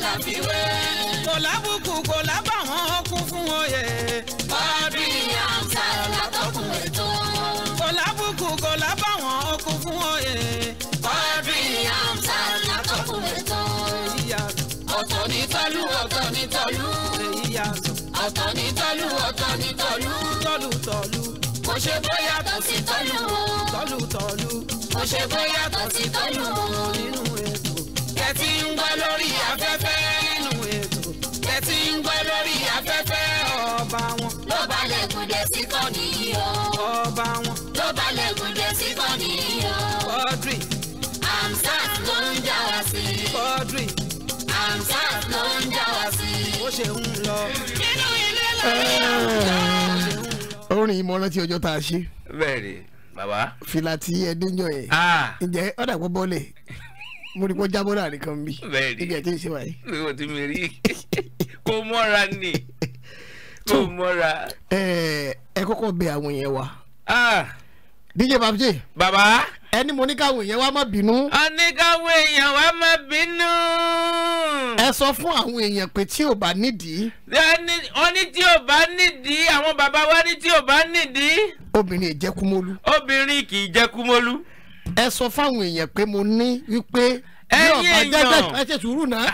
là fi wé. kò lábùkù kò lábàwọ́n kún fún oyè. bọ́ọ̀dù ìyá ọ̀tá látọ̀kùn ètò. kò lábùkù kò lábàwọ́n kún fún oyè. bọ́ọ̀dù ìyá ọ̀tá látọ̀kùn ètò. ọ̀tọ̀ ní tọ́lú ọ̀tọ̀ ní tọ́lú. ọ̀tọ̀ ní tọ́lú ọ̀tọ̀ ní tọ́lú. tọ́lú tọ́lú. kò ṣe bóyá tó ti tọ́lú. tọ́lú tọ́lú. kò ṣe bóyá tó ti tọ́lú. ọba wọn. ló balẹ̀ gòdè sí kọ́nìyàn. Quadri. Hamzat ló ń já wa sí. Quadri. Hamzat ló ń já wa sí. ó ṣe ń lọ. nínú ilé lórí orin ìmọ̀ràn ọjọ́ tá a ṣe. bẹ́ẹ̀ni bàbá. fìlà tí ẹ yẹn. Ah. ǹjẹ́ ọ̀dà pọ̀ bọ́ọ̀lẹ̀ mo rí pé jábọ́ náà nìkan bí. bẹ́ẹ̀ni ibi ẹ̀ tí ń ṣe wáyé. mi ò ti mi rí kó mọ́ra ni tó hmm. mọ́ra. ẹ ẹ kọ́kọ́ bẹ àwọn yẹn wa. Ah. DJ Babji. bàbá. ẹni mo ní káwọn èèyàn wa má bínú. a ní káwọn èèyàn wa má bínú. ẹ sọ fún àwọn èèyàn pé tí ò bá nídìí. wọ́n ní tí ò bá nídìí àwọn bàbá wa ní tí ò bá nídìí. obìnrin ìjẹkùmọ́lú. obìnrin kì í jẹkùmọ́lú. ẹ sọ fáwọn èèyàn pé mo ní wípé ẹyẹ èèyàn ẹ ṣe sùúrù náà.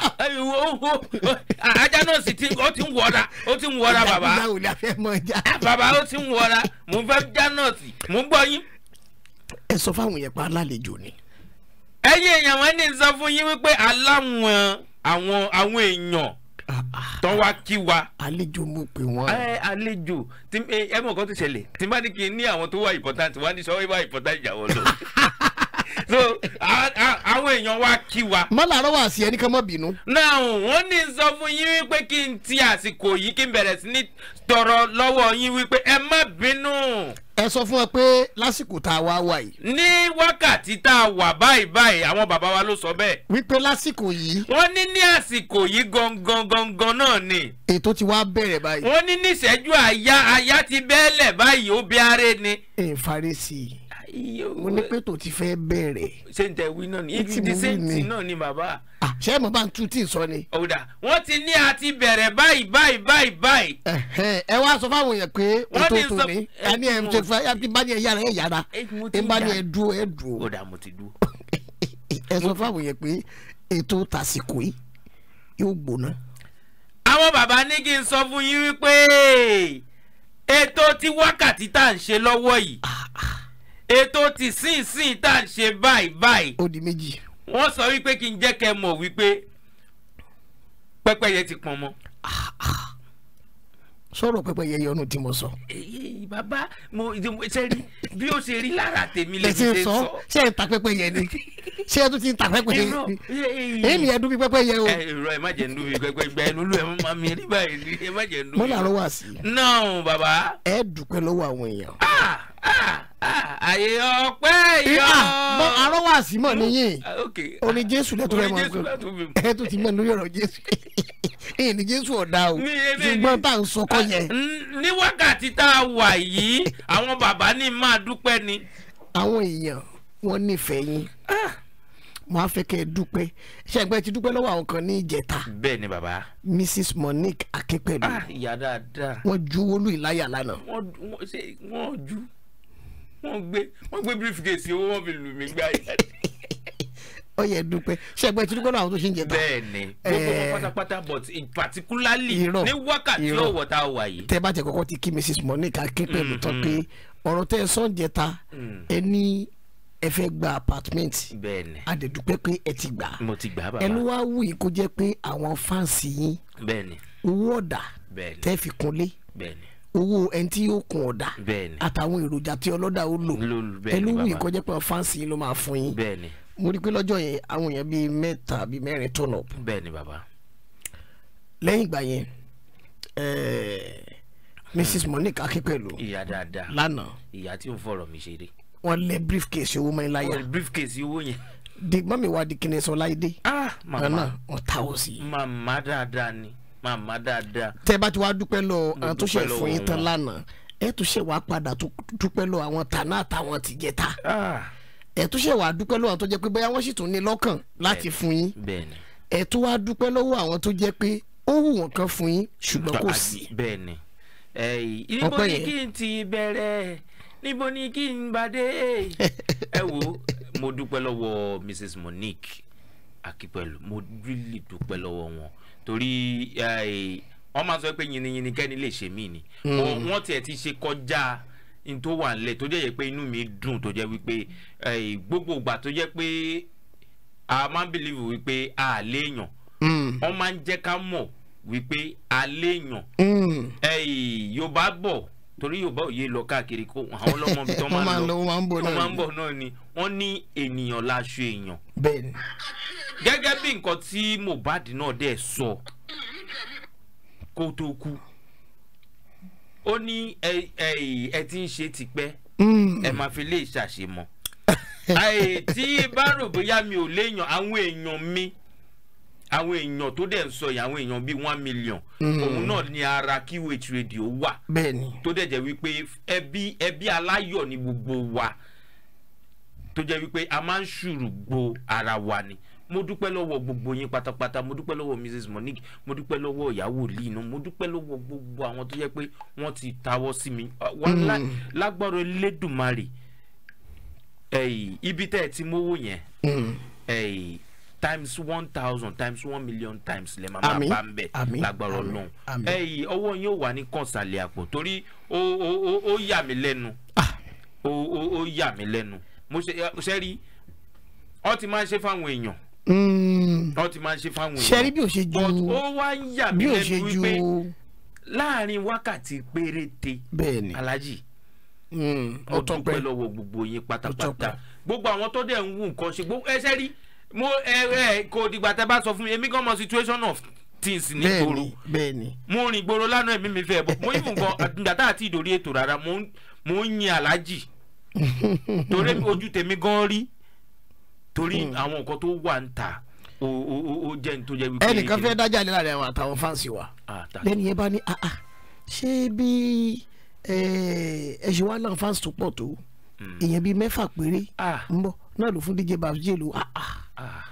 ajá náà sì ti ó ti ń wọra ó ti ń wọra bàbá ah, bàbá ó ti ń wọra mo fẹ́ já náà sí mo ń gbọ́ yín. ẹ sọ fáwọn yẹn pa alálejò ni. ẹyẹ èèyàn wọn ní sọ fún yín wípé aláwọn àwọn àwọn èèyàn tọ́ wá kí wa. àlejò mo pè wọ́n. ẹ àlejò ẹ mọ̀ kó ti ṣẹlẹ̀ tí n bá ní kí n ní àwọn tó wà important wá ní sọ wípé important ìjà wọn lọ. so àwọn èèyàn wa kí wa. mọ́làrọ́ wà sí ẹnìkan mọ́ bínú. náà wọ́n ní sọ fún yín wípé kí n ti àsìkò yìí kí n bẹ̀rẹ̀ sí ní tọrọ lọ́wọ́ yín wípé ẹ má bínú. ẹ sọ fún ẹ pé lásìkò tá a wá wà yìí. ní wákàtí tá a wà báyìí báyìí àwọn bàbá wa ló sọ bẹ́ẹ̀. wípé lásìkò yìí. wọ́n ní ní àsìkò yìí gangan gangan náà ni. ètò ti wá bẹ̀rẹ̀ báyìí. wọ́n ní níṣẹ́jú àyà àyà ti bẹ́ẹ̀lẹ̀ báyìí ó bí aré ni. ẹ ń faré sí i mo ní pé tó ti fẹ́ bẹ̀rẹ̀. ṣé n tẹ wí náà ni ibi the same thing náà ni bàbá. Ah, ṣé mo bá ń tu tí ì sọ ni. ọ̀dà wọ́n ti ní a ti bẹ̀rẹ̀ báyìí báyìí báyìí báyìí. ẹ wá sọ fáwọn èèyàn pé ètò tó ní a ní ẹ ṣe fún ẹ ti bá ní ẹ yára ẹ yára ẹ bá ní ẹ dúró ẹ dúró. ọ̀dà mo ti dúró. ẹ sọ fáwọn èèyàn pé ètò tàsìkò yìí yóò gbóná. àwọn bàbá ní kí n sọ fún yín wípé ètò tí wákàtí tá à ń ṣe lọ́wọ́ yìí ah, ah ètò tí sínsìn tá à ń ṣe báyìí báyìí. ó di méjì. wọ́n sọ wípé kí n jẹ́ kẹ́ mọ̀ wípé pẹ́pẹ́yẹ ti pọn mọ́. sọ̀rọ̀ pẹ́pẹ́yẹ yọnu tí mo sọ. bàbá mo ṣe rí bí ó ṣe rí lára tèmi lè ṣe sọ. ṣé ẹ ta pẹ́pẹ́yẹ ni ṣé ẹ tún ti ta pẹ́pẹ́yẹ ni èyí ni ẹ dúpẹ́ pẹ́pẹ́yẹ o. ìrọ̀ ẹ má jẹ́ nínú pẹ́pẹ́ ìgbà ẹnu ló ẹ má mi rí báyìí ẹ má jẹ́ nínú. mo là lọ́wọ́ àsì. náà bàbá. ẹ dúpẹ́ lọ́wọ́ àwọn èèyàn. Ah, ah àyè ọpẹ́ yọ. àrọ́ wà si mọ̀ nìyẹn oní jésù lẹ́tọ́ rẹ̀ mọ̀ ẹ tó ti mọ̀ lórí ọ̀rọ̀ jésù ẹ ní jésù ọ̀dà o ṣùgbọ́n tá à ń sọkọ yẹn. ní wákàtí tá a wà yìí àwọn bàbá ní máa dúpẹ́ ni. àwọn èèyàn wọn nífẹ̀ẹ́ yín ah. mo á fẹ́ kẹ́ ẹ dúpẹ́ ṣẹ́gbẹ́ ti dúpẹ́ lọ́wọ́ àwọn kan ní ìjẹta. bẹ́ẹ̀ ni bàbá. Mrs Monique Akínpẹ̀lú. Ah, ìyá dáadáa. wọ́n ju olú ìláyà lánàá. wọ́n ju wọ́n gbé wọ́n gbé briefcase owó wọ́n fi lù mí gbá yẹn. ó yẹ dúpẹ́ ṣẹgbẹ́ tí dúpẹ́ náà àwọn tó ṣe ń jẹ ta. bẹ́ẹ̀ni gbogbo wọn pátápátá but particularly ní wákàtí ọwọ tá a wà yìí. tẹ bá tẹ kọ́kọ́ ti kí mrs monica ké pẹ̀lú tán mm-hmm. pé ọ̀rọ̀ tẹ sọ́njẹ ta mm. ẹni ẹ fẹ́ gba apartment adẹ̀dúpẹ́ pé ẹ ti gbà ẹnu wá wù yìí kó jẹ́ pé àwọn fáǹsì yín wọ́ọ̀dà tẹ́ fi kúnlé owó ẹni tí yóò kun ọ̀dà àtàwọn èròjà tí ọlọ́dà ó lò ẹni wù yìí kọjá pé fáǹsì ló máa fún yín mo rí i pé lọ́jọ́ yẹn àwọn èèyàn bíi mẹ́ta bíi mẹ́rin tó nà. lẹ́yìn ìgbà yẹn eh, mrs monique akínpẹ̀lú ìyá dáadáa lánàá ìyá tí ò fọ̀rọ̀ wọ́n lẹ briefcase owó mẹ́rin láyà. briefcase owó yẹn. di mọ́mi wa di kìnìún sọ láyé dé. ah màmá ọ̀tá ò sí. màmá dáadáa ni màmá dáadáa. tẹ́ bá ti wá dúpẹ́ lọ àwọn fún yín tán lánàá ẹ tún ṣe wàá padà dúpẹ́ lọ àwọn tàná àtàwọn tìjẹta ah. ẹ tún ṣe wàá dúpẹ́ lọ àwọn tó jẹ́ pé bóyá wọ́n sì tún ní lọ́kàn láti fún yín ẹ tún wá dúpẹ́ lọ́wọ́ àwọn tó jẹ́ pé ó wù wọ́n kan fún yín ṣùgbọ́n kò sí. bẹ́ẹ̀ni níbo ni kí n ti bẹ̀rẹ̀ níbo ni kí n bàdé ẹ wo mo dúpẹ́ lọ́wọ́ Mrs Monique Akínpẹ̀lú mo really dúpẹ́ lọ́wọ́ wọn torí eh, wọ́n máa sọ pé yìnyín kẹ́ni lè ṣe mí ni hmm. wọ́n tiẹ̀ ti ṣe kọjá n tó wà nílẹ̀ tó jẹ́ pé inú mi dùn tó jẹ́ wípé eh, gbogbo ìgbà tó jẹ́ pé a máa ń bìlíìfù wípé a lè yàn hmm. wọ́n máa ń jẹ́ ká mọ̀ wípé a lè yàn hmm. eh, Yorùbá bọ̀ torí Yorùbá òye lọ káàkiri kó àwọn ọlọ́mọ bí tó máa ń bọ̀ náà ni wọ́n ní ènìyàn láṣọ èèyàn. bẹ́ẹ̀ni gẹ́gẹ́ bí nǹkan tí Mohbad náà dẹ̀ sọ kó tó kú ó ní ẹ ti ń ṣe tipẹ́ ẹ máa fi lè ṣàṣemọ tí bá rò bóyá mi ò léèyàn àwọn èèyàn mi àwọn èèyàn tó dẹ̀ ń sọ yìí àwọn èèyàn bíi one million mm. òun náà ni ara QH radio wà tó dẹ̀ jẹ́ wípé ẹbí ẹbí aláyọ̀ ni gbogbo wa tó jẹ́ wípé a máa ń ṣùrù gbo ara wa ni mo dúpẹ́ lọ́wọ́ gbogbo yín pátápátá mo dúpẹ́ lọ́wọ́ mrs monique mo dúpẹ́ lọ́wọ́ ìyàwó lino mo dúpẹ́ lọ́wọ́ gbogbo àwọn tó yẹ pé wọ́n ti tawọ́ sí mi ah, mm. lágbára Elédùmarè ibi tẹ́ ẹ ti mówó yẹn mm. times one thousand times one million times lè máa máa bá ń bẹ̀ lágbára Ọlọ́run ọwọ́ yín ò wà ní kọ̀ǹsàlẹ̀ àpò torí ó yà mí lẹ́nu ah. ó yà mí lẹ́nu mo ṣe rí ọ ti máa ń ṣe fáwọn èèyàn Hmm. wọ́n ti máa ń ṣe fáwọn èèyàn ṣẹ́rí bí ò ṣe ju but ó wá ń yà mí lẹ́nu wípé láàrin wákàtí péréte alájì hmm. ó dúpẹ́ lọ́wọ́ gbogbo yín pátápátá gbogbo àwọn tó dẹ̀ ń wù nǹkan ṣe gbogbo ẹsẹ̀ rí mo ẹ ẹ kò dìgbà tẹ bá sọ fún mi èmi gan mọ situation of things ní gbòòrò mo rìn gbòòrò lánàá ẹ̀mí mi fẹ́ bọ̀ mo yìí nǹkan àtìgbà tá àti ìdórí ètò rárá mo ń yin alájì torí ojú tèmi gan rí torí hmm. àwọn nǹkan tó wà ń ta o o o jẹ́ ní tó jẹ́ wípé. ẹnìkan fẹ́ dájà lé láàrin àwọn àtàwọn fáǹsì wa lẹ́nu yẹn bá ní ah, ah, ṣé bí ẹ ṣe wá náà fáǹsì tó pọ̀ tó èèyàn hmm. bíi mẹ́fà péré ń bọ̀ náà ló fún dj babjé ló ah,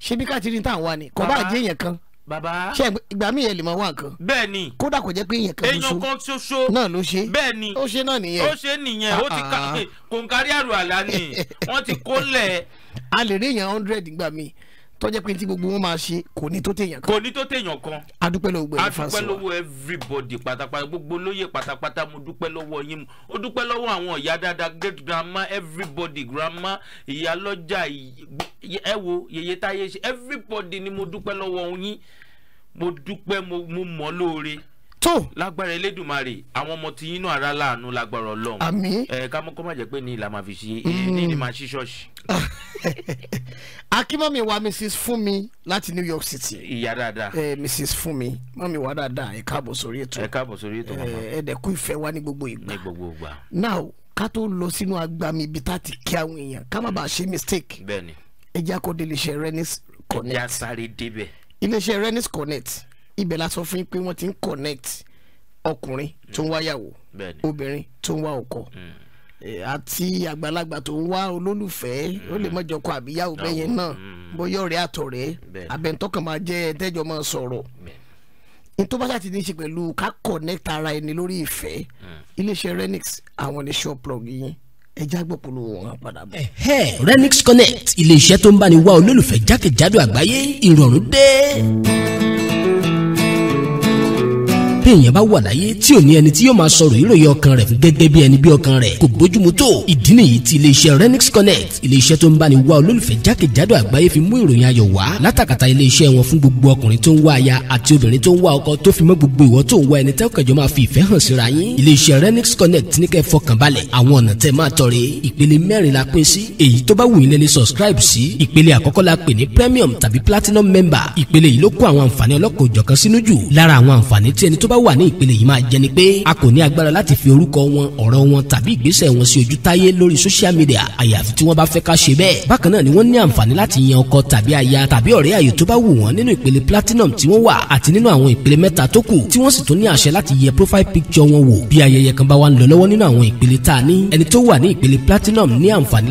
ṣé bí káàtì ní tá à ń wá ni kò bá jẹ́ èèyàn kan baba. ṣe ìgbà mi yẹn lè mọ wá nǹkan. bẹ́ẹ̀ni. kódà kò jẹ́ pé èèyàn kan ṣoṣo. èèyàn kan ṣoṣo. náà ló ṣe. bẹ́ẹ̀ni. ó ṣe náà nìyẹn. ó ṣe nìyẹn ó ti ká kòǹkárí àrò àlá ni wọ́n ti kó lẹ̀ a lè rí èèyàn hundred gbà mí tọ́jẹ́ pé tí gbogbo wọn máa ṣe kò ní tó téèyàn kan. kò ní tó téèyàn kan. a dúpẹ́ lọ́wọ́ gbẹ̀rẹ̀ fásitì wa. a dúpẹ́ lọ́wọ́ everybody pátápátá gbogbo lóye pátápátá mo dúpẹ́ lọ́wọ́ yín mo dúpẹ́ lọ́wọ́ àwọn ìyá dáadáa great grandma everybody grandma ìyálọ́jà ẹ wo yèyé táyé ṣe everybody ni mo dúpẹ́ lọ́wọ́ yín mo dúpẹ́ mo mọ̀ lóore tó. lágbára elédùnmarè àwọn ọmọ tí yín náà ara láàánú lágbára ọlọ́run. àmín. ẹ ká mọ kó má jẹ pé ní ìlà máa fi ṣe hmm. ní ìlà máa ṣí ṣọ́ọ̀ṣì. akínmọ́mi wa mrs fúnmi láti new york city. ìyá dáadáa. ẹ mrs fúnmi mọ́mi wa dáadáa ẹ káàbọ̀ sórí ètò. ẹ káàbọ̀ sórí ètò mọ́mọ́. ẹ dẹ̀ kú ìfẹ́ wa ní gbogbo ìgbà. ní gbogbo ìgbà. now ká tó lọ sínú agbami ibi tá a ti kí àwọn èèyàn ká má hmm. bàa ṣe mistake. bẹ́ẹ̀ni. ẹ jẹ́ akọ́dé iléeṣẹ́ renis connect. ẹ jẹ́ asáré débẹ̀. iléeṣẹ́ renis connect ibẹ̀ la sọ fún pé wọ́n ti ń connect ọkùnrin tó ń wáyàwó obìnrin tó ń wá ọkọ hmm. àti àgbàlagbà tó ń wá olólùfẹ́ ó lè mọ̀jọ hmm. kọ àbíyáwó bẹ́yẹn náà hmm. bóyá ọ̀rẹ́ àtọ̀rẹ́ abẹ́ntọ́kàn máa jẹ́ ẹ̀ẹ́dẹ́jọ́ máa sọ̀rọ̀ ní ti ní í ṣe pẹ̀lú ká connect ara ẹni lórí ìfẹ́ iléeṣẹ́ Renix àwọn ní shop plug yín ẹja gbọ́ wọn padà bọ̀. Renix Connect ilé iṣẹ́ tó ń bá ni wá olólùfẹ́ jákèjádò àgbáyé ìrọ̀rùn dé bí èèyàn bá wà láyé tí ò ní ẹni tí yóò máa sọ̀rọ̀ ìròyìn ọkàn rẹ̀ gẹ́gẹ́ bí ẹni bí ọkàn rẹ̀ kò bójúmu tó ìdí nìyí ti iléeṣẹ́ Renix Connect iléeṣẹ́ tó ń bá ni wá olólùfẹ́ jákèjádò àgbáyé fi mú ìròyìn ayọ̀ wá látàkàtà iléeṣẹ́ wọn fún gbogbo ọkùnrin tó ń wá aya àti obìnrin tó ń wá ọkọ tó fi mọ́ gbogbo ìwọ tó ń wá ẹni tẹ́kọ̀jọ́ máa fi ìfẹ́ hàn síra yín iléeṣẹ́ Renix Connect ní kẹ́ fọkànbalẹ̀ àwọn ọ̀nà tẹ́ máa tọrẹ ìpele mẹ́rin la pín sí èyí tó bá wù yín lẹ́ni subscribe sí ìpele àkọ́kọ́ la pè ní premium tàbí platinum member ìpele yìí ló kó àwọn àǹfààní ọlọ́kọ̀ọ́jọ̀kan sínú jù lára àwọn àǹfààní tí ẹni tó bá wà ní ìpele yìí máa jẹ́ ni pé a kò ní agbára láti fi orúkọ wọn ọ̀rọ̀ wọn tàbí ìgbésẹ̀ wọn sí ojú táyé lórí social media àyàfi tí wọ́n bá fẹ́ ká ṣe bẹ́ẹ̀ bákan náà ni wọ́n ní àǹfààní láti yan ọkọ tàbí aya tàbí ọ̀rẹ́ àyè tó bá wù wọ́n nínú ìpele platinum tí wọ́n wà àti nínú àwọn ìpele mẹ́ta tó kù tí wọ́n sì tún ní àṣẹ láti yẹ profile picture wọn wò bí ayẹyẹ kan bá wà ń lọ lọ́wọ́ a ní ẹni tó wà ní ìpele platinum ní àǹfààní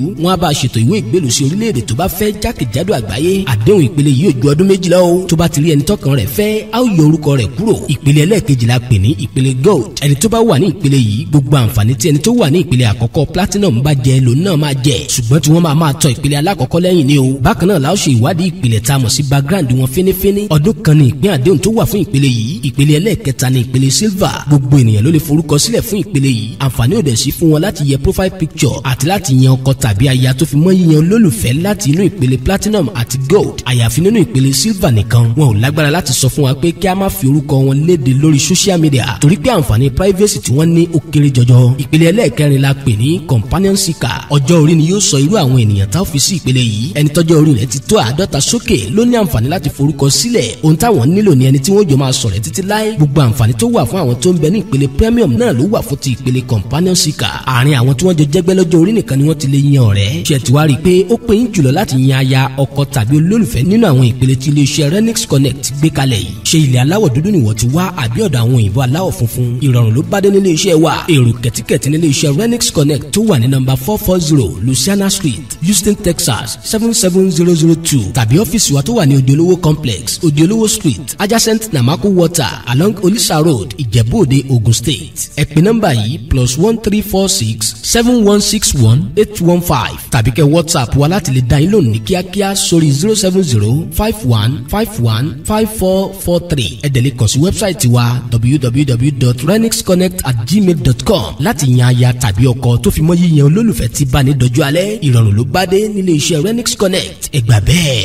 ìlú wọn á bá a ṣètò ìwé ìgbélù sí orílẹ̀-èdè tó bá fẹ́ jákèjádò àgbáyé àdéhùn ìpele yìí ò ju ọdún méjìlá o tó bá ti rí ẹni tọkàn rẹ̀ fẹ́ a ó yọ orúkọ rẹ̀ kúrò ìpele ẹlẹ́ẹ̀kejì la pè ní ìpele gold ẹni tó bá wà ní ìpele yìí gbogbo àǹfààní tí ẹni tó wà ní ìpele àkọ́kọ́ platinum bá jẹ lòun náà máa jẹ ṣùgbọ́n tí wọ́n máa máa tọ ìpele alákọ̀ọ́kọ́ lẹ́yìn ni o bákan náà la ó ṣe ìwádìí ìpele tá a mọ̀ sí background wọn fínífíní ọdún kan ní ìpín àdéhùn tó wà fún ìpele yìí ìpele ẹlẹ́ẹ̀kẹta ní ìpele silver gbogbo ènìyàn ló lè forúkọ sílẹ̀ fún ìpele yìí àǹfààní ò dẹ̀ sí fún wọn láti yẹ profile picture àti láti yan ọkọ tà tàbí aya tó fi mọ́ yíyan olólùfẹ́ láti inú ìpele platinum àti gold àyàfi nínú ìpele silver nìkan wọn ò lágbára láti sọ fún wa pé kí a má fi orúkọ wọn léde lórí social media torí pé àǹfààní privacy tí wọ́n ní ó kéré jọjọ ìpele ẹlẹ́ẹ̀kẹrin la pè ní companion seeker ọjọ́ orí ni yóò sọ irú àwọn ènìyàn tá ò fi sí ìpele yìí ẹni tọ́jọ́ orí rẹ̀ ti tó àádọ́ta sókè ló ní àǹfààní láti forúkọ sílẹ̀ ohun táwọn nílò ni ẹni tí wọ́n jọ máa sọ̀rọ̀ títí láé gbogbo àǹfààní tó wà fún àwọn tó ń bẹ ní ìpele premium náà ló wà fún ti ìpele companion seeker àárín àwọn tí wọ́n jọ jẹ́gbẹ́ lọ́jọ́ orí nìkan ni wọ́n ti lè yan yan ọ̀rẹ́ ṣe ti wá rí i pé ó pé ń jùlọ láti yan aya ọkọ tàbí olólùfẹ́ nínú àwọn ìpele tí iléeṣẹ́ Renix Connect gbé kalẹ̀ yìí ṣe ilẹ̀ aláwọ̀ dúdú nìwọ ti wá àbí ọ̀dọ̀ àwọn òyìnbó aláwọ̀ funfun ìrọ̀rùn ló bá dé nílé iṣẹ́ wa èrò kẹ̀tíkẹ̀tí nílé iṣẹ́ Renix Connect tó wà ní nọ́mbà four four zero Louisiana Street Houston Texas seven seven zero zero two tàbí ọ́fíìsì wa tó wà ní Odiolówó complex Odiolówó street adjacent Namaku water along Olisa road Ìjẹ̀bú-Òde Ogun State ẹ pè nọ́mbà yìí plus one three four six seven one six one eight one four five tàbí kẹ́ whatsapp wa láti lè dá yín lónìí ní kíákíá sórí zero seven zero five one five one five four four three ẹ̀dẹ̀lẹ̀ kàn sí wẹ́bsáìtì wa www.renixconnect@gmail.com láti yan aya tàbí ọkọ tó fi mọ́ yíyan olólùfẹ́ tí bá ní dọjú alẹ́ ìrọ̀rùn ló bá dé nílé iṣẹ́ Renix Connect ẹ gbà bẹ́ẹ̀.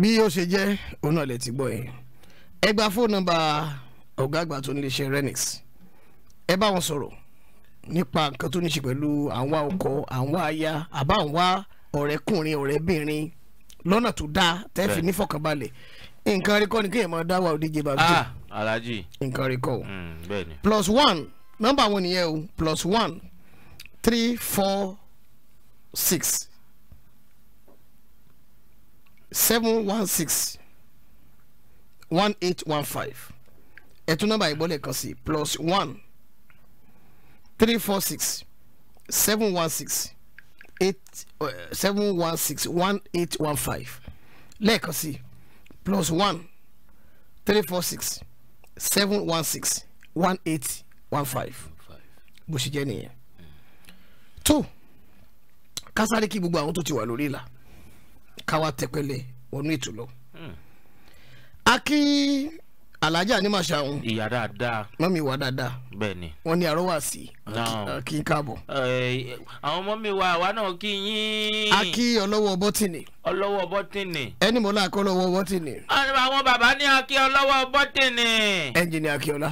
bí ó ṣe jẹ́ òun náà lè ti gbọ́ ẹ̀ ẹ gba fóònù nọ́mbà ọ̀gá àgbà tó nílé iṣẹ́ Renix ẹ bá wọn sọ̀rọ̀ nípa nǹkan tó ní ṣe pẹ̀lú àwọn ọkọ àwọn aya àbá àwọn ọ̀rẹ́kùnrin ọ̀rẹ́bìnrin lọ́nà tó dáa tẹ́ fi nífọ̀kànbalẹ̀ nǹkan rí kọ́ ni kéèyàn máa dá wà òdíje bàbá ah, jù alájì nǹkan rí kọ́ mm, plus one nọ́mbà wọn nìyẹn o plus one three four six seven one six one eight one five ẹ̀tún nọ́mbà ìgbọ́lẹ̀ kan sí plus one three four six seven one six eight uh, seven one six one eight one five lẹ́ẹ̀kan sí plus one three four six seven one six one eight one five bó ṣe jẹ́ nìyẹn two kásáré kí gbogbo àwọn tó ti wà lórí ìlà káwá tẹpẹlẹ wọnú ètò lọ. Hmm. a alájà ni màá ṣàwọn. ìyá dáadáa. mọ́mí wa dáadáa. bẹ́ẹ̀ni. wọ́n ní àrọ́ wà sí. kí n káàbọ̀. Eh, àwọn mọ́mí wa àwa náà kí yín. a kí ọlọ́wọ́ bọ́tìnì. ọlọ́wọ́ bọ́tìnì. ẹni mọ́lá akọ́ lọ́wọ́ bọ́tìnì. àwọn bàbá ní a kí ọlọ́wọ́ bọ́tìnì. ẹnjìnì akíọ́lá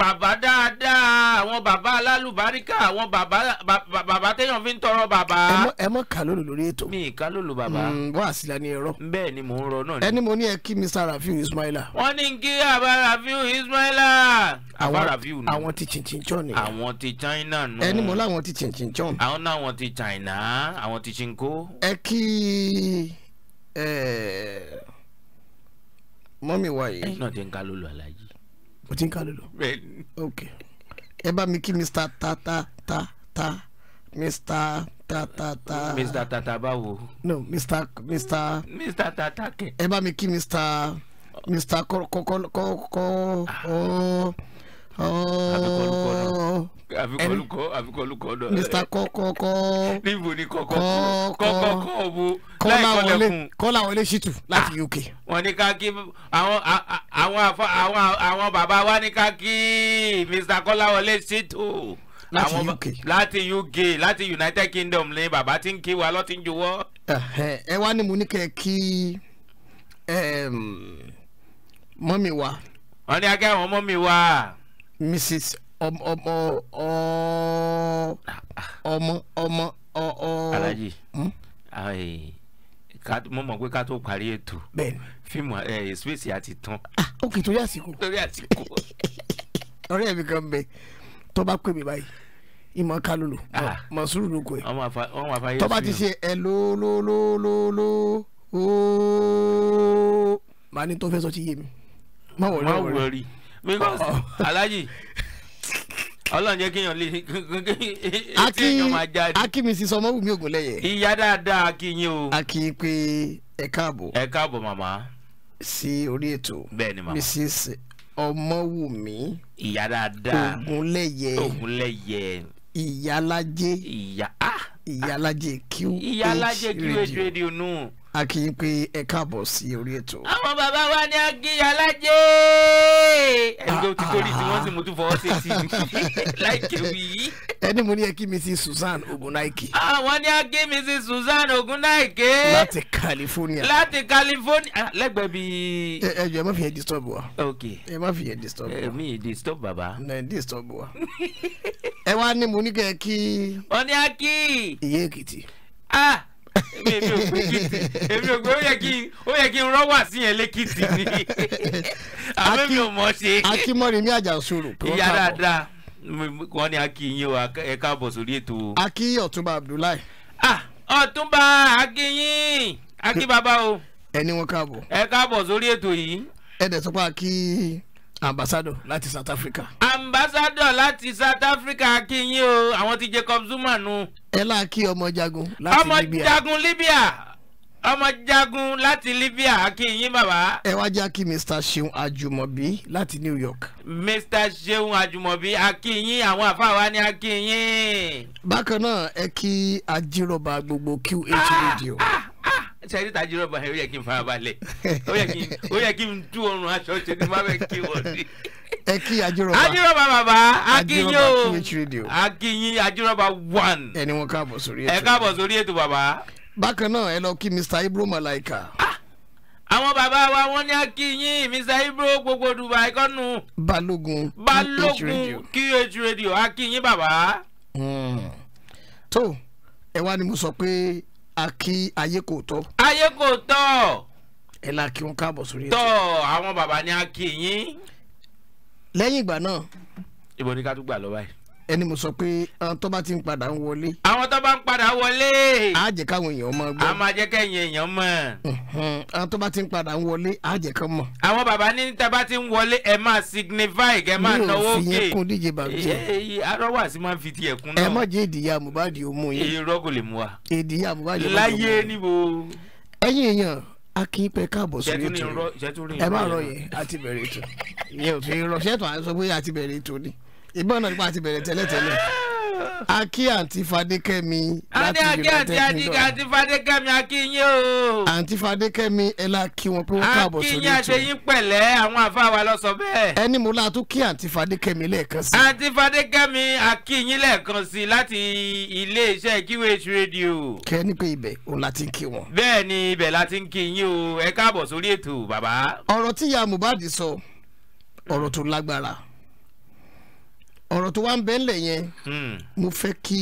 bàbá dáadáa àwọn bàbá alálùbáríkà àwọn bàbá téèyàn fi ń tọrọ bàbá. ẹ mọ kà lólu lórí ètò. mi kà lólu bàbá. Mm, wọ́n àsìlá ni ẹ̀rọ. bẹ́ẹ̀ ni mò ń rọ náà. ẹni mo ní ẹ kí Mr. Rafiu Ismaila. wọ́n ní kí àbá Rafiu Ismaila. àbá Rafiu nù. àwọn ti chinchinchon ni. àwọn ti China nù. ẹni mo láwọn ti chinchinchon. àwọn náà àwọn ti China àwọn ti chinko. ẹ kí mọ́mí wa yìí. ẹ̀yin náà ti ń ká lólu alájí mo ti ń kálẹ̀ lọ. ok ẹ bá mi kí mr ta. mr Ta mr tata wo. no mr mr. mr Ta kẹ. ẹ bá mi kí mr mr kọ kọ kọ kọ kọ àfikọ́lùkọ́ àfikọ́lùkọ́ náà. Oh. mr kọ́kọ́kọ́ níbo ni kọ́kọ́kọ́ wo láìkọ́lẹ̀kùn. kọ́lá wọlé ṣìtù láti uk. Ah, wọ́n ní ká kí àwọn àwọn àwọn bàbá wa ní ká kí mr kọ́lá wọlé ṣìtù láti uk láti uk láti united kingdom ni bàbá ti ń kí wa lọ́ọ́ ti ń jowọ́. ẹ wá ní mo ní kẹ́ ẹ kí mọ́mì wa. wọ́n ní akẹ́wọ̀n mọ́mì wa mrs ọmọ ọmọ ọmọ ọmọ ọmọ. alaji hmm? mo mọ̀ pé ká tó parí ètò fíìmù space àti tán. ó kì í torí àsìkò. torí àsìkò. ọ̀rẹ́ mi kan bẹ tó bá pè mí báyìí ìmọ̀ kálùlù ah. mọ̀sùrù ló kọ ẹ̀ tó bá ti ṣe ẹ lólólólóló ooo màá ní tó fẹ́ sọ ti yé mi má wọrí because alhaji ọlọ́run jẹ́ kéèyàn lè kéèyàn máa jáde. Aki mi sísọ ọmọ wùmí ògùn lẹ́yẹ. ìyá dáadáa akí yín o. akí pé ẹ káàbọ̀. ẹ káàbọ̀ màmá. sí orí ètò. bẹ́ẹ̀ni màmá. mrs ọmọwùmí. ìyá dáadáa ògúnlẹ̀yẹ. ògúnlẹ̀yẹ. ìyálàjẹ. ìyá ah, ah. ìyálàjẹ qh radio. ìyálàjẹ qh radio nù. No a kì í pé ẹ káàbọ̀ sí orí ètò. àwọn bàbá wa ni a kí alájẹ. ẹgbẹ́ òtí torí tí wọ́n sì mú tún fọwọ́ sí etí láìké wí. ẹni mo ní ẹ kí Mrs Susan Ogunnaike. àwọn ni a kí Mrs Susan Ogunnaike. láti California. láti California ah, lẹ́gbẹ̀ẹ́ bí. ẹ ẹ jọ ẹ má fi yẹn disturb wa. ok ẹ má fi yẹn disturb wa. Eh, mi yẹn disturb baba. ẹ disturb wa. ẹ wá ní mo ní kẹ́ kí. wọ́n ní a kí. Èkìtì. ah èmi ò gbé ó yẹ kí ó yẹ kí n rọ́wà sí yẹn lẹ́kìtì ni àmọ́ mi ò mọ̀ ṣe. akínmọ́rin ní àjàsoro. ìyá dáadáa wọ́n ní akínyìn wa ẹ káàbọ̀ sórí ètò. akínyìn ọ̀túnba abdullahi. ah ọ̀túnba akínyìn akínbaba o. ẹni wọn káàbọ̀. ẹ káàbọ̀ sórí ètò yìí. ẹ dẹ̀ sọ pé ambassador láti South Africa. ambassador láti South Africa kí yín o àwọn ti Jacob Zuma nu. ẹ láà kí ọmọ jagun láti Libya. ọmọ jagun Libya ọmọ jagun láti Libya kí yín bàbá. ẹ wá já kí Mr. Seun Ajumobi láti New York. Mr. Seun Ajumobi akínyìn àwọn àfàwà ni akínyìn. bákan náà ẹ kí ajírọ̀bà gbogbo QH ah, radio. Ah, ah sẹ́yìn tàjú rọ̀bà yẹn ó yẹ kí n fara balẹ̀ ó yẹ kí n tú ọrùn aṣọ ṣe kí n má bẹ́ẹ̀ kí wọ́n sí. ẹ kí ajírọ̀bà ajírọ̀bà bàbá akínyó akínyín ajírọ̀bà one. ẹni wọn káàbọ̀ sórí ètò ẹ káàbọ̀ sórí ètò bàbá. bákan náà ẹ lọ kí Mr Ibro Malaika. Ah! àwọn bàbá wa wọn ní akínyín Mr Ibro gbogbo Dubai kọ́nù. Balógun Balógun QH radio akínyín bàbá. Hmm. tó ẹ wá ni mo sọ pé Aki kí ayé kò tọ́. ayé kò tọ́. ẹ la kí wọn káàbọ̀ sórí ètò. tọ́ àwọn bàbá ni a kì í yín. lẹ́yìn ìgbà náà. ibo ni ká tún gbà lọ báyìí ẹni mo sọ pé tó bá ti ń padà ń wọlé. àwọn tó bá ń padà wọlé. á jẹ́ káwọn èèyàn mọ̀ a máa jẹ́ kẹ́yìn èèyàn mọ̀. tó bá ti ń padà ń wọlé á jẹ́ kán mọ̀. àwọn bàbá ní tá bá ti ń wọlé ẹ máa signify kẹ máa náwó òkè. mi ò fi yẹn kún díje bàbá. arọ́wà sì máa fi tiẹ̀ kún náà. ẹ má jẹ́ ìdíyà Mohbad ó mú yín. irọ́ kò lè mú wa. ìdíyà Mohbad ó mú yín. láyé níbo. ẹ̀yin èèyàn a kì í pẹ káàbọ̀ sórí ètò ẹ má rọ yẹn àti bẹ̀rẹ̀ ètò yẹn ò fi rọ ṣẹ́tọ̀ à sọ pé àti bẹ̀rẹ̀ ètò ni ìbọn náà nípa àti bẹ̀rẹ̀ tẹ́lẹ̀tẹ́lẹ̀ akí àǹtí fadékẹ́mi láti united kingdom àǹtí fadékẹ́mi akínyé o. àǹtí fadékẹ́mi ẹ la kí wọn pé wọ́n káàbọ̀ sórí ètò. akínyé àṣeyín pẹ̀lẹ́ àwọn àfáàwà lọ sọ bẹ́ẹ̀. ẹni mo láti kí àǹtí fadékẹ́mi lẹ́ẹ̀kan sí. àǹtí fadékẹ́mi akínyín lẹ́ẹ̀kan sí láti iléeṣẹ́ QH radio. kẹ́ ni pé ibẹ̀ òun la ti ń kí wọn. bẹ́ẹ̀ ni ibẹ̀ la ti ń kí yín o ẹ káàbọ̀ sórí ètò ọ̀rọ̀ tó wá ń bẹ́ńlẹ̀ yẹn hmm. mo fẹ́ kí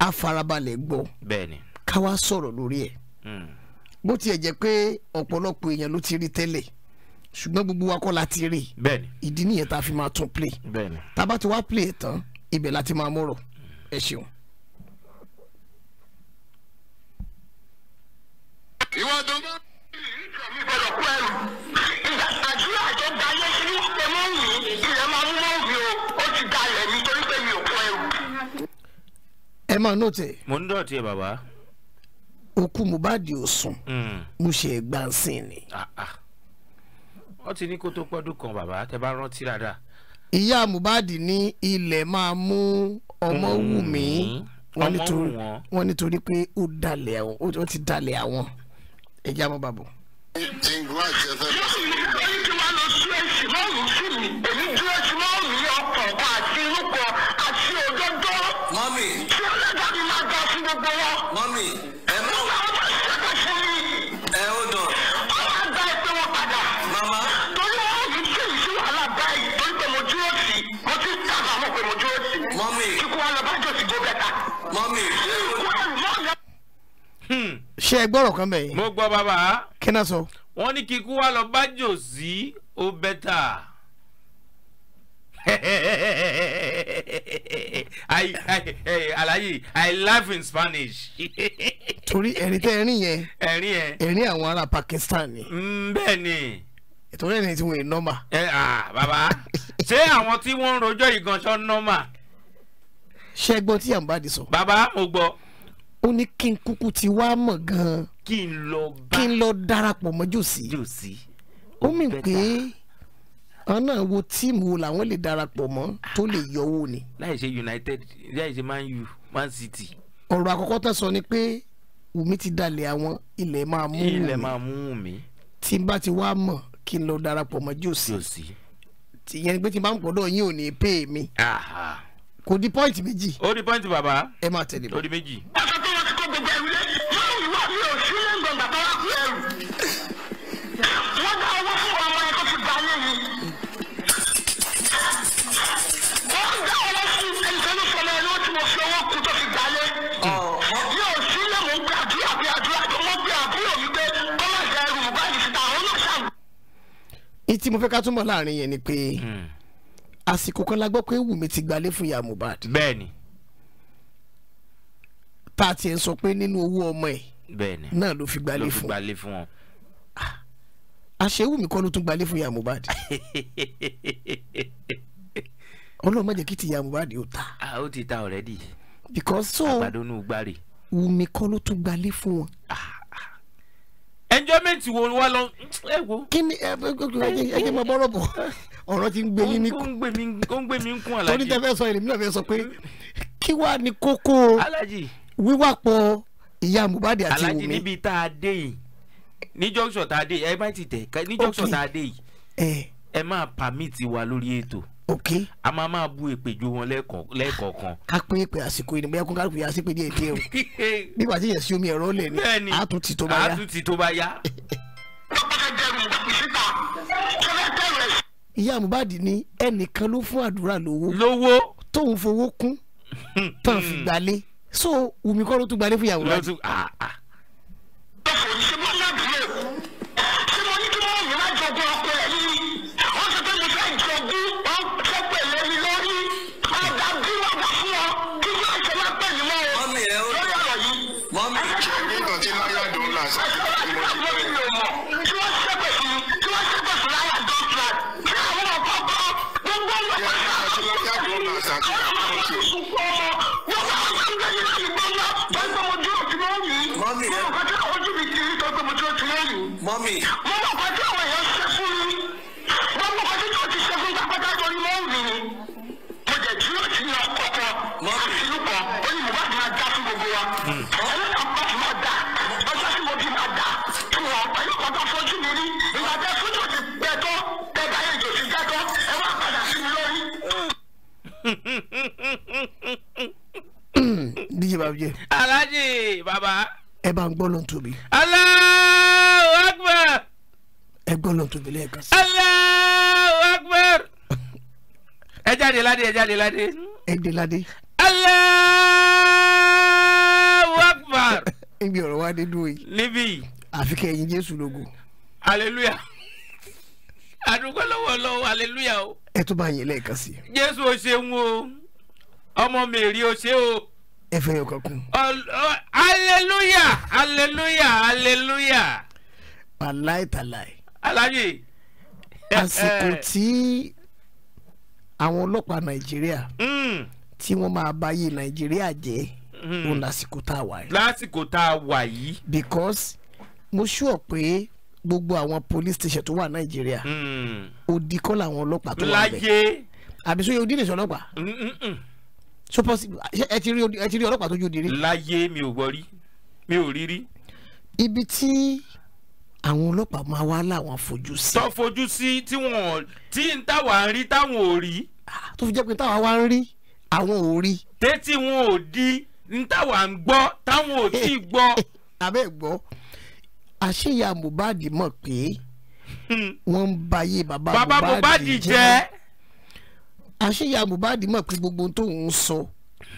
a farabalẹ̀ gbọ́ ká wá sọ̀rọ̀ lórí ẹ̀ hmm. bó tiẹ̀ jẹ́ pé ọ̀pọ̀lọpọ̀ èèyàn ló ti rí tẹ́lẹ̀ ṣùgbọ́n gbogbo wa kọ́ la ti rí ìdí nìyẹn tá a fi máa tún play tá a bá ti wá play tán ibẹ̀ la ti máa mọ̀rọ̀ ẹ ṣeun. ìwádùn bá ń bí ìkànnì gbọdọ̀ ẹ máa nọ́ọ̀tì. mo ń dọ̀tí ẹ bàbá. òkú Mohbad ò sùn hmm. mo ṣe gbànsìn ni. Ah, ah. wọ́n ti ní kó tó pọ́dún kan bàbá tẹ bá rántí dáadáa. ìyá Mohbad ní ilẹ̀ máa mú ọmọ hmm. wù mí wọ́n nítorí pé ó dalẹ̀ àwọn ó ti dalẹ̀ àwọn ẹ̀jẹ̀ àmọ́ bàbọ̀. ìgbà ìjẹta. yóò wọ́n lọ sí ẹ̀sìn mọ́ọ̀lù sí mi èmi dúró sí mọ́ọ̀lù yọ ọkọ̀ àti irúkọ gbogbo wọn. mọ́mí ẹ má wọ. ọmọ ọjọ́ ìṣẹ́gbà fún mi. ẹ ó dàn. ọmọ àgbà ẹ pé wọ́n padà. màmá. torí wọn fi tí ì sí wàhálà báyìí torí pé mo dúró sí i mo ti sábà mọ̀ pé mo dúró sí i. mọ́mí. kíkú wọn lọ bá jọ sí gòbẹ́ta. mọ́mí. ṣé ẹ gbọ́rọ̀ kan bẹ́ẹ̀. mo gbọ́ bàbá. kí náà sọ. wọ́n ní kíkú wa lọ bá jò sí I, I, hey, alaye I laugh in Spanish. torí ẹ̀rín tẹ́ ẹ̀rín yẹn ẹ̀rín yẹn ẹ̀rín àwọn ará Pakistan ni. Mm, bẹ́ẹ̀ ni. ìtọ́jú ẹ̀rín tí wọ́n yẹn nọ́mà. ẹ ah bàbá ṣé àwọn tí wọ́n ń rojọ́ ìgànṣọ́ nọ́mà. ṣẹ́gbọ́n tí yàrá bá di sọ. bàbá mo gbọ́. ó ní kí n kúkú ti wá mọ̀ gan-an. kí n lọ bá kí n lọ darapọ̀ mọ́ jòsí. jòsí. ó mì pé. Ana náà wo tíìmù wo làwọn lè darapọ̀ mọ́ tó lè yọwọ́ ni. láì ṣe united láì ṣe man u man city. ọ̀rọ̀ àkọ́kọ́ tán sọ ni pé wùmí ti dalẹ̀ àwọn ilẹ̀ máa mú wùmí. ilẹ̀ máa mú wùmí. tí n bá ti wá mọ̀ kí n lọ darapọ̀ mọ́ jòsì. jòsì. ìyẹn pé tí n bá ń pọ̀dọ̀ yín ò ní pè mí. kò di pọ́ìntì méjì. ó di pọ́ìntì bàbá. ẹ máa tẹ̀lé bọ́. ó di méjì. ní mo fẹ́ ká túmọ̀ láàrin yẹn ni pé hmm. àsìkò kan la gbọ́ pé Wùmí ti gbalé fún ìyá Mohbad. bẹ́ẹ̀ni. tá a tiẹ̀ ń sọ pé nínú owó ọmọ ẹ̀ bẹ́ẹ̀ni náà ló fi gbalé fún gbalé fún wọn. Ah, àṣé Wùmí kọ́ ló tún gbalé fún ìyá Mohbad. ọlọ́run má jẹ́ kí ti ìyá Mohbad ó ta. ah ó ti ta already. because so àgbàdo nù gbàrè. Wùmí kọ́ ló tún gbalé fún wọn. Ah enjoyment wo wá lọ ẹ wo. kí ni ẹ jẹ́ máa bọ́rọ̀ bọ̀ ọ̀rọ̀ ti ń gbé yín ní kún. ó ń gbé mi ń kún alájì. tóní tẹ fẹ́ sọ èmi náà fẹ́ sọ pé kí wàá ní kókó wíwàpọ̀ ìyá Mohbad àti Wùmí. alájì níbi tá a dé yìí ní junction tá a dé yìí ẹ má ti tẹ̀ ní junction tá a dé yìí ẹ máa permit wa lórí ètò ok a máa máa bu ìpèjọ wọn lẹ́ẹ̀kọ̀ọ̀kan. ká pé ìpè àsìkò yìí bóyá kó kálukú yà á sí pé díẹ̀ díẹ̀ o nígbà tí yẹn sí omi ẹ̀rọ lẹ̀ ni a tún ti tó bá yá. a tún ti tó bá yá. ìyá Mohbad ní ẹnìkan ló fún àdúrà lówó lówó tóun fowó kún tán fi gbalé so Wùmí kọ́ ló tún gbalé fún ìyá Mohbad. ṣe ní nǹkan tí láyà dùn là sábà tí wọ́n ṣe lọ́wọ́. mi ò mọ̀ tí wọ́n ṣẹ́pẹ̀ fún tí wọ́n ṣẹ́pẹ̀ fún láyà dùn là kí àwọn ọ̀pọ̀ bọ́ gbogbo ọ̀pọ̀ bá wọ́n ṣe láyà dùn là sábà tí wọ́n ṣe. wọ́n bá wọn ṣe lẹ́yìn láti gbọ́ ńlá bá ń gbọ́ mojú òtún mọ́ mi. mọ́mí ẹ mọ́ nǹkan tí àwọn ojú mi kiri tó gbọ́ mojú òtún mọ́ mi. mọ́mí. mo mọ̀ nǹkan tí àwọn èèyàn ṣe fún mi. mo mọ̀ nǹkan tí wọ́n ti ṣe fún pápátá tó ní mọ́ mi. mo jẹ̀ dúró sí ọkọ̀ kan àti lùkọ̀ ó ní mo gbogbo wa ọ̀rọ̀ náà bá ti máa dà ọjọ́ tí mo ti máa dà fún wa pẹ̀lú ọ̀gá fojú mi rí ìgbà tẹ fojú ti gbẹtọ́ tẹ̀gbá yẹn jò sí gbẹtọ́ ẹ wá padà sí mi lórí. díje bàbá jẹ. alájì bàbá. ẹ bá ń gbọ́ ló ń tóbi. Allahu Akbar. ẹ gbọ́ ló ń tóbi lẹ́ẹ̀kan sí. Allahu Akbar. ẹ jáde ládé ẹ jáde ládé. ẹ dé ládé. Allah. Umar. ibi ọ̀rọ̀ wa dé dúró yìí. níbí. àfi kẹ́yìn Jésù lógo. hallelujah adúgbò lọ́wọ́ lọ́wọ́ hallelujah o. ẹ tún bá yẹn lẹ́ẹ̀kan sí. Jésù o ṣeun o ọmọ mèrì o ṣe o. ẹ fẹ́ yọ kankan. hallelujah hallelujah hallelujah. wàláì tàláì. aláyè. Eh, àsìkò eh. tí àwọn ọlọ́pàá Nàìjíríà hmm. tí wọ́n máa báyé Nàìjíríà jẹ́. Hmm. òun lásìkò tá a wà yìí. lásìkò tá a wà yìí. because mo sure pé gbogbo àwọn police station tó wà nàìjíríà hmm. odi kọ́ làwọn ọlọ́pàá tó wà bẹ́ẹ̀ láyé àbí sóye odi nìṣọ́ ọlọ́pàá so possible ẹ ti rí ẹ ti rí ọlọ́pàá tó jó diri. láyé mi ò gbọ́ rí mi ò rí rí. ibi tí àwọn ọlọ́pàá máa wá láwọn fojú sí. tó fojú sí tí wọn tí ń táwa ń rí táwọn ò rí. Ah, tó fi jẹ́ pé táwa wá ń rí àwọn ò rí. tètè wọn ò di n ń gbọ́ táwọn ò tí ì gbọ́. abẹ́ gbọ́ àṣeyà Mohbad mọ̀ pé hmm. wọ́n ń bayé baba Mohbad jẹ́ àṣeyà Mohbad mọ̀ pé gbogbo tóun sọ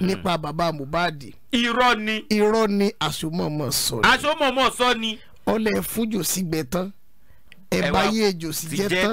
nípa hmm. baba Mohbad. irọ́ ni. irọ́ ni àṣomọ̀mọ̀ sọ ni. àṣomọ̀mọ̀ sọ ni. ọlẹ́ fún jòsí gbẹ tán ẹ̀ báyé jòsí jẹ tán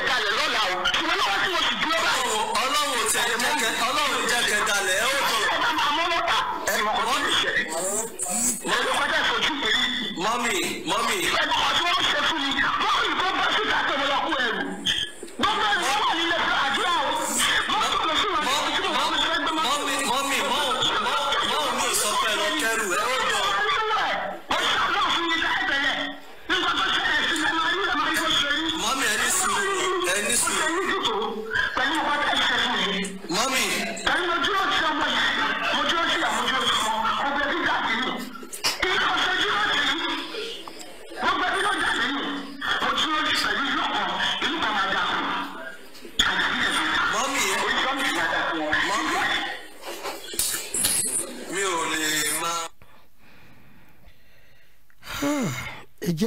Italia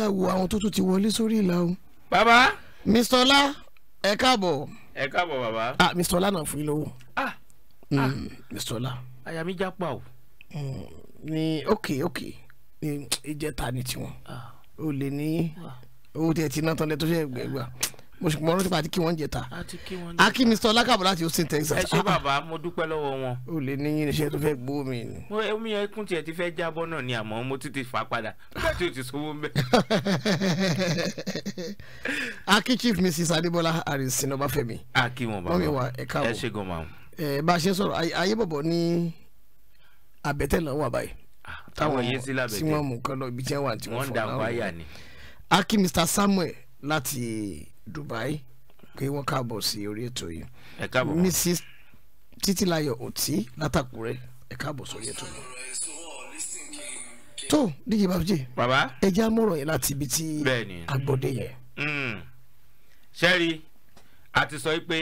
jẹ́ àwò àwọn tó tún ti wọlé sórí ìlà o. bàbá. mr ọlá ẹ káàbọ̀. ẹ káàbọ̀ bàbá. ah mr ọlá náà fún yín lówó. ah hmm, ah mr ọlá. àyà mi já pa o. ní òkè òkè ìjẹta ni tiwọn ah. o lè ní ah. owó tí ẹ ti ná tán lẹ tó ṣe mo sì mọ rántí pé àti kí wọ́n ń jẹta akí mr ọlákàbọ̀ láti Austin Texas. ẹ ṣé bàbá mo dúpẹ́ lọ́wọ́ wọn. o lè ní yín tó fẹ́ gbó mi ni. omi ẹkún tiẹ̀ ti fẹ́ jábọ́ náà ni àmọ́ mo tún ti fà padà bẹ́ẹ̀ tí o ti sọ́wọ́ mbẹ́. akí chief mrs adébọlá harris sinobafemi. akí wọn bàbá wọn ẹ ṣe gan ma. ẹ bá a ṣe ń sọ̀rọ̀ ayé bọ̀bọ̀ ní abẹ́tẹ̀ náà wà báyìí ah, táwọn yẹn sí lábẹ́tẹ̀ tí wọ́n mú nǹkan lọ ibi tí wọ́n wà tí wọ́n fọ́ láwọn. Dubai pé wọ́n káàbọ̀ sí orí ètò yìí Mrs Títílayọ̀ Òtí látàkùrẹ́ ẹ káàbọ̀ sórí ètò yìí tó díje babaji baba ẹ jẹ́ àmọ̀ràn yẹn láti ibi tí agbọ́dé yẹn. sẹ́rí hmm. a ti sọ pé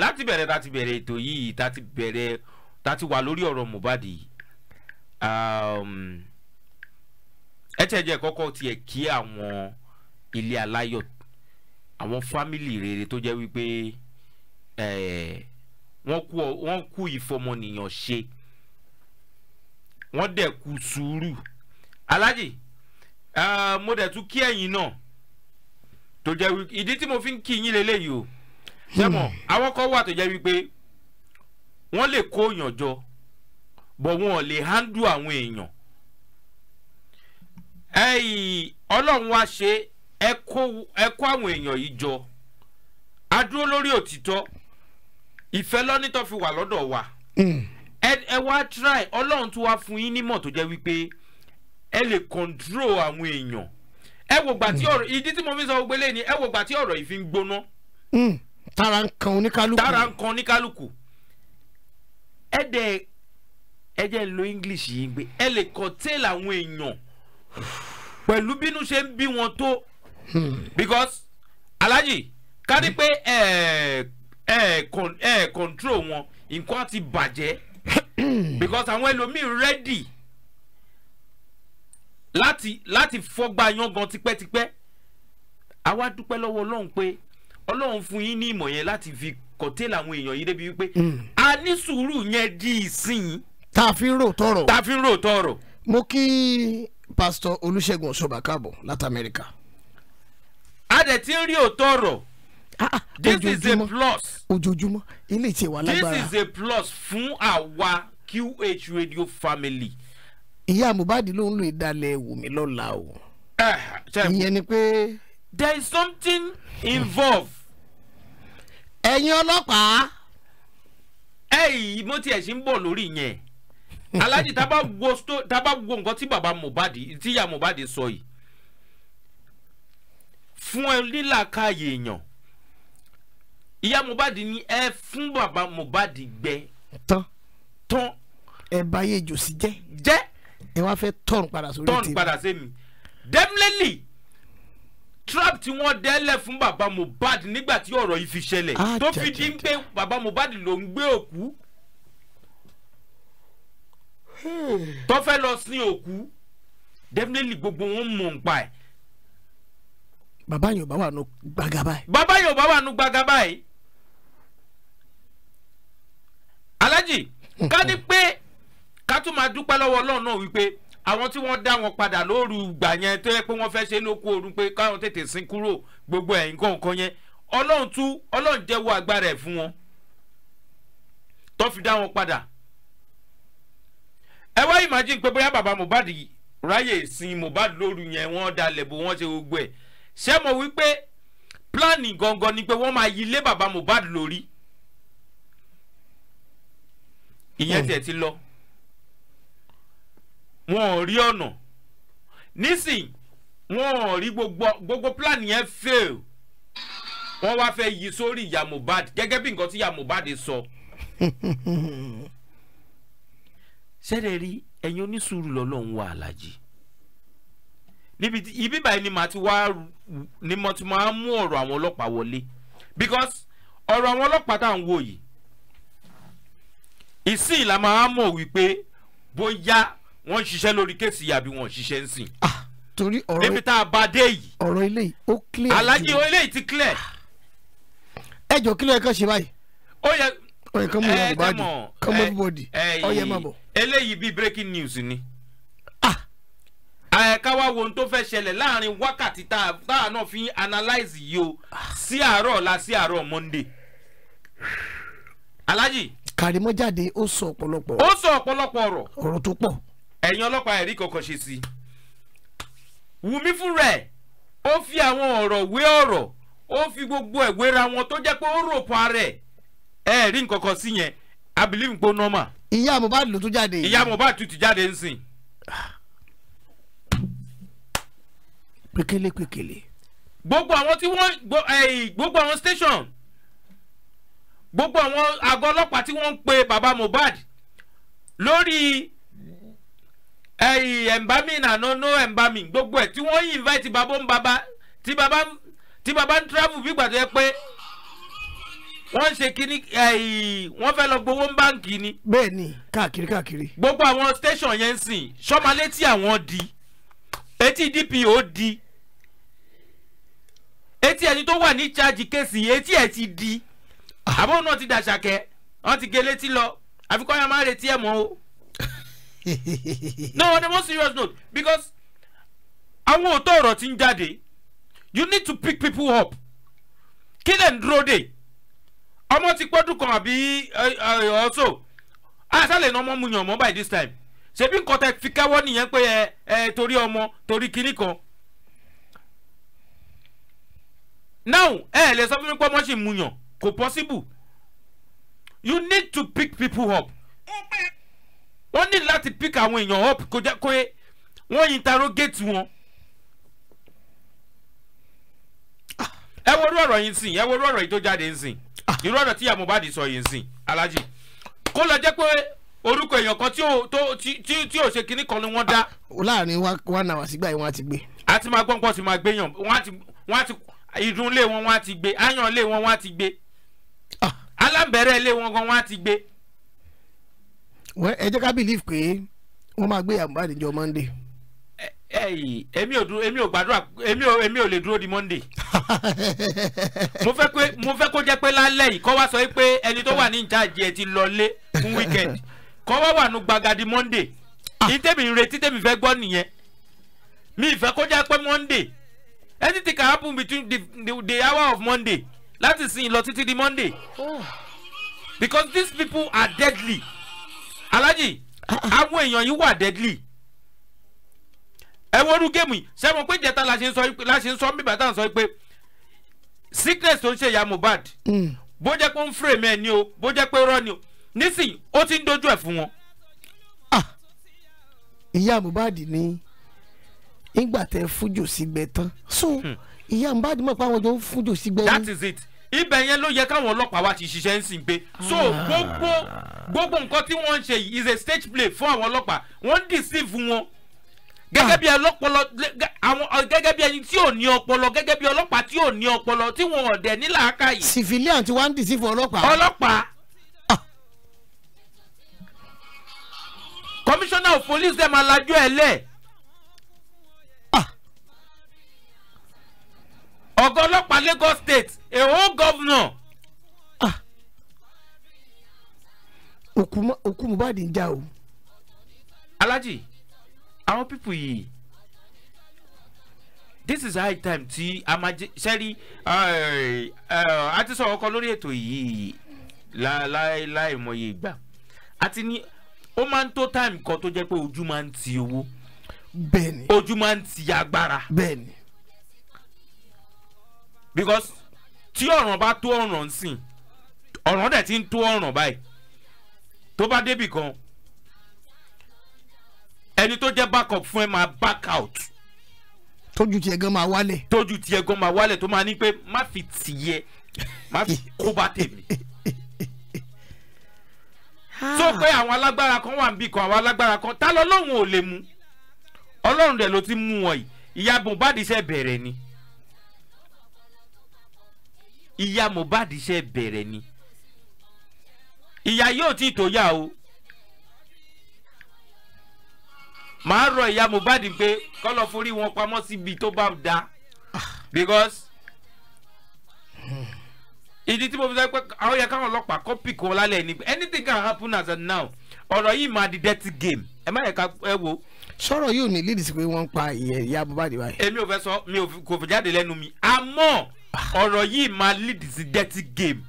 láti bẹ̀rẹ̀ láti bẹ̀rẹ̀ ètò yìí láti bẹ̀rẹ̀ láti wà lórí ọ̀rọ̀ Mohbad um, ẹ tẹ̀ kọ́kọ́ tiẹ̀ kí àwọn ilé aláyọ̀ àwọn fámìlì rere tó jẹ́ wípé eh, wọ́n kú wọ́n kú ìfọmọnìyàn ṣe wọ́n dẹ̀ kú sùúrù alájì eh, mo dẹ̀ tún kí ẹ̀yin náà tó jẹ́ wípé ìdí tí mo fi ń kí yín lélẹ́yìí o sẹ́mọ̀ àwọn kan wà tó jẹ́ wípé wọ́n lè kó èèyàn jọ bọ̀ wọn ò lè handle àwọn èèyàn ẹ̀yìn ọlọ́run wá ṣe é ẹ kó àwọn èèyàn yìí jọ a dúró lórí òtítọ́ ìfẹ́ lọ́nítọ́ fi wà lọ́dọ̀ wa hmm. ẹ wá try ọlọ́run tó wá fún yín nímọ̀ tó jẹ́ wípé ẹ lè control àwọn èèyàn ẹ wò gbà tí hmm. ọ̀rọ̀ ìdí tí mo fi sọ gbogbo eléyìí ni ẹ wò gbà tí ọ̀rọ̀ yìí fi ń gbóná. Hmm. tara ń kan oníkálukú tara ń oníkálukú ẹ dẹ̀ ẹ jẹ́ lo English yìí gbé ẹ lè curtail àwọn èèyàn pẹ̀lú bínú ṣe ń bí wọn tó Hmm. because alhaji kárí pé ẹ eh, ẹ eh, eh, control wọn nǹkan ti bàjẹ́ hmm. because àwọn ẹlòmíín ready láti láti fọgbà yangan tipẹ́tipẹ́ àwa dúpẹ́ lọ́wọ́ ọlọ́run pé ọlọ́run fún yín ní ìmọ̀ yẹn láti fi kọ̀tẹ́lì àwọn èèyàn yìí débi wípé hmm. a ní sùúrù yẹn di ìsìn. tá a fi ń rò tọrọ. tá a fi ń rò tọrọ. mo kí pásítọ̀ olùṣègùn ọ̀ṣọ́bà káàbọ̀ láti amẹ́ríkà dẹ̀ ti ń rí òótọ́ ọ̀rọ̀ ah, ah, this is a plus ojoojúmọ́ ilé tí wà lágbára this is a plus fún àwa QH radio family. ìyá Mohbad ló ń lo ìdálẹ̀ Wùmí lọ́la o eh, ìyẹn ni pé. there is something involved. ẹ̀yin ọlọ́pàá. ẹ̀yìn mo tiẹ̀ ṣe ń bọ̀ lórí yẹn aláàjì tá a bá wo nǹkan tí bàbá Mohbad tíyà Mohbad sọ yìí fún ẹ lílàkàyè èèyàn ìyá Mohbad ní ẹ fún bàbá Mohbad gbẹ. tán tán. ẹ bá yé jòsí jẹ. jẹ. ẹ wá fẹ́ tọrùn padà sórí tèmi. tọrùn padà sẹ́mi definitely trap tí wọ́n dẹ́lẹ̀ fún bàbá Mohbad nígbà tí ọ̀rọ̀ yìí fi ṣẹlẹ̀ ah, tó fi di pé bàbá Mohbad ló ń gbé òkú hmm. tó lọ sin òkú definitely gbogbo wọn mọ̀ nípa ẹ̀ bàbá yóò bá wà nù gbàgà báyìí. bàbá yóò bá wà nù gbàgà báyìí. alájì hmm. ká ní pé ká tún máa dúpẹ́ lọ́wọ́ ọlọ́run náà wípé àwọn tí wọ́n dá wọn padà lóru ìgbà yẹn tó yẹ pé wọ́n fẹ́ ṣe lóko oorun pé káwọn tètè sin kúrò gbogbo ẹ̀yìn kọ̀ọ̀kan yẹn ọlọ́run tún ọlọ́run jẹ́wọ́ agbára ẹ̀ fún wọn tó fi dá wọn padà ẹ wá imagine pé bóyá bàbá Mohbad ráyè sin Mohbad lóru yẹn wọ́n dalẹ̀ bò wọ́n ṣe gbogbo ẹ̀ ṣé mo wí pé pílánì gangan ni pé wọ́n máa yí ilé bàbá Mohbad lórí ìyẹn tiẹ̀ ti lọ wọn ò rí ọ̀nà nísìn wọn ò rí gbogbo gbogbo pílánì yẹn fail wọ́n wá fẹ́ yí sórí ìyá Mohbad gẹ́gẹ́ bí nǹkan tí ìyá Mohbad sọ. ṣẹ́rẹ̀ rí ẹ̀yin onísùúrù lọ́lọ́run wà aláàjì níbi ibi báyìí ni màá ti wá ni mo ti máa mú ọ̀rọ̀ àwọn ọlọ́pàá wọlé because ọ̀rọ̀ àwọn ọlọ́pàá tá à ń wò yìí ìsìn la máa mọ̀ wípé bóyá wọ́n ṣiṣẹ́ lórí kéèsì yìí àbí wọ́n ṣiṣẹ́ ń sìn. Ah, torí ọ̀rọ̀ débi tá a bá dé yìí. ọ̀rọ̀ ilé yìí ó clear jù alájí ilé ti clear. ẹ jọ kí ló yẹ kán ṣe báyìí. ó yẹ ó yẹ kán mú ìyàwó everybody ó yẹ má bọ̀. eléyìí bíi breaking news ni ká wá wo ohun tó fẹ́ ṣẹlẹ̀ láàrin wákàtí tá a náà fi analyze yìí o sí àárọ̀ ọ̀la sí àárọ̀ monday. alhaji. kàrímọ́ jáde ó sọ ọ̀pọ̀lọpọ̀. ó sọ ọ̀pọ̀lọpọ̀ ọ̀rọ̀. ọ̀rọ̀ tó pọ̀. ẹ̀yin ọlọ́pàá ẹ̀rí kankan ṣe sí i. wùmí fúnra ẹ̀ ó fi àwọn ọ̀rọ̀ wé ọ̀rọ̀ ó fi gbogbo ẹ̀ wéra wọn tó jẹ́ pé ó rò pa ẹ̀ rí nǹkan sí yẹn I believe pé ó normal. ìyá Mohbad ló tún jáde. ìyá Mohbad tún ti jáde ń sìn pékélé pékélé. gbogbo àwọn tí wọ́n eh, gbogbo àwọn station gbogbo àwọn àgọ́ ọlọ́pàá tí wọ́n ń pe baba Mohbad lórí embalming eh, àná no embalming gbogbo ẹ̀ tí wọ́n invite baba ń baba tí baba tí baba ń travel bí ìgbà tó yẹ pé wọ́n ń ṣe kíní eh, wọ́n fẹ́ lọ gbowó ń báǹkì ni. bẹ́ẹ̀ ni káàkiri káàkiri. gbogbo àwọn station yẹn ń sìn sọ́malé tí àwọn di etí DPO di etí ẹni tó wà ní charge kéèsì etí ẹ ti di àbọ̀ náà ti dàṣàkẹ́ wọ́n ti gé létí lọ àfikún ya máa retí ẹ̀ mọ́ o no on a more serious note because àwọn òótọ́ ọ̀rọ̀ ti ń jáde you need to pick people up kí lẹ̀ ń dúró dé ọmọ ti pọ́dún kan àbí ọ̀ṣọ́ àṣàlẹ̀ ní ọmọ mu yàn mọ́ by this time ṣebí nǹkan tẹ fi káwọ́ nìyẹn pé ẹ torí ọmọ torí kinní kan now ẹ lè sọ fún mi pé ọmọ ṣì ń muyàn kò possible you need to pick people up wọ́n ní láti pick àwọn èèyàn up kó jẹ́ pé wọ́n interrogate wọn. ẹ wo irú ọ̀rọ̀ yìí sìn ẹ wo irú ọ̀rọ̀ yìí tó jáde ń sìn irú ọ̀rọ̀ tí ìyá Mohbad sọ yìí ń sìn alájì kó lọ jẹ́ pé orúkọ èèyàn kan tí ò tí ò ṣe kinní kan ni wọ́n dá. láàrin wá náà sígbà yìí wọ́n á ti gbé. a ti máa gbọ́n pọ̀ sí máa gbéyàn wọ́n á ti ìdúnlé wọn wọn á ti gbé ayọ̀nlé wọn wọn á ti gbé ah. alábẹ̀rẹ̀ ilé wọn gan wọn á ti gbé. wọ́n ẹ jẹ́ ká believe pé wọ́n máa gbé Mohbad níjọ́ Monday. ẹ ẹ èmi ò dúró èmi ò gbàdúrà èmi ò èmi ò lè dúró di Monday. mo fẹ́ pé mo fẹ́ kó jẹ́ pé lálẹ́ yìí kọ́ wá sọ pé ẹni tó wà ní ìjáàjì ẹ ti lọ lé fún weekend kọ́ wá wà nù gbàgàdì Monday ní ah. tèmi ń retí tèmi fẹ́ gbọ́ nìyẹn mi ìfẹ́ kó jẹ́ pé Monday anything can happen between the the, the hour of monday That is in Lotiti the monday because these people are deadly Alaji, àwọn èèyàn yìí wà deadly ẹ wọ́n rú géèmù yìí ṣé mo pé jẹta la ṣe ń sọ la ṣe ń sọ bíbá tá à sọ pé sickness tó ń ṣe ìyá mohbad mm. bó jẹ́ pé ń frame ẹ̀ ni o bó jẹ́ pé ó rọ́ ni o nísìnyí ó ti ń dojú ẹ̀ fún wọn. Ah! ìyá mohbad ni nígbà tẹ fújò sígbẹ tán so hmm. ìyá ń bá dùn mọ́ pé àwọn jọ ń fújò sígbẹ yín. that is it ibẹ̀ yẹn ló yẹ káwọn ọlọ́pàá wa ti ṣiṣẹ́ ń sìn pé so ah. gbogbo gbogbo nǹkan tí wọ́n ń ṣe yìí is a stage play fún àwọn ọlọ́pàá wọ́n ń deceive wọn gẹ́gẹ́ ah. bí ọlọ́pọlọ àwọn gẹ́gẹ́ bí ẹni tí ò ní ọpọlọ gẹ́gẹ́ bí ọlọ́pàá tí ò ní ọpọlọ tí wọn ò dẹ̀ ní làákàyè. civilian ti wá ń deceive ọlọ́pàá. ọlọ́pàá. Ah. commissioner of police dem alajú ẹ ọ̀gá ọlọ́pàá Lagos State a whole governor. Ah. òkú Mohbad ń já o. Alhaji àwọn pípù yìí this is high time tí a máa jẹ sẹ́rí eh, eh, a ti sọ̀rọ̀ kan lórí ètò yìí láì mọye ìgbà àti ní ó máa ń tó time kan tó jẹ́ pé ojú máa ń ti owó bẹ́ẹ̀ni ojú máa ń ti agbára bẹ́ẹ̀ni because tí ọ̀ràn bá tó ọ̀ràn ń sìn ọ̀ràn dẹ̀ ti ń tó ọ̀ràn báyìí tó bá débì kan ẹni tó jẹ́ backup fún ẹ máa back out. tójú tiẹ̀ gan máa wálẹ̀. tójú tiẹ̀ gan máa wálẹ̀ tó máa ní pé má fi tìyẹ má fi kó bá tèmi. tó ah. pé àwọn alágbára kan wà níbì kan àwọn alágbára kan tá lọ́lọ́run ò lè mú ọlọ́run dẹ̀ ló ti mú wọn yìí ìyá bùnbádìí ṣe bẹ̀rẹ̀ ni ìyá Mohbad ṣe bẹ̀rẹ̀ ni ìyá yóò tí tó yá o màá rọ ìyá Mohbad pé kọ́lọ́ forí wọn pamọ́ síbi tó bá da because ìdí tí mo fi sọ pé àwọn yẹ káwọn ọlọ́pàá kọ́pì kan lálẹ́ ni anything can happen as of now ọ̀rọ̀ yìí máa di dirty game ẹ má yẹ ká ẹ wo. sọ̀rọ̀ yóò ní lídìí sí pé wọ́n ń pa ìyá Mohbad báyìí. èmi ò fẹ́ sọ mi ò kò fi jáde lẹ́nu mi àmọ́ ọ̀rọ̀ yìí máa lead sí dirty game.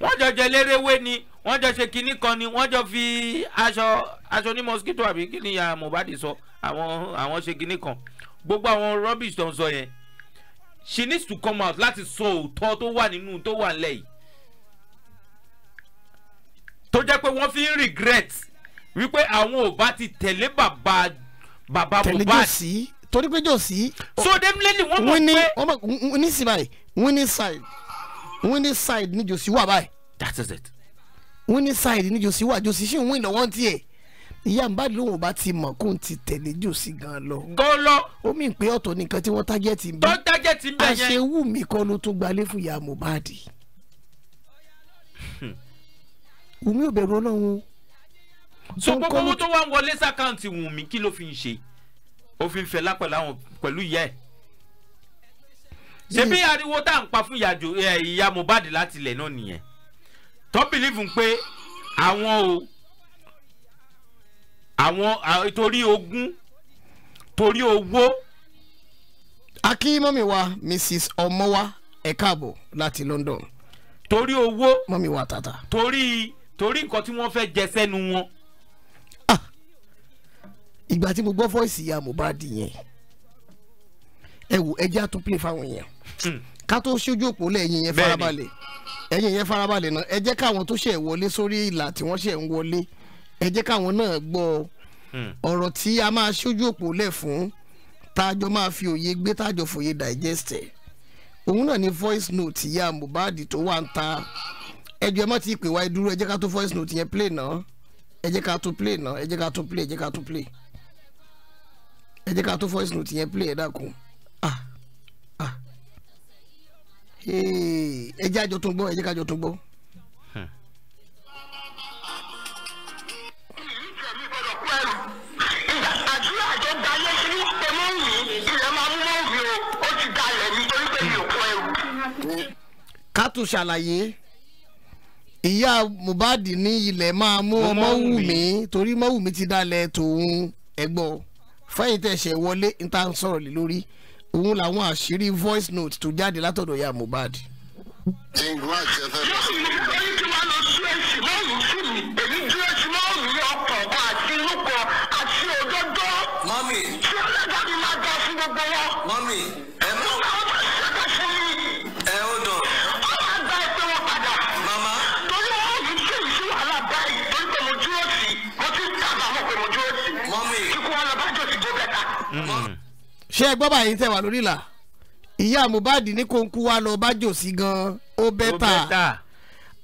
wọ́n jọ jẹ lérewé ni wọ́n jọ ṣe kinní kan ni wọ́n jọ fi aṣọ aṣọ ní mosquito àbí kí ya Mohbad sọ àwọn àwọn ṣe kinní kan gbogbo àwọn rubbish tó ń sọ yẹn she needs to come out láti sọ òótọ́ tó wà nínú tó wà nílẹ̀ yìí tó jẹ́ pé wọ́n fi ń regret wípé àwọn ò bá ti tẹ̀lé bàbá bàbá Mohbad torí pé jò sí. so definitely wọ́n mọ̀ pé. wọ́n mọ̀ ní sí báyìí winning side winning side ni jòsí wà báyìí. that is it. winning side ni jòsí wà jòsí sì ń win lọ́wọ́ tiẹ̀ ìyá mbàdí lòun ò bá ti mọ̀ kóun ti tẹ̀lé jòsí gan lọ. gan lọ. ó mì pé ọ̀tọ̀ nìkan tí wọ́n tágẹ́tì ń bẹ́. tó tágẹ́tì ń bẹ́ yẹn. àṣewù mi kọ́ ló tó gbalé fún ìyá Mohbad. Hmm. Wùmí ò bẹ̀rù Ọlọ́run. so gbogbo owó tó wá ń wọlé sí àkáǹtì Wùmí kí ló fi ń ṣe ó fi ń fẹlá pẹ̀lú ìyá ẹ̀ ṣebí ariwo tá à ń pa fún ìyá eh, Mohbad láti ilẹ̀ náà nìyẹn tó bìlífù pé àwọn o àwọn torí ogún torí owó. akí mọ́mí wa Mrs ọmọwa ẹ káàbọ̀ láti London. torí owó mọ́mí wa tata. torí torí nǹkan tí wọ́n fẹ́ jẹ sẹ́nu wọn ìgbà tí mo gbọ́ fọ́ìsì ya Mohbad yẹn ẹ wò ẹjẹ́ àtún play fáwọn yẹn hmm. ká tó ṣojú òpó lẹ́yìn yẹn farabalẹ̀ ẹ̀yìn yẹn farabalẹ̀ náà ẹ jẹ́ káwọn tó ṣẹ̀ wọlé sórí ìlà tí wọ́n ṣẹ̀ ń wọlé ẹ jẹ́ káwọn náà gbọ́ hmm. ọ̀rọ̀ tí a máa ṣojú òpó lẹ̀ fún tájọ máa fi òye gbé tájọ fòye dàìjẹ́sítẹ̀ òun náà ni voice note ya Mohbad tó wà ń ta ẹjọ ẹ má ti pè wá ẹ dúró ẹ jẹ́ ká tó voice note yẹn play náà ẹ jẹ́ ká tó play náà ẹ jẹ́ ká tó play ẹ jẹ́ ká tó play ẹ jẹ́ ká tó voice note yẹn play ẹ̀ dákun ah ah ẹ jẹ́ àjọ tó ń gbọ́ ẹ jẹ́ ká àjọ tó ń gbọ́. ká tún ṣàlàyé ìyá Mohbad ní ilẹ̀ máa mú ọmọ wù mí torí mọ́wù mi ti dalẹ̀ tòun ẹ̀gbọ́n fẹ́yìn tẹ̀ ṣe wọlé n ta sọ̀rọ̀ lé lórí òun làwọn àṣírí voice note tó jáde látọ̀dọ̀ ya Mohbad. ǹgbọ́n àti ẹ̀fẹ́ mi máa dá fún gbogbo wọn. mọ́mì. ṣé ẹ gbọ́ báyìí tẹ̀ wá lórí ìlà ìyá Mohbad ní kóńkú wa lọ bá jò sí gan ó bẹ́tà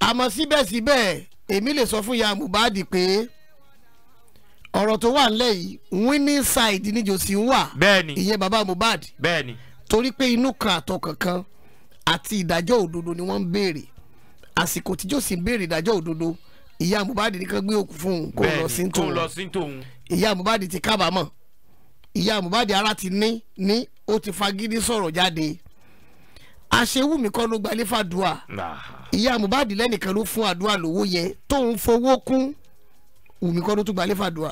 àmọ́ síbẹ̀síbẹ̀ èmi lè sọ fún ìyá Mohbad pé ọ̀rọ̀ tó wà nílẹ̀ yìí winning side ni jòsí ń wà ìyẹn bàbá Mohbad torí pé inú kan àtọ̀ kankan àti ìdájọ́ òdodo ni wọ́n ń béèrè àsìkò tí jòsí ń béèrè ìdájọ́ òdodo ìyá Mohbad nìkan gbé òkú fún un kó lọ sí tòun ìyá Mohbad ti kábàámọ̀ ìyá Mohbad ara ti ní ní ó ti fagídí sọ̀rọ̀ jáde àṣewùmí kọ́ ló gbalẹ́ fàdúà ìyá Mohbad lẹ́nìkan ló fún àdúà lówó yẹn tóun fowó kún wùmí kọ́ ló tún gbalẹ́ fàdúà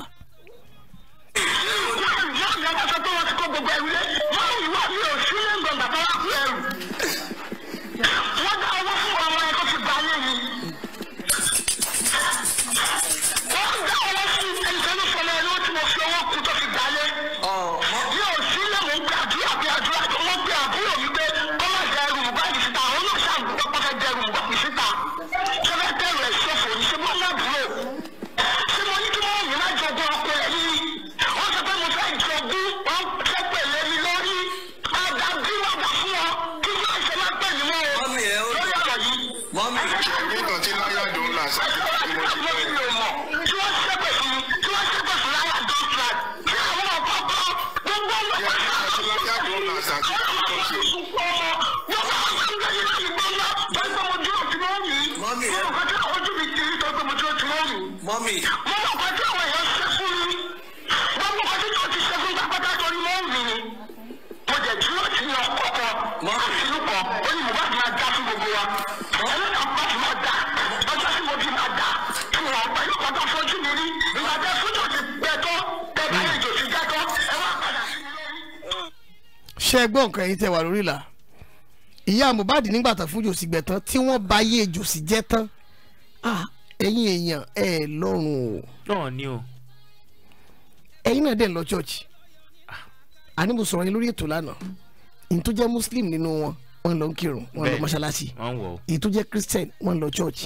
ṣe ẹgbọ́n nǹkan ẹ̀yin tẹ wà lórí ìlà ìyá Mohbad nígbà tán fún jòsì gbẹ̀tán tí wọ́n bá yé jòsì jẹ́ tán ah, ẹ̀yin èèyàn ẹ̀ lọ́rùn o. náà ni o. ẹ̀yin náà dẹ̀ lọ church àní ah, mo sọ̀rọ̀ yín lórí ètò lánàá ìyí tó jẹ́ muslim nínú wọn wọ́n lọ ń kírun wọ́n lọ mọ́ṣáláṣí ìyí jẹ́ christian wọ́n lọ church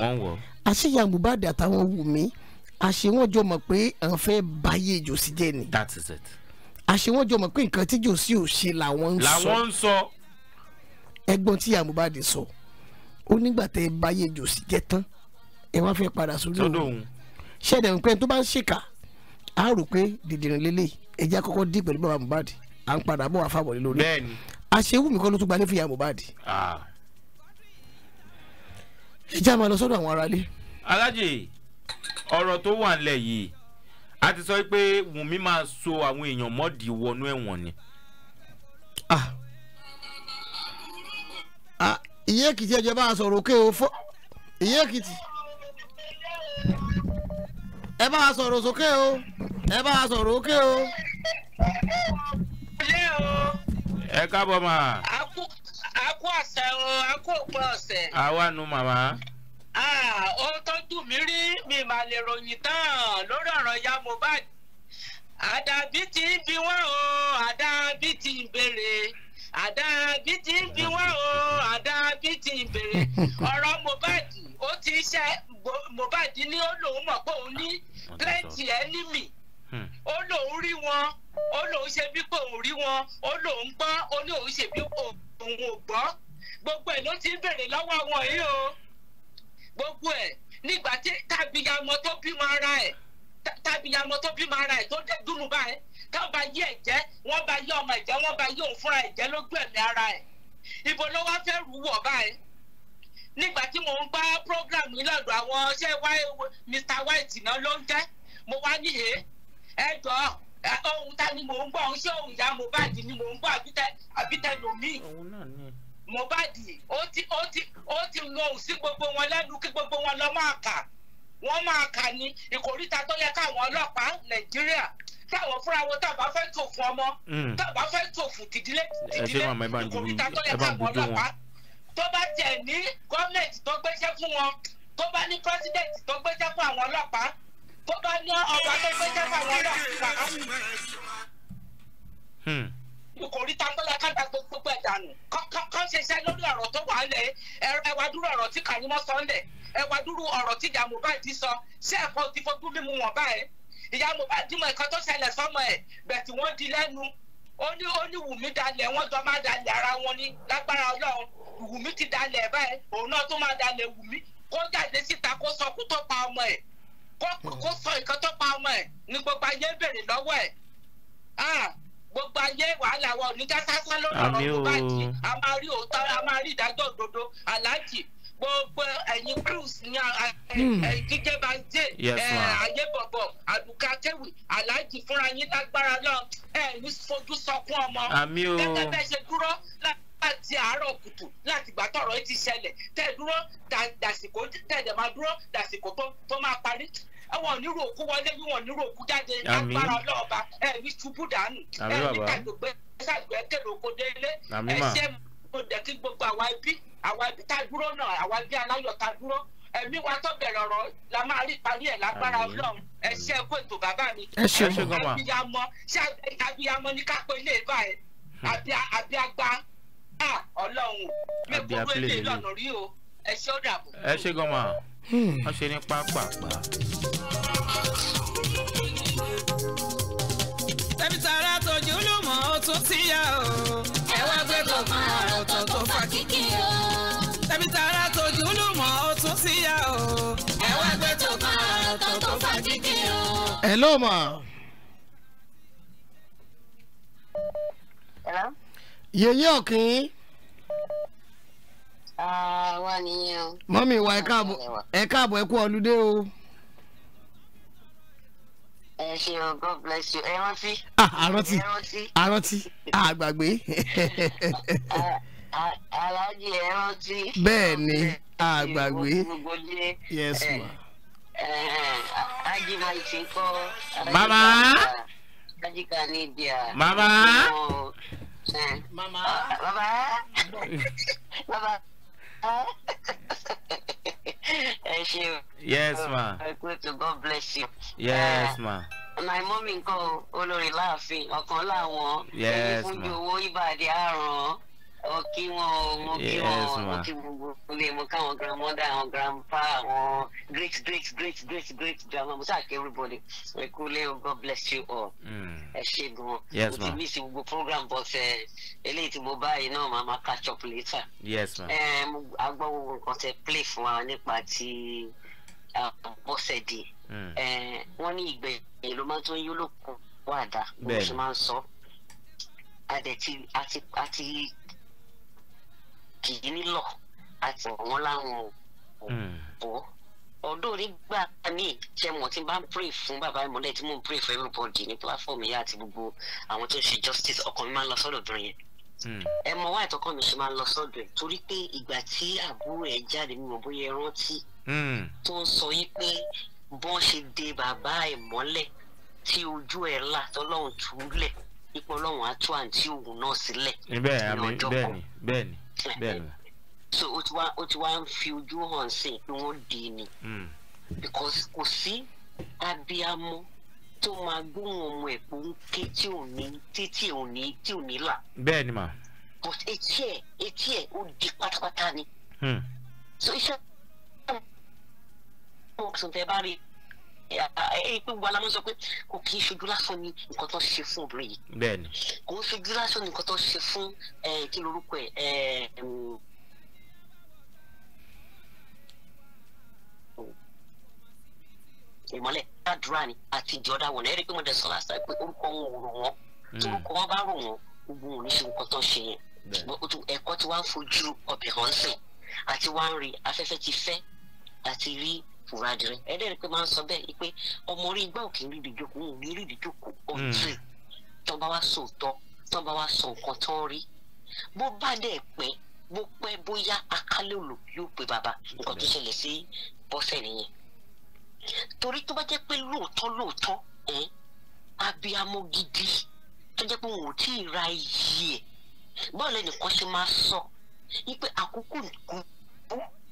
àṣeyà Mohbad àtàwọn Wùmí àṣewọ́n jọ mọ̀ pé àwọn fẹ́ báyé jòsì jẹ́ ni. that is it àṣewọ́n jọ mọ̀ pé nǹkan tí jòsí ò ṣe làwọn ń sọ làwọn ń sọ ẹ̀gbọ́n tí Mohbad sọ ó nígbà tẹ ẹ báyé jòsí jẹ tán ẹ wá fẹ́ padà sórí òun ṣẹ̀dẹ̀ ń pẹ́ tó bá ń ṣèkà á rò pé dìdìrín lélẹ̀ ẹ̀jẹ̀ àkọ́kọ́ dì pẹ̀lú bàbá Mohbad à ń padà bọ̀ wá lé lórí àṣewùmí kọ́ ló tún gba ní fìyà Mohbad ẹ̀jẹ̀ àmọ́ lọ sọ́dọ̀ àwọn aráalé. alájì ọ̀rọ̀ tó wà ń lẹ̀ yìí a ti sọ pé Wùnmí máa so àwọn èèyàn mọ́ọ̀dì wọnú ẹ̀wọ̀n ni. Iye èkìtì ẹ̀jẹ̀ bá a sọ̀rọ̀ òkè o èkìtì ẹ bá a sọ̀rọ̀ sókè o ẹ bá a sọ̀rọ̀ òkè o. ẹ káàbọ̀ mà. a kú o a kú òpin nu màmá. Ah, ó tó dùn mí rí mi mà lè ròyìn tán lórí ọ̀rọ̀ ya Mohbad àdàbí ti ń bi wọ́n o àdàbí ti ń béèrè àdàbí ti ń bi wọ́n o àdàbí ti ń béèrè ọ̀rọ̀ Mohbad ó ti ṣe Mohbad ní ó lòun mọ̀ pé òun ní plenty enemy hmm. ó lòun rí wọn ó lòun ṣe bí pé òun rí wọn ó lòun gbọ́ ó ní òun ṣe bí òun ò gbọ́ gbogbo ẹ̀ ló ti ń béèrè lọ́wọ́ wọn yìí o gbogbo ẹ̀ nígbà tí tàbíyamọ tó bímọ ara ẹ̀ tàbíyamọ tó bímọ ara ẹ̀ tó dé dùnú báyìí táwọn bá yí ẹ̀jẹ̀ wọ́n bá yí ọmọ ẹ̀jẹ̀ wọ́n bá yí òun fúnra ẹ̀jẹ̀ lójú ẹ̀mí ara ẹ̀ ibo ló wá fẹ́ rú wọ̀ báyìí nígbà tí mò ń gbá program yìí lọ́dọ̀ àwọn ṣé Mr White náà ló ń jẹ́ mo wá níhe ẹ jọ ohun ta ni mò ń gbọ́ ṣé ohun ìyá Mohbad ni mò ń gbọ́ àbítẹ́ àbítẹ́ lomi. òun náà ni Mohbad ó ti ó ti ó ti lọ sí gbogbo wọn lẹ́nu kí gbogbo wọn lọ máa kà wọ́n máa kà ní ìkòríta tó yẹ káwọn ọlọ́pàá Nàìjíríà táwọn fúnra wọn tá a bá ọmọ hmm. tá a bá tìdílé tìdílé ìkòríta tó yẹ káwọn ọlọ́pàá tó bá tẹ̀ ní gọ́ọ̀mẹ̀ntì tó gbéṣẹ́ fún wọn tó bá ní pírẹ́sídẹ̀ntì tó gbéṣẹ́ fún àwọn ọlọ́pàá tó bá ní ọba tó gbéṣẹ́ fún àwọn ọlọ́pàá. Hmm mo kò rí tagbọ́lá káta gbogbo ẹ̀dá nù kán ṣiṣẹ́ lórí ọ̀rọ̀ tó wà lẹ̀ ẹwà dúró ọ̀rọ̀ tí Karimo sọ ńlẹ̀ ẹwà dúró ọ̀rọ̀ tí ìyá Mohbad sọ ṣé ẹ̀kọ́ ti fojú mímu wọn báyẹn ìyá Mohbad mọ nǹkan tó ṣẹlẹ̀ sọ́mọ ẹ̀ bẹ̀tì wọ́n di lẹ́nu ó ní ó ní Wùmí dalẹ̀ wọ́n jọ máa dalẹ̀ ara wọn ní lágbára Ọlọ́run Wùmí ti dalẹ̀ báyẹn òun náà tó máa dalẹ̀ Wùmí kó jáde síta kó sọ kú tó pa ọmọ ẹ̀ kó sọ nǹkan tó pa ọmọ ẹ̀ ní gbogbo ayé ń bèrè lọ́wọ́ ẹ̀ ah, gbogbo ayé wàhálà wa ò lórí ọ̀rọ̀ tó bá jì a máa rí òótọ́ a máa rí ìdájọ́ òdodo aláàjì gbogbo ẹ̀yin cruise ní jíjẹ hmm. banjẹ ayébọbọ àdùkà kẹwì aláàjì fúnra yín lágbára náà ẹ fojú sọkún ọmọ gẹ́gẹ́ bẹ ṣe dúró láti àárọ̀ kùtù láti gbà tọ̀rọ̀ yìí ti ṣẹlẹ̀ tẹ dúró dàsìkò tẹ dẹ máa dúró dàsìkò tó máa parí àwọn onírò òkú wọlé bí wọn onírò òkú jáde lágbára ọlọ́ọ̀ba ẹ̀mí ṣubú dànù ẹ̀mí kàgbègbè ṣàgbẹ́ kéde oko délé ẹ̀ṣẹ́ mo dẹ̀ kí gbogbo àwa ibi àwa ibi tá a dúró náà àwa ibi aláyọ̀ tá a dúró ẹ̀mí wa tó bẹ̀rẹ̀ ọ̀rọ̀ la máa rí parí ẹ̀ lágbára ọlọ́run ẹ ṣe é kó ètò bàbá mi ẹ ṣe abiyamọ ṣe abiyamọ ní kápẹ́ ilé ìbá ẹ hmm. abiyagba ah, ọlọ́run mi kúrò ilé ìlànà rí o ẹ ṣe ó dàbọ̀. ẹ ṣe gan-an. Hmm. wọ́n ṣe ní pápápá. tẹ̀bí tààrà tòjú lùmọ̀ ó tún ti yá o. ẹ wá gbé kọ̀ọ̀kan ọ̀rọ̀ tó tó fa kíkì o. tẹ̀bí tààrà tòjú lùmọ̀ ó tún ti yá o. ẹ wá gbé kọ̀ọ̀kan ọ̀rọ̀ tó tó fa kíkì o. hello ma. hello. yèyé ọ̀kìn. Ah, wà nìyẹn o. mọ́mí wa ẹ káàbọ̀ ẹ kú ọlúdé o. ẹ ṣe o god bless you ẹ rántí. àrántí ah, àrántí àgbàgbé. aláàjì ẹ rántí. bẹ́ẹ̀ ni àgbàgbé yes ma. ajibayi ti kọ́. bàbá. ajika ni bíà. bàbá. bàbá. bàbá ẹ ṣeun. yes ma. ẹ oh, to god bless you. yes eh, ma. my mummy nǹkan olórí laughing. ọ̀kan láwọn. yes ma mo kí wọn o mo kí wọn o mo mo ká àwọn grandmother àwọn grandpa àwọn great great great great great grandma mo sáà kí everybody ẹ kú lé o god bless you all hmm. ẹ ṣe gan mo ti miss gbogbo program but eh, eléyìí tí mo bá yìí náà màá máa catch up later ẹ eh, mo agbọ́ gbogbo nǹkan tẹ play fún wa nípa ti bọ́sẹ̀dì ẹ hmm. eh, wọ́n ní ìgbẹ̀yìn ló máa tó ń yó lókun wàdà bó ṣe máa ń sọ ti àti àti kì í nílọ àti wọn láwọn hmm. òbó ọdún onígbà míì ṣe mọ̀ tí n bá ń pray fún bàbá ìmọ́lẹ̀ tí mò ń pray for everybody ní platform yìí àti gbogbo àwọn tó ń ṣe justice ọkàn mi máa ń lọ sọ́dọ̀ obìnrin yẹn hmm. ẹ mọ wá ìtọ́kọ́ mi ṣe máa lọ sọ́dọ̀ ẹ̀ torí pé ìgbà tí àbúrò ẹ̀ jáde mímọ bóyá ẹ rántí hmm. tó ń sọ yìí pé bọ́n ṣe de bàbá ẹ̀ tí ojú ẹ̀ là tọ́lọ́run túlẹ̀ ipò ọlọ́run á òògùn náà sílẹ̀ ní ọjọ́ kan bẹ́ẹ̀ ni bẹ́ẹ̀ ni bẹ́ẹ̀ so o ti wá o ti wá ń fi ojú hàn sí i pé wọ́n di ni. because kò sí abiyamọ tó máa gbóhùn ọmọ ẹ̀ pò ń ké tí ò ní títí ò ní tí ò ní là. bẹ́ẹ̀ ni mà. but etí ẹ̀ etí ẹ̀ ó di pátápátá ni. so iṣẹ́ àwọn ọmọ ọ̀sán tẹ bá rí i pé eh, eh, gbogbo alamọ sọ pé kò kí n ṣojú lásán ni nǹkan tó ṣe fún obìnrin yìí. bẹ́ẹ̀ni. kò ń ṣojú lásán ni nǹkan tó ṣe fún eh, kí lorúkọ ẹ. ìmọ̀lẹ̀ àdúrà ni àti ìjọba wọn ẹ̀rí pé mo dẹ̀ sọ lásà pé orúkọ wọn ò rò wọn hmm. torúkọ wọn bá rò wọn gbogbo wọn ní ṣe nǹkan tó ṣe yẹn ẹ̀kọ́ tí wọ́n fojú ọbẹ̀ hàn sìn àti wọ́n rí afẹ́fẹ́ ti fẹ́ àti rí fúnra dirin ẹ̀dẹ́ ni pé máa ń sọ bẹ́ẹ̀ pé ọmọ orí igbá òkè ń rí ìdíjókòó ń rí ìdíjókòó hmm. ọ̀tún tọ́ba wa sòótọ́ tọ́ba wa sọ nǹkan tó rí bó bá dẹ̀ pẹ́ bó pẹ́ bóyá akálòlò yóò pe bàbá nǹkan tó hmm. ṣẹlẹ̀ sí bọ́sẹ̀ nìyẹn torí tó bá jẹ́ pé lóòótọ́ lóòótọ́ ẹ̀ abiyamọ gidi tó jẹ́ pé wọn ò tí ì ra iyì ẹ̀ báwo lẹ́nìkan ṣe máa sọ wípé àkókò nìkan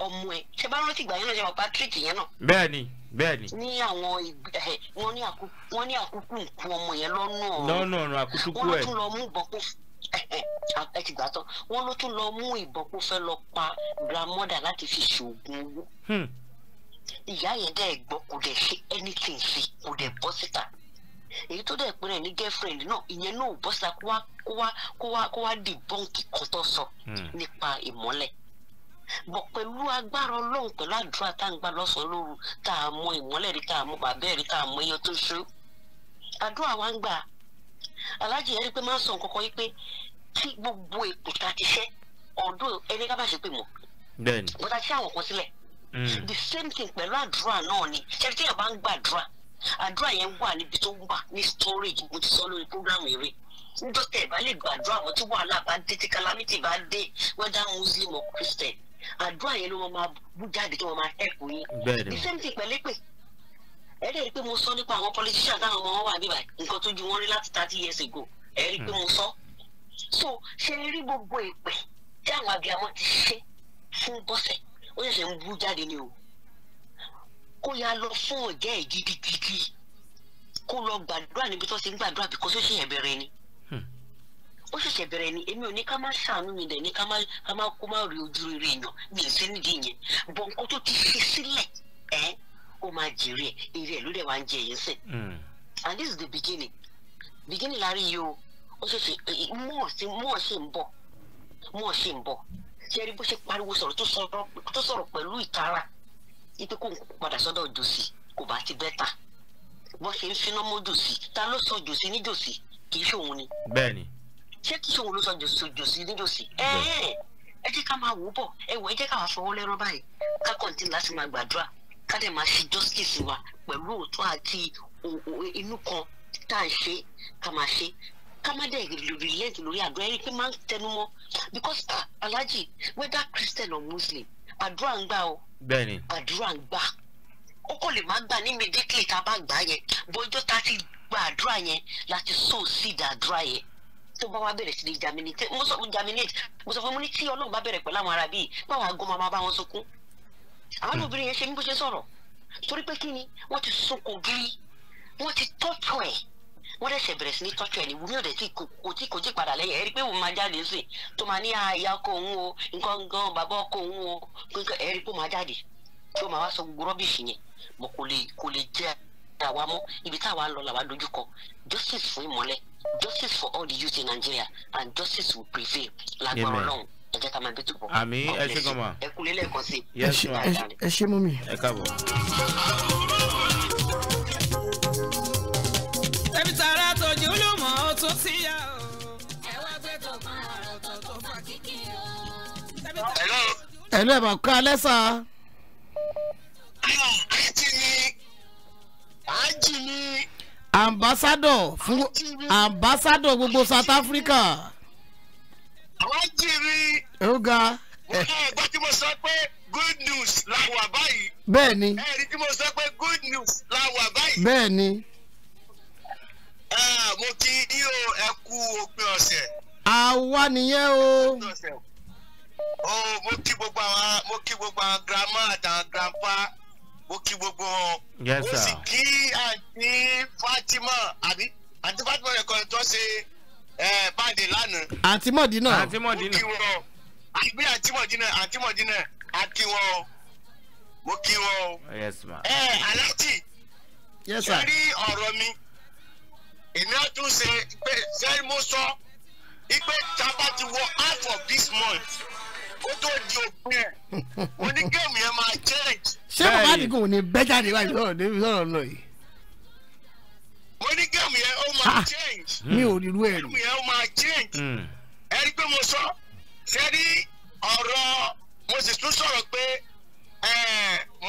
ọmọ ẹ ṣe bá rántí ìgbà yẹn náà ṣe mọ Patrick yẹn náà. bẹ́ẹ̀ni bẹ́ẹ̀ni. ní àwọn wọn ní àkúkú wọn ní àkúkú nkú ọmọ yẹn lọ́nà ọ̀run. lọ́nà ọ̀run àkútúkú ẹ̀. wọ́n tún lọ mú ìbọn kó ẹ ti gbà tán wọ́n ló tún lọ mú ìbọn kó fẹ́ lọ pa grandmother láti fi ṣoògùn owó. Hmm. ìyá yẹn dẹ́ gbọ́ kò dẹ̀ ṣe anything sí kò dẹ̀ bọ́ síta èyí tó dẹ̀ pé rẹ̀ ní girlfriend náà ìyẹn náà ò síta kó wá kó wá kó wá dìbọ́ǹkì kan tó sọ hmm. nípa ìmọ́lẹ̀. Hmm bọ̀ pẹ̀lú agbára ọlọ́run pẹ̀lú àdúrà tá à ń gbà lọ́sàn lóru tá a mọ ìmọ́lẹ̀ rí tá a mọ bàbá rí tá a mọ iye tó ṣó àdúrà wa ń gbà alájì yẹn rí pé máa ń sọ nǹkan kan yìí pé tí gbogbo èpò ti ṣẹ́ ọ̀dọ́ ẹni ká bá ṣe pé mọ̀ bọ́tà ṣé àwọn kan sílẹ̀ hmm. the same thing pẹ̀lú àdúrà náà ni ṣẹ́ni tí yàrá bá ń gbàdúrà àdúrà yẹn wà níbi tó wà ní storage mo ti sọ lórí program eré nítorí ẹ̀ bá lè gbàdúrà wọn tí wàhálà bá dé tí calamity bá dé whether muslim or christian àdúrà yẹn ló máa bú jáde tó máa help yín the same thing pẹ̀lú pé ẹ dẹ̀ rí i pé mo sọ nípa àwọn politician táwọn ọmọ wọn wà níbà nǹkan tó ju wọn rí láti thirty years ago ẹ rí i pé mo hmm. sọ so ṣe rí gbogbo ìpè tí àwọn abiyamọ ti ṣe fún bọ́sẹ̀ ó ṣẹ̀ṣẹ̀ ń bú jáde ni o kó ya lọ fún ọ̀gá ẹ̀ gidigidi kó lọ gbàdúrà níbi tó ṣe ń gbàdúrà bí kò tó bẹ̀rẹ̀ ni ó ṣẹ̀ṣẹ̀ bẹ̀rẹ̀ ni èmi ò ní ká má ṣàánú mi dẹ̀ ní ká má ká má kó má rí ojú rere èèyàn mi ì sí nídìí yẹn bọ̀ nǹkan tó ti fi sílẹ̀ ẹ́ ó máa jèrè ẹ̀ èrè ẹ̀ ló dẹ̀ wá ń jẹ yẹn sìn. Hmm. and this is the beginning beginning la yìí o ó ṣe ṣe mọ́ sí mọ́ ṣe ń bọ̀ mọ́ ṣe ń bọ̀ ṣe rí bó ṣe pariwo sọ̀rọ̀ tó sọ̀rọ̀ pẹ̀lú ìtara ipe kò padà sọ́dọ̀ jòsì kò bá ti bẹ́tà bó ṣe ń finá mọ́ jòsì ta ló sọ jòsì ní jòsì kì í ṣe òun ni. bẹ́ẹ̀ni ṣé kìí ṣòwò ló sọ jòsì níjòsì ẹ jẹ́ ká máa wò ó bọ̀ ẹ wò ẹ jẹ́ ká wàá fọwọ́ lẹ́rọ báyìí ká kọ̀ǹtì láti máa gbàdúrà ká dẹ̀ máa ṣe justice wa pẹ̀lú òótọ́ àti inú kan tá à ń ṣe ká máa ṣe ká má dẹ̀ relent lórí àdúrà ẹni pé máa ń tẹnu mọ́ because ah alhaji whether christian or muslim àdúrà ń gbà o bẹ́ẹ̀ni àdúrà ń gbà ó kò lè má gbà ní immediately tá a bá gbà yẹn bọ́jọ́ tá a ti gba àdúrà yẹn láti sow seed àdúrà yẹn tó bá wa bẹ̀rẹ̀ sí ní germinate mo sọ germinate mo sọ fún mo ní tí ọlọ́run bá bẹ̀rẹ̀ pẹ̀lú àwọn ará bíi báwọn àgọ́ máa bá wọn sunkún àwọn obìnrin yẹn ṣe ní bó ṣe sọ̀rọ̀ torí pé kí ni wọ́n ti sunkún gírí wọ́n ti tọ́jú ẹ̀ wọ́n dẹ̀ ṣe bẹ̀rẹ̀ sí ní tọ́jú ẹ̀ ní wúmi ọ̀dẹ̀ tí kò tí kò jí padà lẹ́yìn ẹ̀rí pé òun máa jáde sí tó máa ní àyà ọkọ òun o nǹkan gan bàbá ọkọ òun o nǹkan ẹ̀rí pé òun máa jáde tí ó máa wá sọ gbogbo rọ́bìṣì yẹn mo kò lè kò lè jẹ́ àwa mọ́ ibi táwa ń lọ làwa dojú kọ justice fún ìmọ́lẹ̀ justice for all the youth in nigeria and justice will prevail lágbára ọlọrun ẹ jẹ ká máa bí túbọ. àmì ẹ ṣe gan ma ẹ kúlẹ̀ lẹ́ẹ̀kan sí i. ẹ ṣe mú mi. ẹ káàbọ̀. ẹbí tààrà tòjú ló mọ̀ ọ́ tún sí yá o. ẹ wá ẹ̀lú ẹ̀ bá kọ́ alẹ́ sá. àjì ni àjì ni ambassador fún ambassador gbogbo South Africa. àwọn jìrì. ó ga. ẹ gbọ́ tí mo sọ pé good news la wà báyìí. bẹ́ẹ̀ni. ẹ rí tí mo sọ pé good news la wà báyìí. bẹ́ẹ̀ni. mo kí yín o ẹ kú òpin ọ̀sẹ̀. àwa nìyẹn o. mo kí gbogbo àwọn mo kí gbogbo àwọn grandma àtàwọn grandpa ó kí gbogbo wọn ó sì kí àǹtí Fatima àbí àǹtí Fatima rẹ̀ tó ṣe báńdì lánàá. àǹtí Mọ̀dínà àǹtí Mọ̀dínà ó kí wọn àbí àǹtí Mọ̀dínà àǹtí Mọ̀dínà á kí wọn o kí wọn o. ẹ aláàjì ṣe rí ọ̀rọ̀ mi èmi á tún ṣe pé mo sọ ipe tá wọ half of this month kó tó di òpin ẹ̀ mo ní géèmù yẹn máa change. ṣé bàbá àdìgún ò ní bẹ́ jáde láì sọ̀rọ̀ débi sọ̀rọ̀ lọ yìí. mo ní géèmù yẹn ó máa ah! change. mi ò rí irú ẹ̀ rí. géèmù yẹn ó máa change. Hmm. ẹ rí pé mo sọ ṣe rí ọ̀rọ̀ mo sì tún sọ̀rọ̀ pé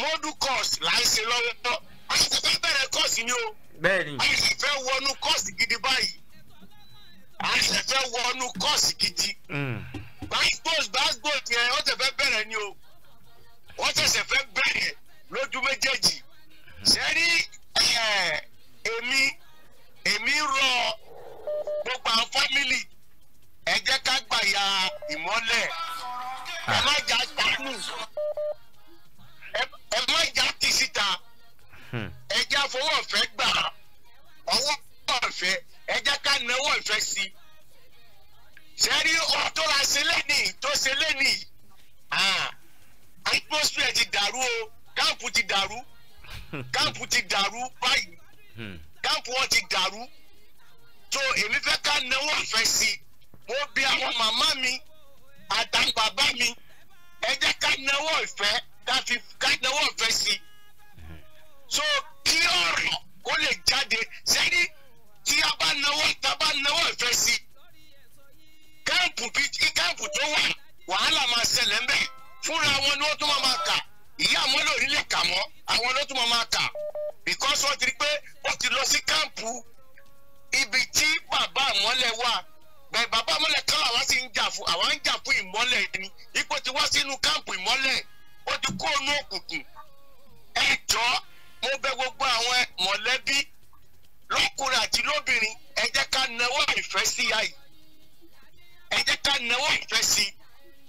mọ́dù course là ń ṣe lọ́wọ́ a sì fẹ́ bẹ̀rẹ̀ course ni o bẹ́ẹ̀ni. a sì fẹ́ wọnú kọ́ọ̀sì gidi báyìí a sì fẹ́ wọnú kọ́ọ̀sì gidi. Hmm basbos basbos yẹn wọ́n tẹ̀ fẹ́ bẹ̀rẹ̀ ni o wọ́n tẹ̀sẹ̀ fẹ́ bẹ̀rẹ̀ lójú méjèèjì sẹ́rí èmi èmi rọ gbogbo àwọn fámìlì ẹ jẹ́ ká gbàyà ìmọ́lẹ̀ ẹ má jà dánù ẹ má jà tì síta hmm. ẹ jẹ́ àfọwọ́fẹ́ gbà ọwọ́ ọ̀fẹ́ ẹ jẹ́ ká náwó ọ̀fẹ́ sí i sẹ́rí ohun tó ra ṣe lẹ́nìí tó ṣe lẹ́nìí ah, atmosphere ti dàrú o káàpù ti dàrú káàpù ti dàrú báyìí káàpù hmm. wọn ti dàrú tó èmi fẹ́ ká náwó ọ̀fẹ́ sí i mo bí àwọn màmá mi àtàwọn bàbá mi ẹ jẹ́ ká náwó ọ̀fẹ́ ká fi ká náwó ọ̀fẹ́ sí i so kí ọ̀rọ̀ kó lè jáde sẹ́ni tí a bá náwó tá a bá náwó ọ̀fẹ́ sí i káàpù tó wà wàhálà máa ṣẹlẹ̀ ńbẹ̀ fúnra wọn ni wọ́n tún máa kà ìyá àwọn lórí lè kà mọ́ àwọn ló tún máa kà because wọ́n ti rí pé wọ́n ti lọ sí káàpù ibi tí bàbá àmọ́lẹ̀ wà bẹ́ẹ̀ bàbá àmọ́lẹ̀ kan làwọn sì ń jà fún àwọn ń jà fún ìmọ́lẹ̀ ni ipò ti wá sínú káàpù ìmọ́lẹ̀ ó ti kó inú òkùnkùn ẹ jọ̀ọ́ mo bẹ̀ gbogbo àwọn mọ̀lẹ́bí lọ́kùnrin àti lóbìnrin ẹ jẹ́ ká nawọ́ ìfẹ́ sí ayé ẹ jẹ́ ká náwó ìfẹ́ sí i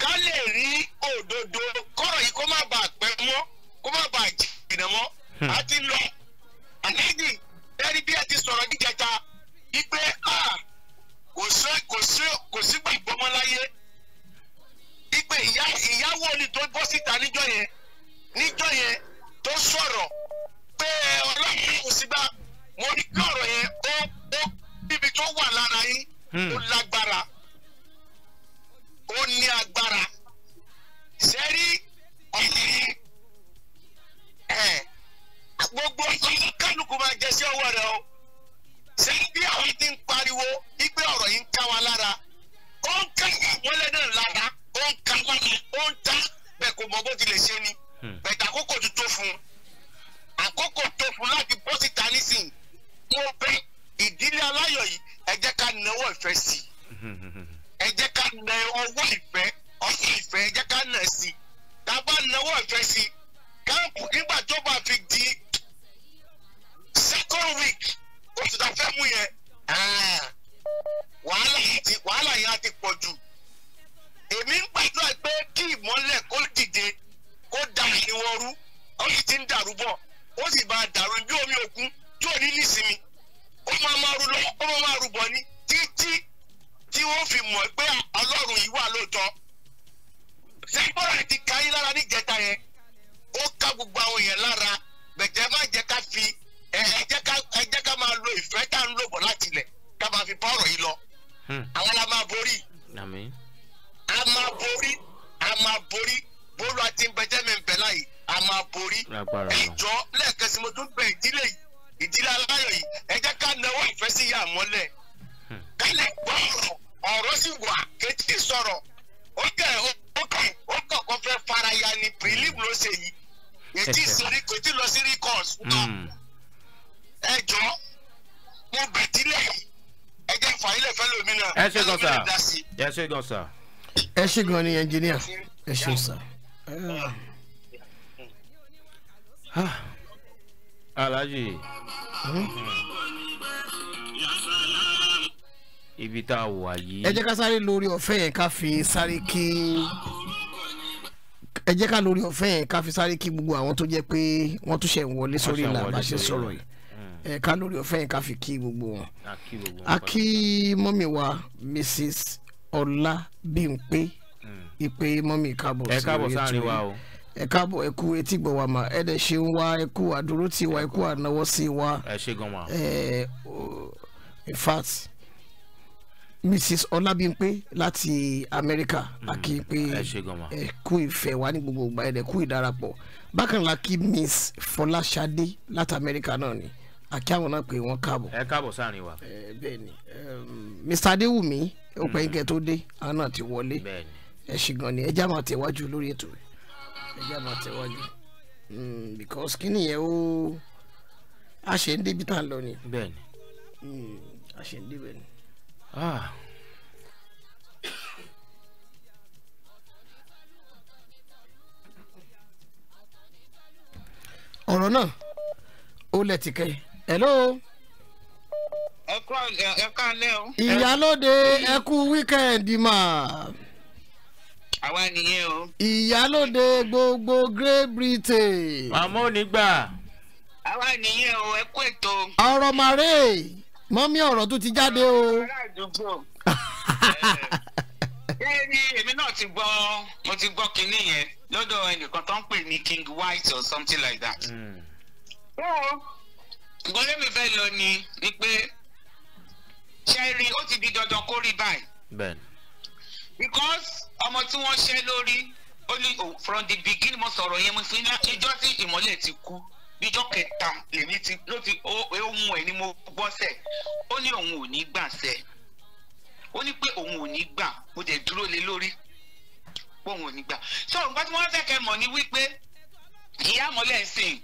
ká lè rí òdodo kọ́rọ̀ yìí kó má bàa pẹ́ mọ́ kó má bàa jìnnà mọ́ hmm. a ti lọ àlejò ẹni bí ẹ ti sọ̀rọ̀ níjẹta wípé kò sí gbàgbọ́ mọ́ láyé wípé ìyàwó ni tó bọ́ síta níjọ́ yẹn níjọ́ yẹn tó sọ̀rọ̀ pé ọlọ́run kò sí mo ní kí ọ̀rọ̀ yẹn ó ó níbi tó wà lára yín ó hmm. lágbára ó ní agbára sẹ́rí gbogbo kálukú máa jẹ sí ọwọ́ rẹ o sẹ́rí bí àwọn ti ń pariwo igbe ọ̀rọ̀ yìí ń ká wa lára ó ń ká wọlé náà lára ó ń ká ó ń ta bẹ́ẹ̀ kò mọ bó ti lè ṣe ni hmm. bẹ́ẹ̀ àkókò ti tó fún un àkókò tó fún un láti bọ́ síta nísìnyí mo bẹ̀ ìdílé aláyọ̀ yìí ẹ jẹ́ ká náwó ìfẹ́ sí i. Hmm, hmm, ẹjẹ ká na ọwọ́ ìfẹ́ ọwọ́ ìfẹ́ ẹ jẹ́ ká nà sí tá a bá nawọ́ ìfẹ́ sí káàpù nígbà tó bá fi di second week oṣù tá a fẹ́ mú yẹn ah, wàhálà yẹn á ti pọ̀ jù èmi ń gbàdúrà pé kí ìmọ́lẹ̀ kó dìde kó da ìwọ ó sì ti ń dàrú bọ̀ ó sì bá a dàrú bí omi òkun tí ò ní nísìmí ó máa máa rú lọ ó máa máa rú bọ̀ ni títí. tí wọ́n fi mọ̀ pé ọlọ́run yìí wà lóòótọ́ sẹ́gbọ́n àti káyín lára níjẹta yẹn ó ká gbogbo àwọn èèyàn lára bẹ̀tẹ̀ má jẹ́ ká fi ẹ ká máa lo ìfẹ́ tá à ń láti ilẹ̀ ká máa fi bá yìí lọ hmm. àwọn la máa borí a máa borí a máa borí bólú àti bẹjẹ́mi ń bẹ̀ láyìí a máa borí ẹjọ́ lẹ́ẹ̀kan mo tún bẹ̀ ìdílé ìdílé aláyọ̀ yìí ẹ ká náwó ìfẹ́ sí ìyá àmọ́lẹ̀ hmm. kálẹ̀ gbọ́ ọ̀rọ̀ ọ̀rọ̀ sì wà kẹ́tì sọ̀rọ̀ ó kẹ́ ó kẹ́ ó kọ̀ kọ́ fẹ́ faraya ni prelim ló ṣe yìí kẹ́tì sírí kẹ́tì lọ sí rikọ́s hmm. ẹ jọ mo bẹ̀ tilẹ̀ ẹ jẹ́ fàyílẹ̀ fẹ́lẹ̀ mi náà ẹ ṣe gan sa ẹ ṣe gan sa. ẹ ṣe gan ni ẹnjìníà ẹ ṣe sà. Ah. Alhaji. Mm -hmm. hmm ibi tá a wà yìí. ẹ jẹ́ ká sáré lórí ọ̀fẹ́ yẹn ká fi sáré kí ẹ jẹ́ ká lórí ọ̀fẹ́ yẹn ká fi sáré kí gbogbo àwọn tó jẹ́ pé wọ́n tún ṣe ń wọlé sórí ìlà bá ṣe sọ̀rọ̀ yìí ẹ ká lórí ọ̀fẹ́ yẹn ká fi kí gbogbo wọn. a kí mọ́mì wa Mrs. Ọlá Bímpé hmm. ìpè mọ́mì káàbọ̀ sí orí ètò ẹ káàbọ̀ ẹ kú etí gbọ̀ wa mà ẹ dẹ̀ ṣe ń wá ẹ kú àdúró tì wá ẹ kú ànáwó sí wa. ẹ ṣe gan ma. ẹ in fact mrs ọlábímpé láti amẹ́ríkà a kí i ẹ kú ìfẹ́ wa ní gbogbo ìgbà ẹ̀dẹ̀ kú ìdarapọ̀ bákan la kí miss fọláṣadé láti amẹ́ríkà náà ni àkí àwọn náà pé wọ́n káàbọ̀. ẹ káàbọ̀ sáàrin wa. ẹ bẹ́ẹ̀ ni mr adéwùmí ó pẹ́ kẹ́ mm. tó dé àwọn náà ti wọlé ẹ ṣì gan ni ẹ já máa tẹ̀wájú lórí ètò rẹ̀ ẹ já máa tẹ̀wájú mm, because kí nìyẹn ó a ṣe ń débi tá a lọ ni. Mm, a ṣe ń débẹ̀ ni. Ah. ọ̀rọ̀ náà ó lẹ́tìkẹ́ hello. ẹ ká lẹ́ o. ìyálóde ẹ kú wíkẹ́ndì mà. àwa nìyẹn o. ìyálóde gbogbo Great Britain. màmá ò ní gbà. àwa nìyẹn o ẹ kú ètò. ọ̀rọ̀ màrè. mọ́mí ọ̀rọ̀ tó ti jáde o. bẹ́ẹ̀ni èmi náà ti gbọ́ mo ti gbọ́ kinní yẹn lọ́dọ̀ ẹnìkan tó ń pè ní king white or something like that. ìgbọ́n hmm. lẹ́mi fẹ́ lọ ni ni pé ṣẹ́rí ó ti di dandan kó rí báyìí. because ọmọ tí wọ́n ṣẹ́ lórí ó oh, from the beginning mo sọ̀rọ̀ yẹn mo fi ní ìjọ́ tí ìmọ́lẹ̀ ti kú bíjọ́ kẹta lèmi ti ló ti ó mú ẹ ní mo gbọ́sẹ̀ ó ní òun ò ní gbà sẹ́ ó ní pé òun ò ní gbà mo dẹ̀ dúró lé lórí pé òun ò ní gbà so nǹkan tí wọ́n fẹ́ kẹ́ mọ̀ ni wípé ìyá mọ́lẹ̀ ń sìn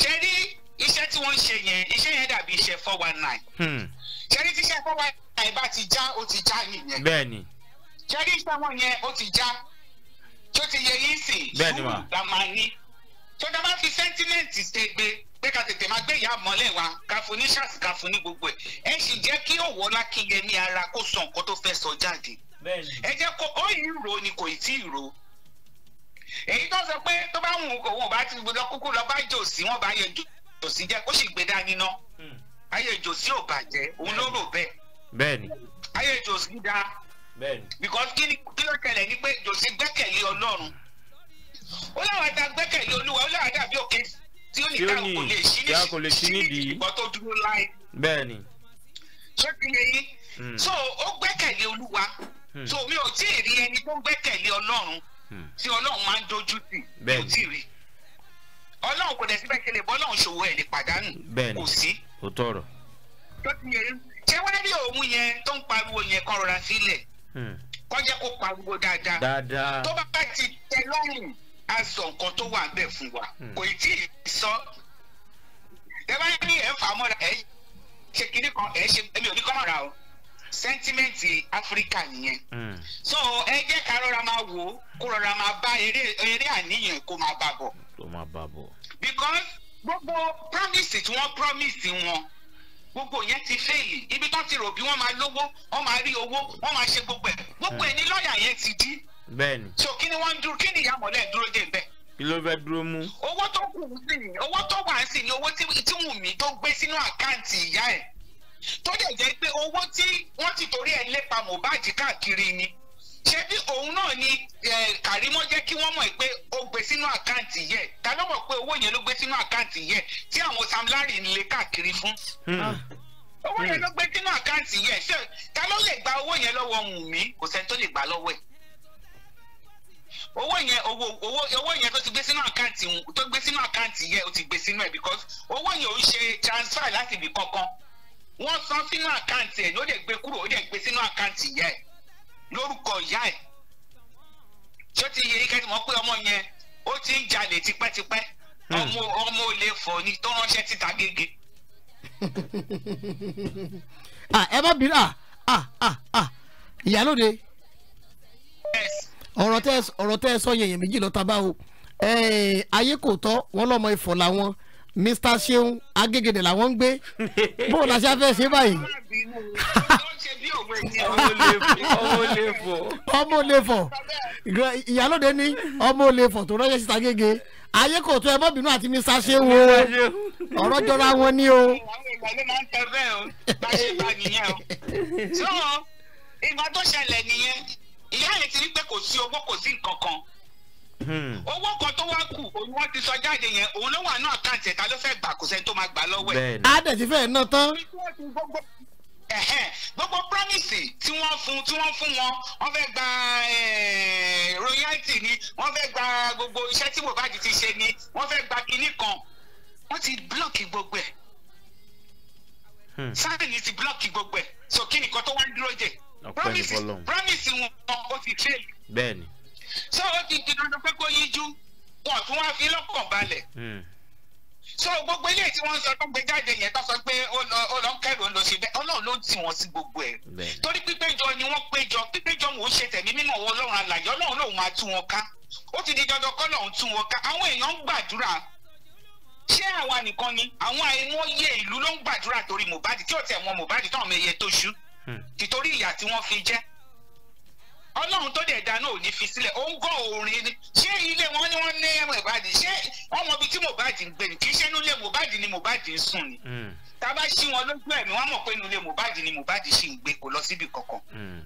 ṣe rí iṣẹ́ tí wọ́n ń ṣe yẹn iṣẹ́ yẹn dàbí iṣẹ́ four one nine ṣe rí tíṣẹ́ four one nine bá ti já ó ti já nìyẹn bẹ́ẹ̀ni ṣe rí iṣẹ́ wọn yẹn ó ti já tó ti yẹ yín sìn sùúrù la tó dábà fi sẹ́ńtímẹ́ǹtì ṣègbè pé ká tètè máa gbé ìyá àmọ́lẹ̀ wa ká fún ní ṣáàsì ká fún ní gbogbo ẹ̀ ẹ sì jẹ́ kí òwò lákìyẹmí ara kó sọ nǹkan tó fẹ́ sọ jáde ẹ jẹ́ kó ó yìí rò ni kò tí ì rò èyí tó sọ pé tó bá wù òun bá ti lọ kúkú lọ bá jòsí wọn bá yẹ jòsí jẹ kó sì gbé dání ná hmm. ayé jòsí ò bàjẹ́ òun ló rò bẹ́ẹ̀ bẹ́ẹ̀ni ayé jòsí dá bẹ́ẹ̀ni because kí ló tẹ̀lé ni pé jòsí gbẹ́kẹ̀lé ọlọ́run ó láwọn àdá gbẹ́kẹ̀lé olúwa ó láwọn àdàbí òkè tí ó ní káà kò lè ṣí ní kò lè ṣí nídìí ìbọn tó dúró láì. bẹ́ẹ̀ ni. ṣé kí ni yín. Hmm. so ó gbẹ́kẹ̀lé olúwa hmm. so mi ò tí ì rí ẹni tó gbẹ́kẹ̀lé ọlọ́run hmm. tí ọlọ́run máa ń dojú sí kò tí ì rí ọlọ́run kò dẹ̀ síbẹ̀ kí lè bọ́ ọlọ́run ṣòwò ẹ̀ lè pàdánù kò sí. ó tọrọ. ṣé kí ni yín ṣé wọ́n rí òun yẹn tó ń pariwo yẹn kan rọra kọjá kó pariwo dáadáa tó bá ti tẹ lọ́rùn a sọ nǹkan tó wà bẹ́ẹ̀ fún wa hmm. kò tí ì sọ ẹ bá ní ẹ fà mọ́ra ẹ ṣe kinní kan ẹ ṣe èmi ò ní kọ́ mọ́ra o sẹ́ńtímẹ́ǹtì áfíríkà nìyẹn hmm. so ẹ jẹ́ ká rọra máa wò ó kó rọra máa bá eré àníyàn kó máa bá bọ̀ kó máa bá bọ̀ because gbogbo promise tí wọ́n promise wọn gbogbo yẹn ti fẹ́ẹ̀lì ibi tó ti rò bí wọ́n máa lówó wọ́n máa rí owó wọ́n máa ṣe gbogbo ẹ̀ gbogbo hmm. ẹ̀ ní lọ́ọ̀yà yẹn ti dí bẹ́ẹ̀ni. so kí ni wọ́n ń dúró kí ni ìyá mọ̀lẹ́ dúró dé bẹ́ẹ̀. kí ló fẹ́ dúró mú. owó tó kù sí ni owó tó wà sí ni owó tí wù mí tó gbé sínú àkáǹtì ìyá ẹ̀ tó dẹ̀ jẹ́ pé owó tí wọ́n ti torí ẹ̀ lépa Mohbad káàkiri ni ṣé bí òun náà ni Kàrímọ́ jẹ́ kí wọ́n mọ̀ pé ó gbé sínú àkáǹtì yẹ ta ló mọ̀ pé owó yẹn ló gbé sínú àkáǹtì yẹ tí àwọn Sam Larry ń lé káàkiri fún hmm. ah. owó yẹn hmm. ló gbé sínú àkáǹtì yẹ ṣé ta ló lè gba owó yẹn lọ́wọ́ Wùmí kò sẹ́ni tó lè gbà lọ́wọ́ ẹ̀ owó yẹn owó owó owó yẹn tó ti gbé sínú àkáǹtì tó gbé sínú àkáǹtì yẹn ó ti gbé sínú ẹ̀ because owó yẹn ò ṣe transfer láti ibì kankan wọ́n san sínú àkáǹtì ẹ̀ ló dẹ̀ gbé kúrò ó dẹ̀ gbé sínú àkáǹtì yẹn lórúkọ ìyá ẹ̀ ṣé ti yẹ kẹ́tì mọ́ pé ọmọ yẹn ó ti ń jalè tipẹ́tipẹ́ hmm. ọmọ ọmọ olè fọ ni tó ránṣẹ́ títa gègé. Ah, ẹ má bínú à à à à ìyálóde. yes ọ̀rọ̀ tẹ́ ẹ sọ yẹn yẹn méjì lọ́ta bá o ayé kò tọ́ wọ́n lọ́mọ Ifọ̀ làwọn Mr Seun Agégèdè làwọn ń gbé bóun la ṣe fẹ́ ṣe báyìí. ọmọ olè fọ ìyálòde ní ọmọ olè fọ tó rọ́ṣẹ́ síta gègé ayé kò tó ẹ mọ́ bínú àti Mr Seun o ọ̀rọ̀ jọra wọn ni o. ìgbà tó ṣẹlẹ̀ nìyẹn ìyá yẹn ti rí pé kò sí owó kò sí nǹkan kan hmm. owó kan tó wá kù òun wọn ti sọ jáde yẹn òun ló wà ní àkáǹtì ẹ̀ka ló fẹ́ gbà kò sẹ́ni tó máa gbà lọ́wọ́ ẹ̀. a dẹ̀ ti fẹ́ ná tán gbogbo promise tí wọ́n fún tí wọ́n fún wọn wọ́n fẹ́ gba eh, royalty ni wọ́n fẹ́ gba gbogbo iṣẹ́ tí Mohbad ti ṣe ni wọ́n fẹ́ gba kinní kan wọ́n ti block gbogbo ẹ̀ hmm. sáyẹ̀nì ti block gbogbo ẹ̀ so kí nìkan tó wá ń dúró jẹ́ ọpẹ́ ní fọlọ́n. promise wọn o ti fail. bẹ́ẹ̀ni. so ó ti di dandan pé kó yíjú wọn tún wá fi lọ́kàn balẹ̀. Hmm. so gbogbo ilé tí wọ́n sọ tó gbé jáde yẹn tó sọ pé ó lọ kẹ́rù ló ṣe bẹ́ẹ̀ ọlọ́run ló ń tì wọ́n sí gbogbo ẹ̀. torí pípéjọ ni wọ́n péjọ pípéjọ wọn ò ṣe tẹ̀mí mímọ́ wọn ọlọ́run alàyè ọlọ́run lòun máa tú wọn ká ó ti di dandan kọ́ lọ́run tú wọn ká àwọn èèyàn ń gbàdúrà ṣé àwa nìkan ni àwọn àìmọye ìlú ló ń gbàdúrà torí Mohbad tí ò tẹ̀ wọn Mohbad táwọn ẹyẹ tó ṣú tìtorí ìyà tí wọ́n fi jẹ́ ọlọ́run tó dẹ̀ dáná ò ní fi sílẹ̀ ó ń gọ́ orin ni ṣé ilé wọn ni wọ́n ní Mohbad ṣé ọmọ ibi tí Mohbad ń gbé ni kì í ṣe nílé Mohbad ni Mohbad ń sùn ni hmm. tá ṣí wọn lójú ẹ̀mí wọ́n mọ̀ pé nílé Mohbad ni Mohbad ṣì ń gbé kò lọ síbi kankan hmm.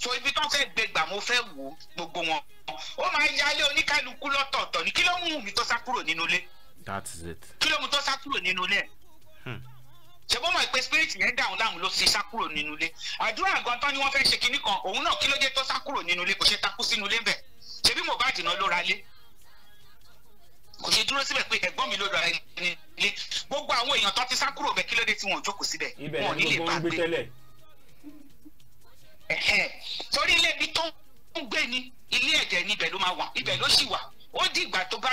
so ibi tó ń fẹ́ gbé gbà mo fẹ́ wò ó gbogbo wọn ó máa ń yálé oníkálukú lọ́tọ̀ọ̀tọ̀ ni kí ló mú mi tó sá kúrò nínú ilé kí ló mú tó sá kúrò nínú ilé ṣe bọ́ mọ̀ pé spirit yẹn dàrún láwọn ló ṣe sá kúrò nínú ilé àdúrà gan tán ni wọ́n fẹ́ ṣe kinní kan òun náà kí ló dé tó sá kúrò nínú ilé kò ṣe takú sínú ilé bẹ̀ ṣe bí Mohbad náà ló ra ilé kò ṣe dúró síbẹ̀ pé ẹ̀gbọ́n mi ló ra ilé gbogbo àwọn èèyàn tó ti sá kúrò bẹ̀ kí ló dé tí wọ́n jókòó síbẹ̀ wọn ò ní lè bá gbé torí ilé ibi tó ń gbé ni ilé ẹ̀jẹ̀ ni ibẹ̀ ló máa wà ibẹ̀ ló sì wà ó dìgbà tó bá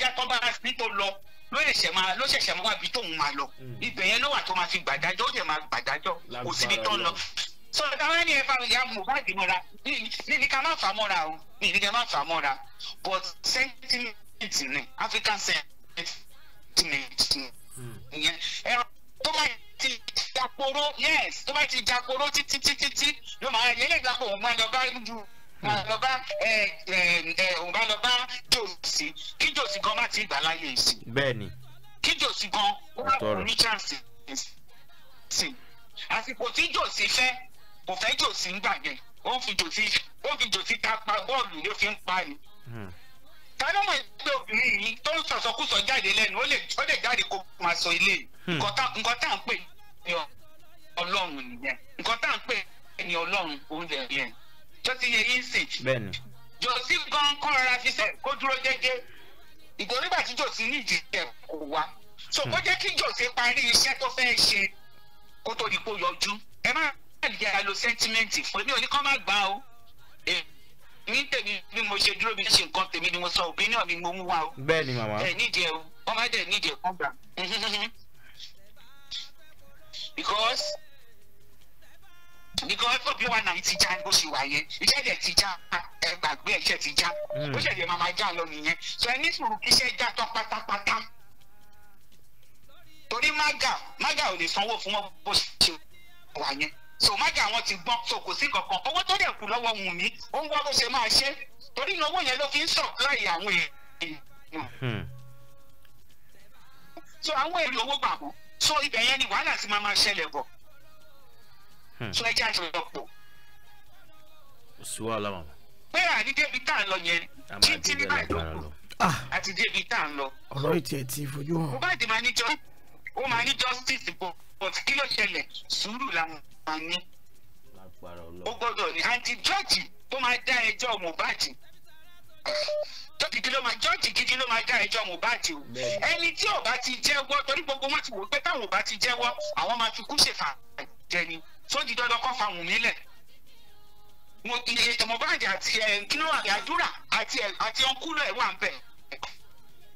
yá tó bá sí tó lọ ló ṣẹ̀ṣẹ̀ máa ló ṣẹ̀ṣẹ̀ máa wá ibi tóun máa lọ mm. ibẹ̀ yẹn ló wà tó máa fi gbàdájọ́ ó dẹ̀ máa gbàdájọ́ kò síbi tó ń lọ so táwọn ẹni ẹ fa ìyá Mohbad mọ́ra níbi ká má fà mọ́ra o níbi ká má fà mọ́ra but sentiment ni African sentiment ni hmm. ẹran tó máa ti jàporó yes tó máa ti jàporó títí títí ló máa yẹ lẹ́gbàá kó o máa lọ bá ju òǹbálọ́bá òǹbálọ́bá jòsì kí jòsì gan má ti gbà láyé ìsìn. bẹ́ẹ̀ni. kí jòsì gan wà fún chance ìsìn àsìkò tí jòsì fẹ́ kò fẹ́ jòsì ń gbà yẹn ó fi jòsì ó fi jòsì ta pa bọ́ọ̀lù ló fi ń pa ni. kálọ́mù hmm. ẹgbẹ́ obìnrin yìí tó ń sọ̀sọ́kùsọ jáde lẹ́nu ó lè jáde kó máa sọ ilé hmm. nǹkan tá à ń pè ní ọlọ́run nìyẹn nǹkan tá à ń pè ní ọlọ́run oúnjẹ yẹn tó ti yẹ yín sìn. gan kọ́ fi sẹ́ kó dúró jẹ́jẹ́ ìgbò nígbà tí jòsí ní ìdílé kò wá so hmm. kó jẹ́ kí jòsí parí iṣẹ́ tó fẹ́ ṣe kó tó di kó yọjú ẹ má jẹ́ àlò sẹ́ńtímẹ́ǹtì fún mi ò ní kọ́ má gbà o èmi tèmi bí mo ṣe dúró mi ṣe nǹkan tèmi ni mo sọ òbí náà mi mo mú wa o. ẹ nídìí ẹ ọmọdé nídìí ẹ kọ́ gbà because because everybody wà náà ti bó ṣe wà yẹn iṣẹ́ ẹ̀jẹ̀ ti ẹ gbàgbé ẹ̀ṣẹ̀ ti já hmm. ó ṣẹ̀jẹ̀ máa já lọ nìyẹn so ẹni sùúrù kí iṣẹ́ já tán pátápátá torí maga maga ò lè sanwó fún wọn bó ṣe wà yẹn so maga wọn ti gbọ́n so kò sí kankan owó tó dẹ̀ kù lọ́wọ́ wù mí ó ń wá bó ṣe máa ṣe torí owó yẹn ló fi ń sọ̀ láì àwọn èèyàn hmm. so àwọn èrè owó gbàgbọ́ so ibẹ̀ yẹn ni wàhálà ti máa máa ṣẹlẹ̀ bọ̀ so ẹja ti lọ pọ̀. sí wàhálà màmá. pé àní débi tá à ń lọ yẹn títí ní báyìí àti ah. débi tá à ń lọ. ọ̀rọ̀ ìtì ẹ̀ ti fojú hàn. ó bá di máa ní jọ ó máa ní justice bọ̀ but kí ló ṣẹlẹ̀ sùúrù làwọn máa ní. ó gbọ́dọ̀ ní àǹtí jọ́ọ̀jì tó máa dá ẹjọ́ Mohbad jọ́ọ̀jì gidi ló máa dá ẹjọ́ Mohbad o ẹni tí ò bá ti jẹ́wọ́ torí gbogbo wọn ti wò pé táwọn ò bá ti jẹ́wọ́ àwọn máa fi kú ṣèfà jẹni sódì dandan kọ́ fa wùn mí lẹ̀ mo iye Mohbad àti ẹ kí ló wà ní àdúrà àti ẹ àti ọkùnrin ẹ wà ń bẹ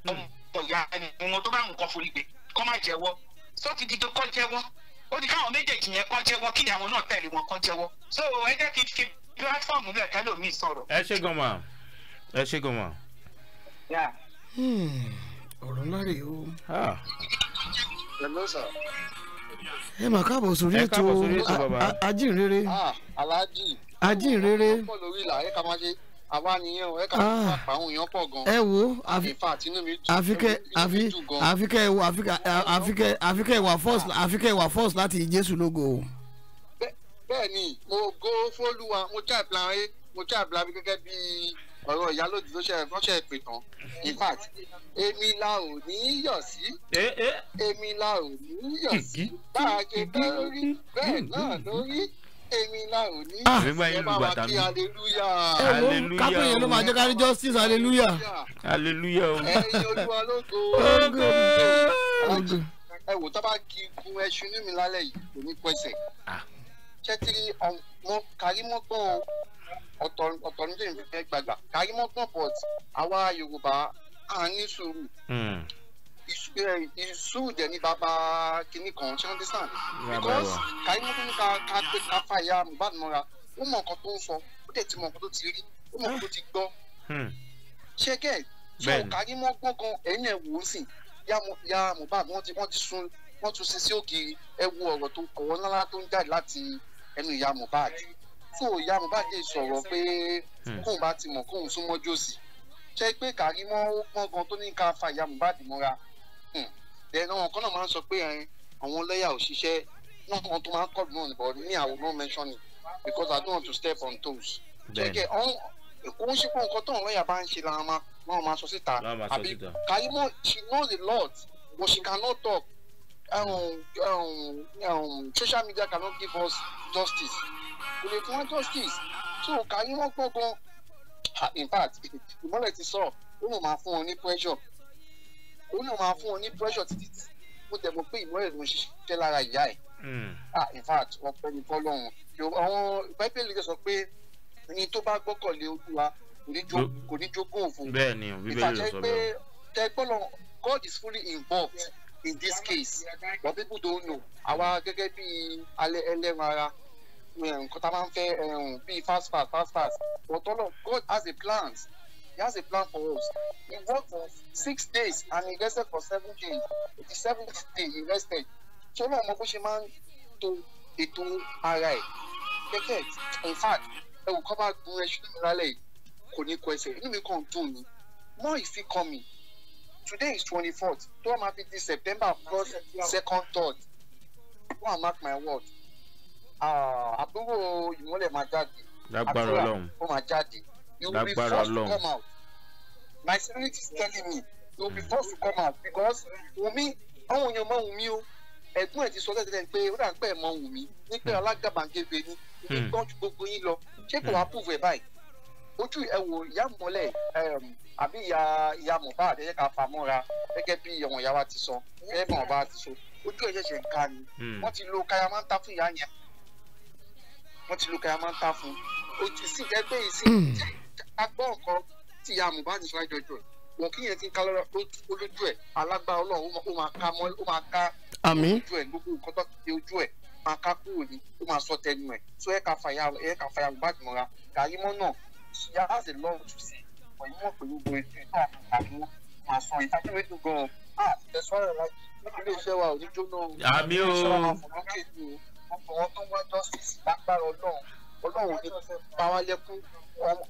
hmm. ọmọ ìyá ẹni wọn tó bá nǹkan forí gbé kọ́ má jẹ́wọ́ sódì dídán kọ́ jẹ́wọ́ ó di káwọn méjèèjì yẹn kọ́ jẹ́wọ́ kí àwọn náà tẹ̀lé wọn kọ́ jẹ́wọ́ so ẹ jẹ́ kí kí pílátífọ̀mù náà kẹ́lò mí sọ̀rọ̀. ẹ ṣe gan ma ẹ ṣe gan ma. ọ̀rọ̀ ńlá rèé o. ẹ ló sọ ẹ mà káàbọ̀ sórí ètò ajínrere ah, ajínrere ah. ẹ wo àfikẹ́ ẹ wo àfikẹ́ ẹ wà first ah. àfikẹ́ ẹ wà first láti Jésù lógo o. bẹ́ẹ̀ni mo go fọlùwà mo tẹ àbílà mo tẹ àbílà mi gẹ́gẹ́ bíi ọ̀rọ̀ ìyálójú ló ṣe ránṣẹ́ pè tán in fact èmi la ò ní í yọ̀ sí èmi la ò ní í yọ̀ sí bá a lórí bẹ́ẹ̀ náà lórí èmi la ò ní í bá wa kí aleluya. ẹ wo kápẹ́ ló máa jẹ́ kárí justice aleluya. aleluya o. ẹyin olúwa ló ẹ wò tó bá kí gun ẹṣu ní mi lálẹ́ yìí kò ní pẹ́sẹ̀. Ah. ṣé tí mo kàrí mọ́tò ọ̀tọ̀ ọ̀tọ̀ ní tèmi fẹ́ gbàgbà Karimo gbọ́n but àwa Yorùbá à ní sùúrù hmm. sùúrù eh, dẹ̀ ní bàbá kìnnì kan ṣé wọ́n ti sàn because Karimo tó ní ká ká pé ká fàyà Mohbad mọ́ra ó mọ nǹkan tó ń sọ ó dẹ̀ ti mọ nǹkan tó ti rí ó mọ nǹkan tó ti gbọ́ hmm. ṣé gẹ́ẹ̀ so Karimo gbọ́n gan ẹ̀yìn ẹ̀ wò ó sìn ya Mohbad wọ́n ti wọ́n ti sun wọ́n tún sin sí òkè ẹ wo ọ̀rọ̀ tó ọ̀rọ̀ tí ò ya Mohbad lè sọ̀rọ̀ pé hmm. kóun bá ti mọ̀ kóun súnmọ́ jòsì ṣe pé Karimo ó pọ́n gan tó ní ká fa ìyá Mohbad mọ́ra ẹ̀rọ hmm. àwọn kan máa ń sọ pé àwọn lọ́ọ̀yà òṣìṣẹ́ náà wọn tó máa ń kọ́ọ̀dù náà nìbọ̀ ní àwọn no because I don't want to step on toes ṣe kẹ́ ọ̀hún ń ṣe pé nǹkan tóun lọ́ọ̀yà bá ń ṣe làwọn máa sọ síta àbí Karimo she knows a lot but she cannot talk um, um, um, social media cannot give us justice ìrètí wọn justice tó ò káyé wọn pọ̀ gan in fact ìmọ̀lẹ̀ ti sọ̀rọ̀ ó lè máa fún wọn ní pressure ó lè máa fún wọn ní pressure títí tí mo tẹ̀ pé ìmọ̀lẹ̀ ló ń ṣiṣẹ́ lára ìyá ẹ̀ hmm. in fact ọ̀pọ̀ ní fọlọ́run àwọn bíbélì sọ pé ẹni tó bá gbọ́kànlé olúwa kò ní jogún òfò bẹ́ẹ̀ni bíbélì ló sọ bẹ́ẹ̀ fully involved in this case but people don't know àwa gẹ́gẹ́ bí alẹ́ ẹlẹ́ran ara Um, nǹkan tá a máa ń fẹ́ um, bíi fast fast fast fast but ọlọ́run God has a plan he has a plan for us he worked for six days and he rested for seven days the seventh day he rested so ọlọ́run mọ bó ṣe máa to ètò ara ẹ̀ kẹ́kẹ́ in fact ẹ̀wù kan bá gun ẹṣin lálẹ́ kò ní kọ ẹsẹ̀ inú mi kàn dùn ni more is still coming today is twenty-fourth tó máa fi di September plus second third go and mark my word Ah, àdúgbò ìmọ́lẹ̀ máa jáde lágbára ọlọ́run ó máa jáde you will be forced to come out my spirit is telling me you will be forced to come out because wumi àwọn èèyàn máa wumi o ẹ̀gbọ́n ẹ̀ ti sọ tẹ́tẹ́tẹ́ pé ó dà ń pẹ́ ẹ̀ mọ wumi ní pé hmm. alágàbàǹgẹ̀gbẹ̀ ni ní gbọ́n ju gbogbo yín lọ ṣé kò hmm. wá púùfù ẹ̀ báyìí ojú ẹ wo ìyá mọ́lẹ̀ um, àbí ìyá ìyá Mohbad ẹ jẹ́ ká fa mọ́ra gẹ́gẹ́ bí ọmọ ìyá wa ti sọ ẹ mọ̀ ọba ti sọ ojú ẹ ṣẹ̀ṣẹ̀ ń ká ni hmm. wọ́n ti lo kayamata fún ìyá yẹn wọ́n ti lu kayamata fún un ó ti pé ìsìn hmm. agbọ́ ọ̀kọ́ tí ìyá Mohbad ṣe lájọjọ wọn kí yẹn ti ká lọ́rọ̀ olójú ẹ̀ alágbára ọlọ́run ó máa ká mọ́ ó máa ká ojú ẹ̀ gbogbo nǹkan tó ti ojú ẹ̀ máa ká kúrò ní ó máa sọ tẹnu ẹ̀ tó ẹ̀ ká fàyà ẹ̀ ká fàyà Mohbad mọ́ra Karimo náà ṣìyá láti lọ́ọ̀ tù sí pẹ̀lú mọ̀ pẹ̀lú gbogbo ètò ìta àti máa sọ ìtàkùnrin gan-an àti tẹ̀síwájú láti ilé iṣẹ́ wa ò ní jóná o àmì o gbogbo wọn tó wá justice lágbára ọlọ́run ọlọ́run ní pàwọn lẹ́kún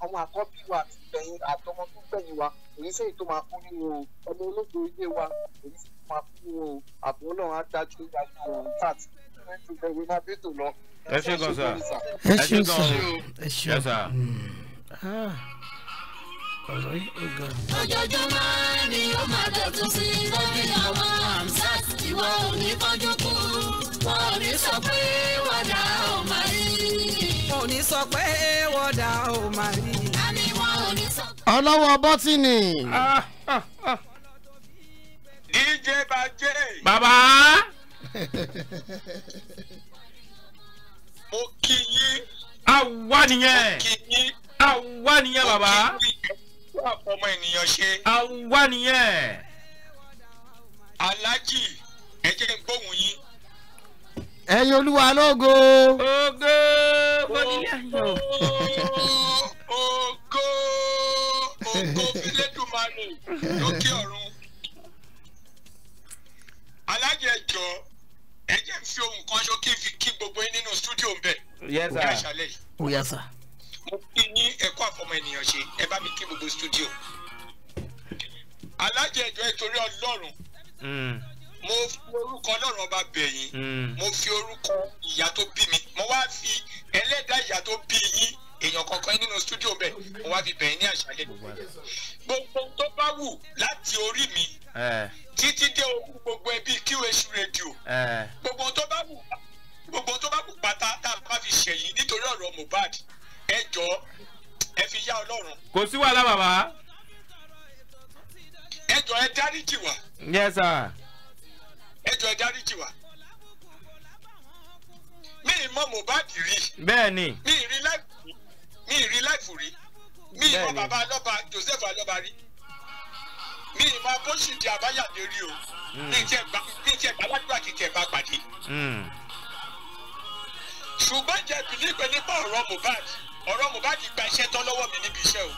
ọmọ àkọ́bí wa àti gbẹ̀yìn àtọmọ tó gbẹ̀yìn wa èyí sẹ́yìn tó máa kú nínú o ọmọ olóògbé ilé wa èyí sẹ́yìn tó máa kú nínú o àbò ọlọ́run á dájú nígbà tó wọ̀ ní bí tò lọ. ẹ ṣe gan sa ẹ ṣe gan sa ẹ ṣe gan sa ọ̀rọ̀ yìí ó ga. ojoojúmọ́ ni ó máa dọ̀tún sí lórí àwọn amsat ìwọ ò ní kú wọn ò ní sọ pé wọ́dà ò máa rí. ò ní sọ pé wọ́dà ò máa rí. a ní wọn ò ní sọ. ọlọ́wọ́ bọ́tìnì. DJ Bajé. bàbá. mo kí yín. àwa nìyẹn. mo kí yín. àwa nìyẹn bàbá tún àfọmọ ènìyàn ṣe. àwọn wá nìyẹn. aláàjì ẹ jẹ́ gbóhùn yín. ẹ̀yin olúwa lógo. ògo fọdílé ayọ̀. ògo ògo fílẹ̀dùmarè lókè ọ̀run. aláàjì ẹ jọ̀ọ́ ẹ jẹ́ fi ohun kan ṣókí fi kí gbogbo yín nínú stúdíò ń bẹ̀. yes sir. ó yá sà mo fi ní ẹ̀kọ́ àfọmọ ènìyàn ṣe ẹ bá mi kí gbogbo studio alájẹ ìjọ ìtorí Ọlọ́run hmm. mo fi orúkọ Ọlọ́run ọba bẹ̀yìn hmm. mo fi orúkọ ìyá tó bí mi mo wá fi ẹlẹ́dàá ìyá tó bí yín èèyàn kankan nínú stúdíò bẹ́ẹ̀ mo wá fi bẹ̀yìn ní àṣálẹ́ gbogbo tó bá wù láti orí mi eh. títí dé ogun gbogbo ẹbí QH radio eh. gbogbo tó bá wù gbogbo tó bá wù pátá tá a bá fi ṣẹ̀yìn nítorí ọ̀rọ̀ Mohbad ẹ jọ ẹ fi yá Ọlọ́run. kò sí wàhálà bàbá. ẹ jọ ẹ dáríjì wá. yes sir. ẹ jọ ẹ dáríjì wá. mi ì mọ Mohbad rí. bẹ́ẹ̀ni. mi ì rí láìfù mi ì rí láìfù rí mi ì mọ bàbá Alọ́ba Joseph Alọ́ba rí mi ì mọ Bóṣìdì Àbáyàdé rí o hmm. mi ì tiẹ̀ gbà ládùúgbà kìkì bá pàdé. Hmm. ṣùgbọ́n jẹ̀bi nígbẹ́ nípa ọ̀rọ̀ Mohbad ọ̀rọ̀ Mohbad gba iṣẹ́ tán lọ́wọ́ mi níbi iṣẹ́ o.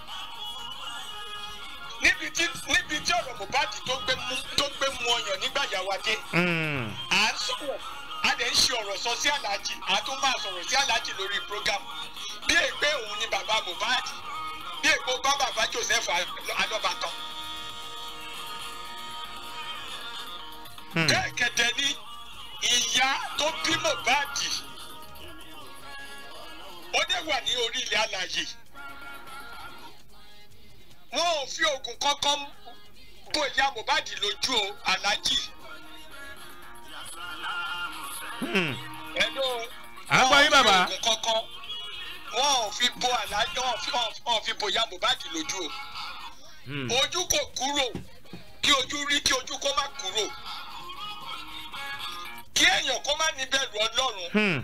níbi tí níbi tí ọ̀rọ̀ Mohbad tó gbé mú tó gbé mú ọyàn nígbà yàwá dé. Hmm. à ń sọ̀rọ̀ a dẹ̀ ń ṣe ọ̀rọ̀ sọ sí aláàjì a tún máa sọ̀rọ̀ sí aláàjì lórí program bí ègbé òun ni bàbá Mohbad bí ègbó bá bàbá Joseph alọ́bàtàn. Hmm. bẹ́ẹ̀ kẹ̀dẹ̀ ni ìyá tó bí Mohbad ó dẹ̀ wà ní orí ilẹ̀ alàyè wọn ò fi oògùn kankan bò ìyá Mohbad lójú o aláàjì. ẹnu àgbọ̀ yín bàbá. wọn ò fi oògùn kankan wọn ò fi bò aláàjì wọn ò fi bò ìyá Mohbad lójú o. Hmm. ojú kò kúrò kí ojú rí kí ojú kó má kúrò kí èèyàn kó má níbẹ̀rù Ọlọ́run. Hmm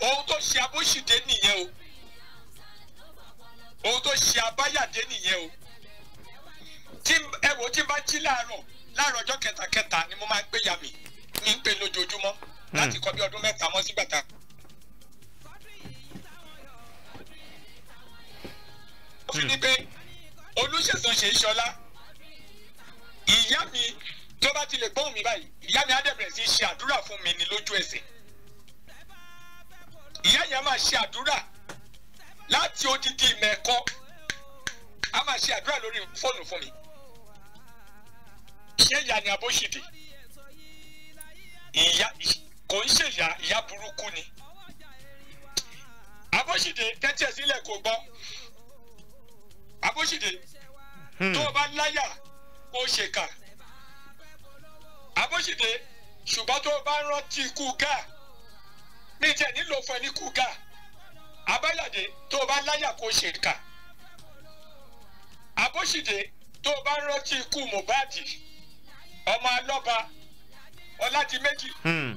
ohun tó ṣe abóṣìdé nìyẹn o ohun tó ṣe abáyàdé nìyẹn o tí ẹ wò tí n bá jí láàárọ̀ láàárọ̀ ọjọ́ kẹtàkẹtà ni mo máa ń gbé ya mi ní pé lójoojúmọ́ hmm. láti kọ bí ọdún mẹ́ta mọ́ sígbà tá a. ó fi ní pé olùṣègùn ṣe é ṣọlá ìyá mi tó bá ti lè gbóhùn mi báyìí ìyá mi á dẹ̀ bẹ̀rẹ̀ sí í ṣe àdúrà fún mi ní lójú ẹsẹ̀ ìyá yẹn máa ṣe àdúrà láti odidi mẹ́ẹ̀kan a máa ṣe àdúrà lórí fóònù fún mi ṣé ìyá ni abóṣìdì ìyá kò ń ṣe ìyá ìyá burúkú ni abóṣìdì tẹ́tí ẹ̀ sílẹ̀ kò gbọ́ abóṣìdì hmm. tó o bá láyà kó o ṣèkà abóṣìdì ṣùgbọ́n tó o bá rántí ikú gáà ní tiẹ̀ nílò fún ẹ ní kúgà abáyàdé tó o bá láyà kó o ṣe kà abóṣìdé tó o bá rántí ikú Mohbad ọmọ alọ́ba ọládìméjì hmm.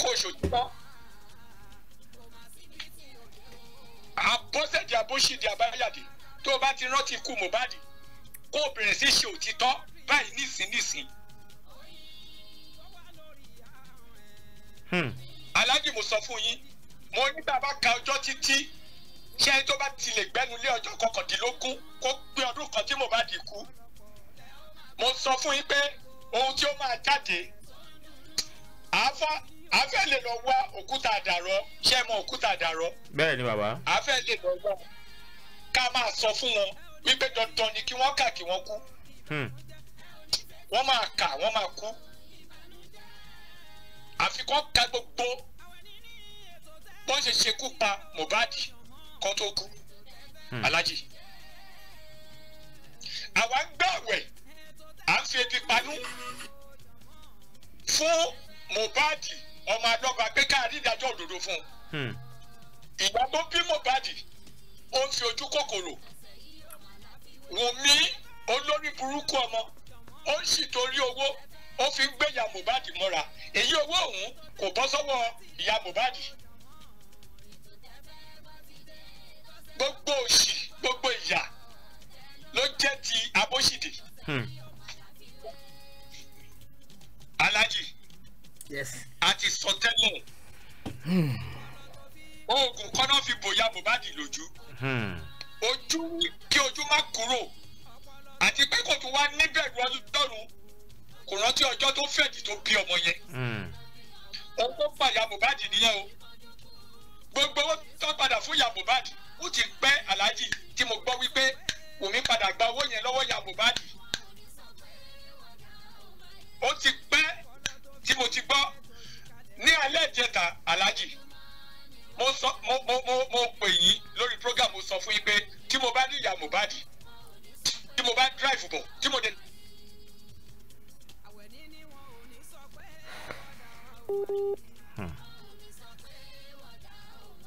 kó o ṣòjúmọ́ abọ́sẹ̀dé abóṣìdé abáyàdé tó o bá ti rántí ikú Mohbad kó o bẹ̀rẹ̀ sí ṣe òtítọ́ báyìí nísìnyìísìn. Hmm aláàjì mo sọ fún yín mo ní bàbá ka ọjọ́ títí ṣé ẹni tó bá tilẹ̀ gbẹ́nu lé ọjọ́ kọkàndínlógún kó gbé ọdún kan tí mo bá dì kú mo sọ fún yín pé ohun tí ó máa jáde àáfà àáfẹ́ lè lọ wá òkúta àdàrọ ṣé ẹ mọ òkúta àdàrọ. bẹ́ẹ̀ ni bàbá. àáfẹ́ lè lọ wá ká máa sọ fún wọn wípé dandan ni kí wọ́n kà kí wọ́n kú hmm. wọ́n máa kà wọ́n máa kú àfi kọ́ ka gbogbo wọ́n ṣe ṣekú pa Mohbad kọ́ tó kú hmm. alájì àwa ń gbọ́ àwẹ̀ à ń fi ebi panú fún Mohbad ọmọ adọ́gba pé ká rí ìdájọ́ òdodo fún un hmm. ìgbà tó bí Mohbad ó ń fi ojú kòkòrò Wùmí olórí burúkú ọmọ ó ń sì torí owó ó fi ń gbé ìyá Mohbad mọ́ra èyí owó òun kò bọ́ sọ́wọ́ ìyá Mohbad gbogbo òṣì gbogbo ìyà ló jẹ́ ti abóṣìdì. Hmm. Alhaji a ti sọ tẹ́lẹ̀ hmm. oògùn kọ́nà fi bòyá Mohbad lójú hmm. ojú kí ojú má kúrò àti pé kò tún wá níbẹ̀rù ọdún tọ́run kò rántí ọjọ́ tó fẹ̀dì tó bí ọmọ yẹn òun hmm. tó pa ìyá Mohbad nìyẹn o gbogbo owó tó padà fún ìyá Mohbad ó ti pẹ́ aláàjì tí mo gbọ́ wípé Wùmí padà gba owó yẹn lọ́wọ́ ìyá Mohbad ó ti pẹ́ tí mo ti gbọ́ ní alẹ́ ìjẹta aláàjì mo sọ mo mo mo mo pè yín lórí program mo sọ fún yín pé tí mo bá ní ìyá Mohbad tí mo bá drive bọ̀ tí mo dé.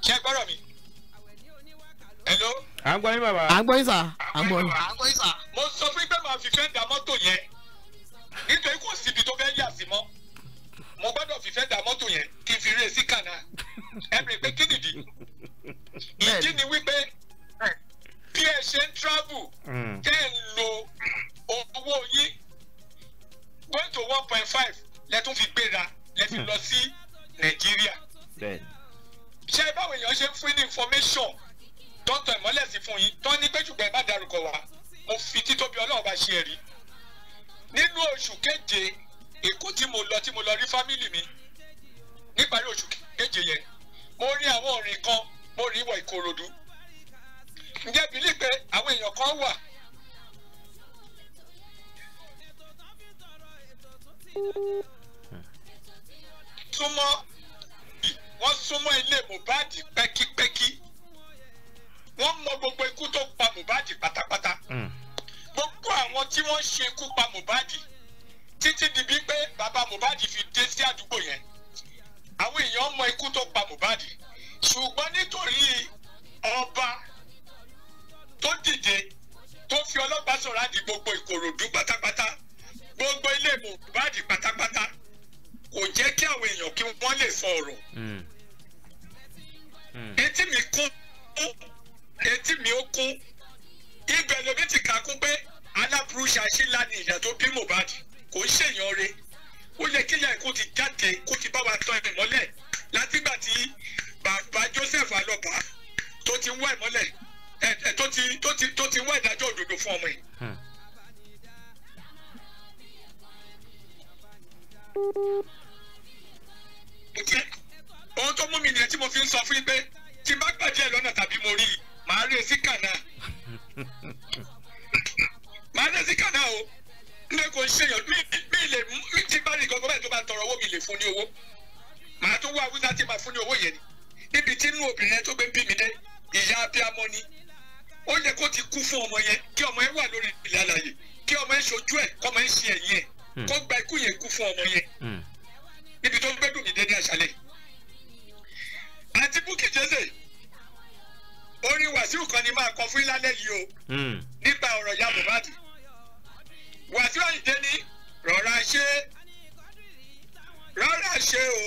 ṣé ẹ gbọ́dọ̀ mi. hello. ń gbọ́ yín bàbá. à ń gbọ́ yín sà. à ń gbọ́ yín. sà. mo sọ fún pé màá fi fẹ́ mọ́tò yẹn nítorí kò síbi tó fẹ́ yà sí mọ́ mo gbọ́dọ̀ fi fẹ́ mọ́tò yẹn kí n fi rí e èsì kànáà ẹ bèrè pé kí nìdí. ìdí ni wípé bí ẹ ṣe ń travel kẹ́ hmm. ẹ̀ ń lo owó yín going to one point five lẹ́tún fi gbéra lè fi lọ sí nàìjíríà ṣé báwo èèyàn ṣe ń fún ní information tọ́tọ̀ ìmọ́lẹ̀ sí fún yín tán ní pé ṣùgbọ́n ẹ má darúkọ wa mo fi títóbi ọlọ́run bá ṣe ẹ̀rí nínú oṣù keje èkó tí mo lọ tí mo lọ rí fámìlì mi níparí oṣù keje yẹn mo rí àwọn òrìn kan mo rí ìwọ ìkòròdú ǹjẹ́ bílí pé àwọn èèyàn kan wà Thank you súnmọ́ wọ́n súnmọ́ ilé Mohbad pẹ́kípẹ́kí wọ́n mọ gbogbo ikú tó pa Mohbad pátápátá hmm. gbogbo àwọn tí wọ́n ṣe ikú pa Mohbad títí di bí pé bàbá Mohbad fi dé sí àdúgbò yẹn àwọn èèyàn mọ ikú tó pa Mohbad ṣùgbọ́n nítorí ọba tó dìde tó fi ọlọ́pàá sọ̀rọ̀ àdì gbogbo Ìkòròdú pátápátá gbogbo ilé Mohbad pátápátá kò jẹ́ kí àwọn èèyàn kí wọ́n lè sọ ọ̀rọ̀. Hmm. Hmm. etí mi kún etí mi ó kún ibẹ̀ lómi ti kà kún pé aláburúṣe aṣílá ni ìyá tó bí Mohbad kò ń ṣèyàn re ó yẹ kílẹ̀ kó ti jáde kó ti bá wa tan ìmọ́lẹ̀ látìgbà tí bàbá Joseph Alọ́ba tó ti ń wá ìmọ́lẹ̀ tó ti tó ti ń wá ìdájọ́ òdodo fún ọmọ yìí. Hmm. ohun tó mú mi nìyẹn tí mo fi ń sọ fún yín tí bá gbàjẹ́ lọ́nà tàbí mo rí i màá rí etí kànáà màá rí etí kànáà o ilé kò ń ṣèyàn bí ilé tí bá rí gọgọ báyìí tó bá tọrọ owó mi lè fún ní owó màá tó wá awúsá tí màá fún ní owó yẹn ni níbi tí inú obìnrin tó gbé bí mi dé ìyá abiyamọ ni ó yẹ kó ti kú fún ọmọ yẹn kí ọmọ yẹn wà lórí ilẹ̀ alàyè kí ọmọ yẹn ṣojú ẹ̀ kọ́mọ yẹn ṣe ẹ̀yìn ẹ̀ kọ́ hmm. gba ikú yẹn kú fún ọmọ yẹn hmm. níbi tó ń gbẹ́dùn mí ní àṣálẹ́ àti Bukky Jesse orin Wàsíù kan ni máa kọ fún ilálẹ́ yìí o hmm. nípa ọ̀rọ̀ ya Mohbad Wàsíù Àyìndé ní rọra ṣe rọra ṣe o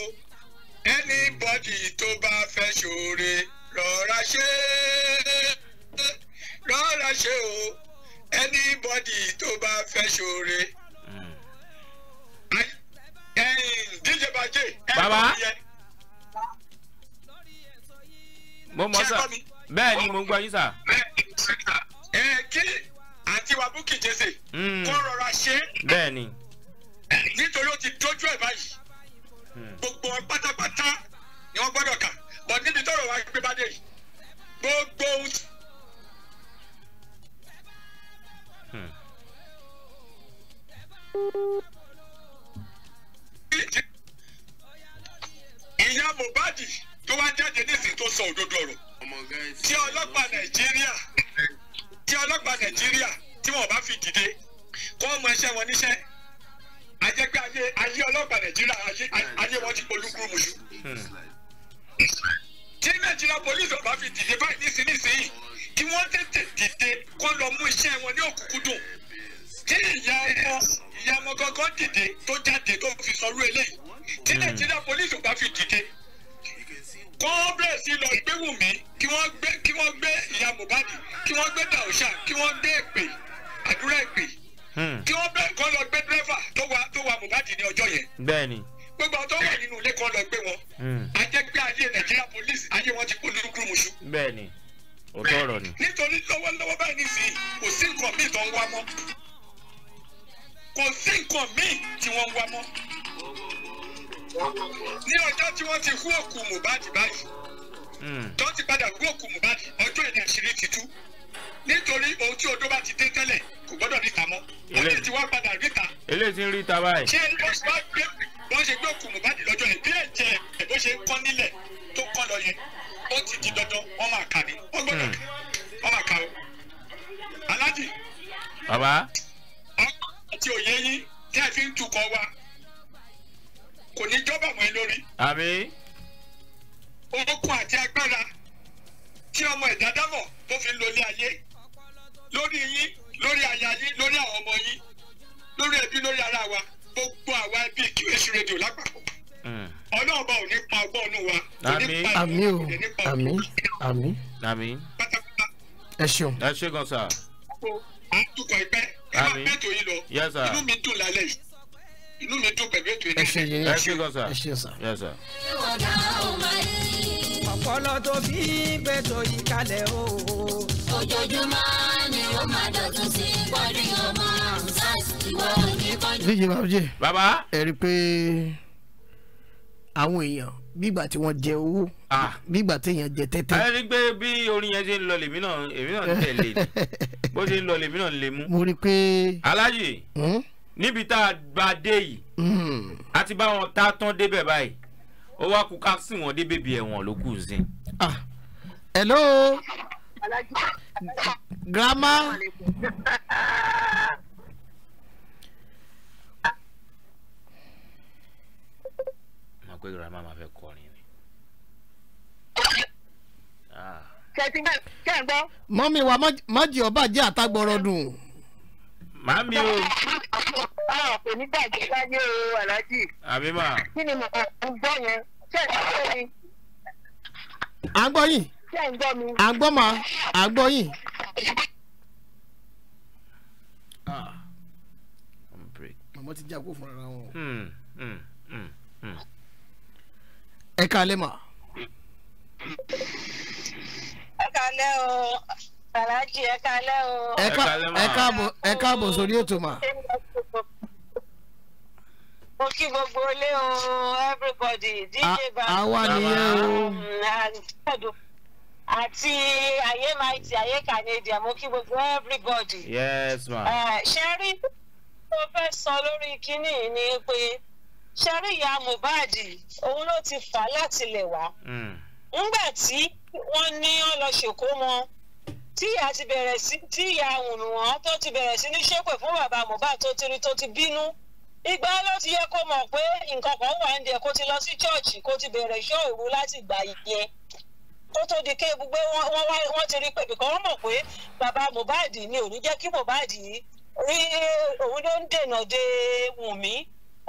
anybody tó bá fẹ́ ṣoore rọra ṣe rọra ṣe o anybody tó bá fẹ́ ṣoore díje bàjẹ́ ẹ lọ mo mọ sá bẹ́ẹ̀ ni mo ń gbọ́ yín sá. ẹ kí àǹtí wa Bukky Jesse hmm. kó rọra ṣe. bẹ́ẹ̀ ni. nítorí ó ti dojú ẹ̀ báyìí hmm. gbogbo pátápátá ni wọ́n gbọ́dọ̀ kà bọ̀ níbi tọ́rọ̀ wa gbé bá dé yìí gbogbo. ní òkùnkùn dùn ẹ ṣeun. ẹ ṣe gan sa. a tukọ̀ ẹgbẹ́ ẹ máa bẹ́ẹ̀ tó yín lọ inú mi dùn lálẹ́ yìí inú mi dùn pẹ̀lú ètò ìdílé. ẹ ṣe yẹn ẹ ṣe gan sa. ẹ ṣe sa. ọpọlọ tó fi gbẹtọ yìí kalẹ̀ o. ojoojúmọ́ ni ó máa dọ̀tún sí bọ́dí ọmọ sars ìwọ òní kọjú. díje bàbá. bàbá. ẹ rí i pé àwọn èèyàn bígbà tí wọ́n jẹ owó ah. bígbà tí èèyàn jẹ tẹ́tẹ́. ẹ rí i pé bí orin yẹn ṣe ń lọ lèmi náà èmi náà tẹ̀lé bó ṣe ń lọ lèmi náà lè mú. mo rí i pé. aláàjì hmm? níbi tá a gba dé yìí hmm. a ti bá wọn tá tán débẹ̀ báyìí ó wá kú ká sì wọ́n dé bèbí ẹ̀wọ̀n ló kù sí. Ah. hello grandma. pé grandma kẹtí kẹ ń gbọ́. mọ́mí wa mọ́jì ọba jẹ́ àtàgbọ̀rọ̀ dùn. màámi o. àwọn kò ní bàjẹ́ láyé o aláàjì. àmì mà. kí ni mo ń gbọ́ yẹn ṣé ẹ̀ ń gbọ́ mi. à ń gbọ́ yìí. ṣé ẹ̀ gbọ́ mi. à ń gbọ́ mà à ń gbọ́ yìí. Ah. màmá ti jágó fúnra wọn. Hmm, hmm, hmm, ẹ káalẹ́ mà ẹ kálẹ́ o aláàjì ẹ kálẹ́ o. ẹ káàbọ̀ ẹ káàbọ̀ sórí ètò mà. mo kí gbogbo ilé o everybody dj bàbá àwa nìyẹn o àti ayé maiti ayé canadian mo kí gbogbo everybody. yes ma. ṣe rí mo fẹ́ sọ lórí kínní ni pé ṣe rí ìyá Mohbad òun ló ti fà látilẹ̀ wá. Mm ńgbà tí wọ́n ní wọ́n lọ ṣèkó wọn tí ìyá ti bẹ̀rẹ̀ sí tí ìyá wùnwọ̀n tó ti bẹ̀rẹ̀ sí ní ṣépè fún bàbá Mohbad tó ti rí tó ti bínú ìgbà ló ti yẹ kó mọ̀ pé nǹkan kan wà ń dẹ kó ti lọ sí chọ́ọ̀chì kó ti bẹ̀rẹ̀ ṣọ́ òru láti ìgbà yẹn kó tó di ké gbogbo wọn wá wọn ti rí pé bìkan wọn mọ̀ pé bàbá Mohbad ni ò jẹ́ kí Mohbad rí òun ló ń dènà de Wùnmí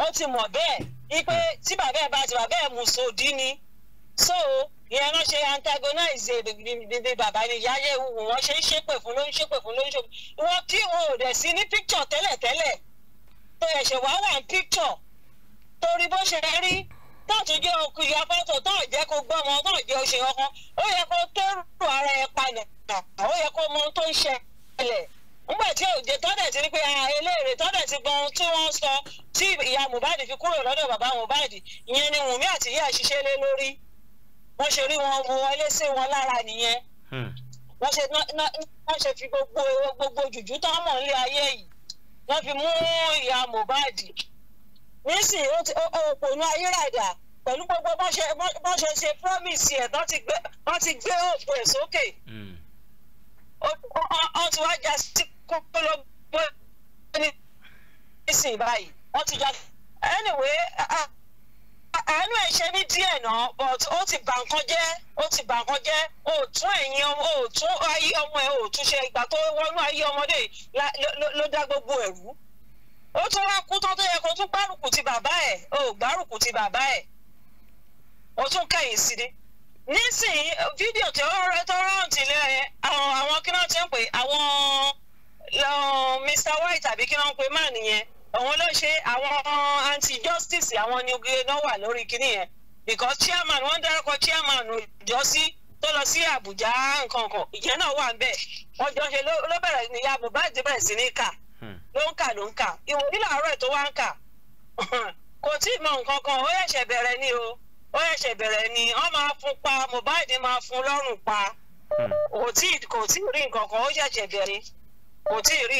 ó ti mọ̀ bẹ́ẹ̀ wípé tí bàbá ẹ̀ bá ti bàbá ẹ̀ mú sódì ni so ìyẹn náà ṣe antagonize bíbí bàbá ni yáyé wù wọ́n ṣe ń ṣépè fún ló ń ṣépè fún ló ń ṣépè wọ́n tí wọn ò dẹ̀ sí ní picture tẹ́lẹ̀tẹ́lẹ̀ tó ẹ̀ṣẹ̀ wá wà ní picture torí bó ṣe rí táàtú jẹ́ okùn ìyá fọ́tò táà jẹ́ kó gbọ́ ọmọ táà jẹ́ oṣù ọkàn ó yẹ kó tẹ́rù ara ẹ̀ palẹ̀ ó yẹ kó mọ tó ń ṣẹlẹ̀ nígbà tí òde tọ́dẹ̀ ti ní pé eléèrè tọ́dẹ̀ ti gbọ́n tí wọ́n sọ tí ìyá Mohbad fi kúrò lọ́dọ̀ bàbá Mohbad ìyẹn ni Wùnmí àti ìyá ṣiṣẹ́ lé lórí wọ́n ṣe rí wọn wọn léṣe wọn lára nìyẹn hmm. wọ́n ṣe wọ́n ṣe fi gbogbo gbogbo jùjú tó mọ̀ nílé ayé yìí wọ́n fi mú ìyá Mohbad nísìnyí ó pònú ayérádà pẹ̀lú gbogbo bọ́n ṣe ṣe promise ẹ̀ tán ti gbé òògùn ẹ̀ sókè hmm. ó ti wá já sí kólóbó ní ìsìn báyìí wọ́n ti já anyway. Uh, àánú ẹ̀ ṣe ní díẹ̀ náà but ó ti bà nǹkan jẹ́ ó ti bà nǹkan jẹ́ ó tún ẹ̀yìn ọmọ ó tún ayé ọmọ ẹ̀ ó tún ṣe ìgbà tó wọnú ayé ọmọdé ló dá gbogbo ẹ̀rú ó tún wá kú tán tó yẹ kó tún gbárùkù ti bàbá ẹ̀ ó gbárùkù ti bàbá ẹ̀ ó tún kẹ̀yìn sí ni nísìnyí fídíò tí ó rẹ tó ráǹtì lé ẹ àwọn kí náà ti ń pè àwọn Mr White àbí kí náà ń pè má nìyẹn òun ló àwọn anti justice àwọn ni náà wà lórí kinní yẹn because chairman wọ́n dárúkọ chairman òjọ́sí tó lọ sí Àbújá nǹkan kan ìyẹn náà wà ń bẹ̀ wọ́n jọ ṣe ló bẹ̀rẹ̀ ìyá Mohbad bẹ̀rẹ̀ sí ní kà hmm. ló ń kà ló ń kà ìwọ nílò àárọ̀ tó wá ń kà kò tí mọ nǹkan kan ó ni o ó ṣẹ̀ṣẹ̀ ni wọ́n máa fún Mohbad máa fún lọ́rùn pa hmm. kò ì rí nǹkan kan ó kò tí ì rí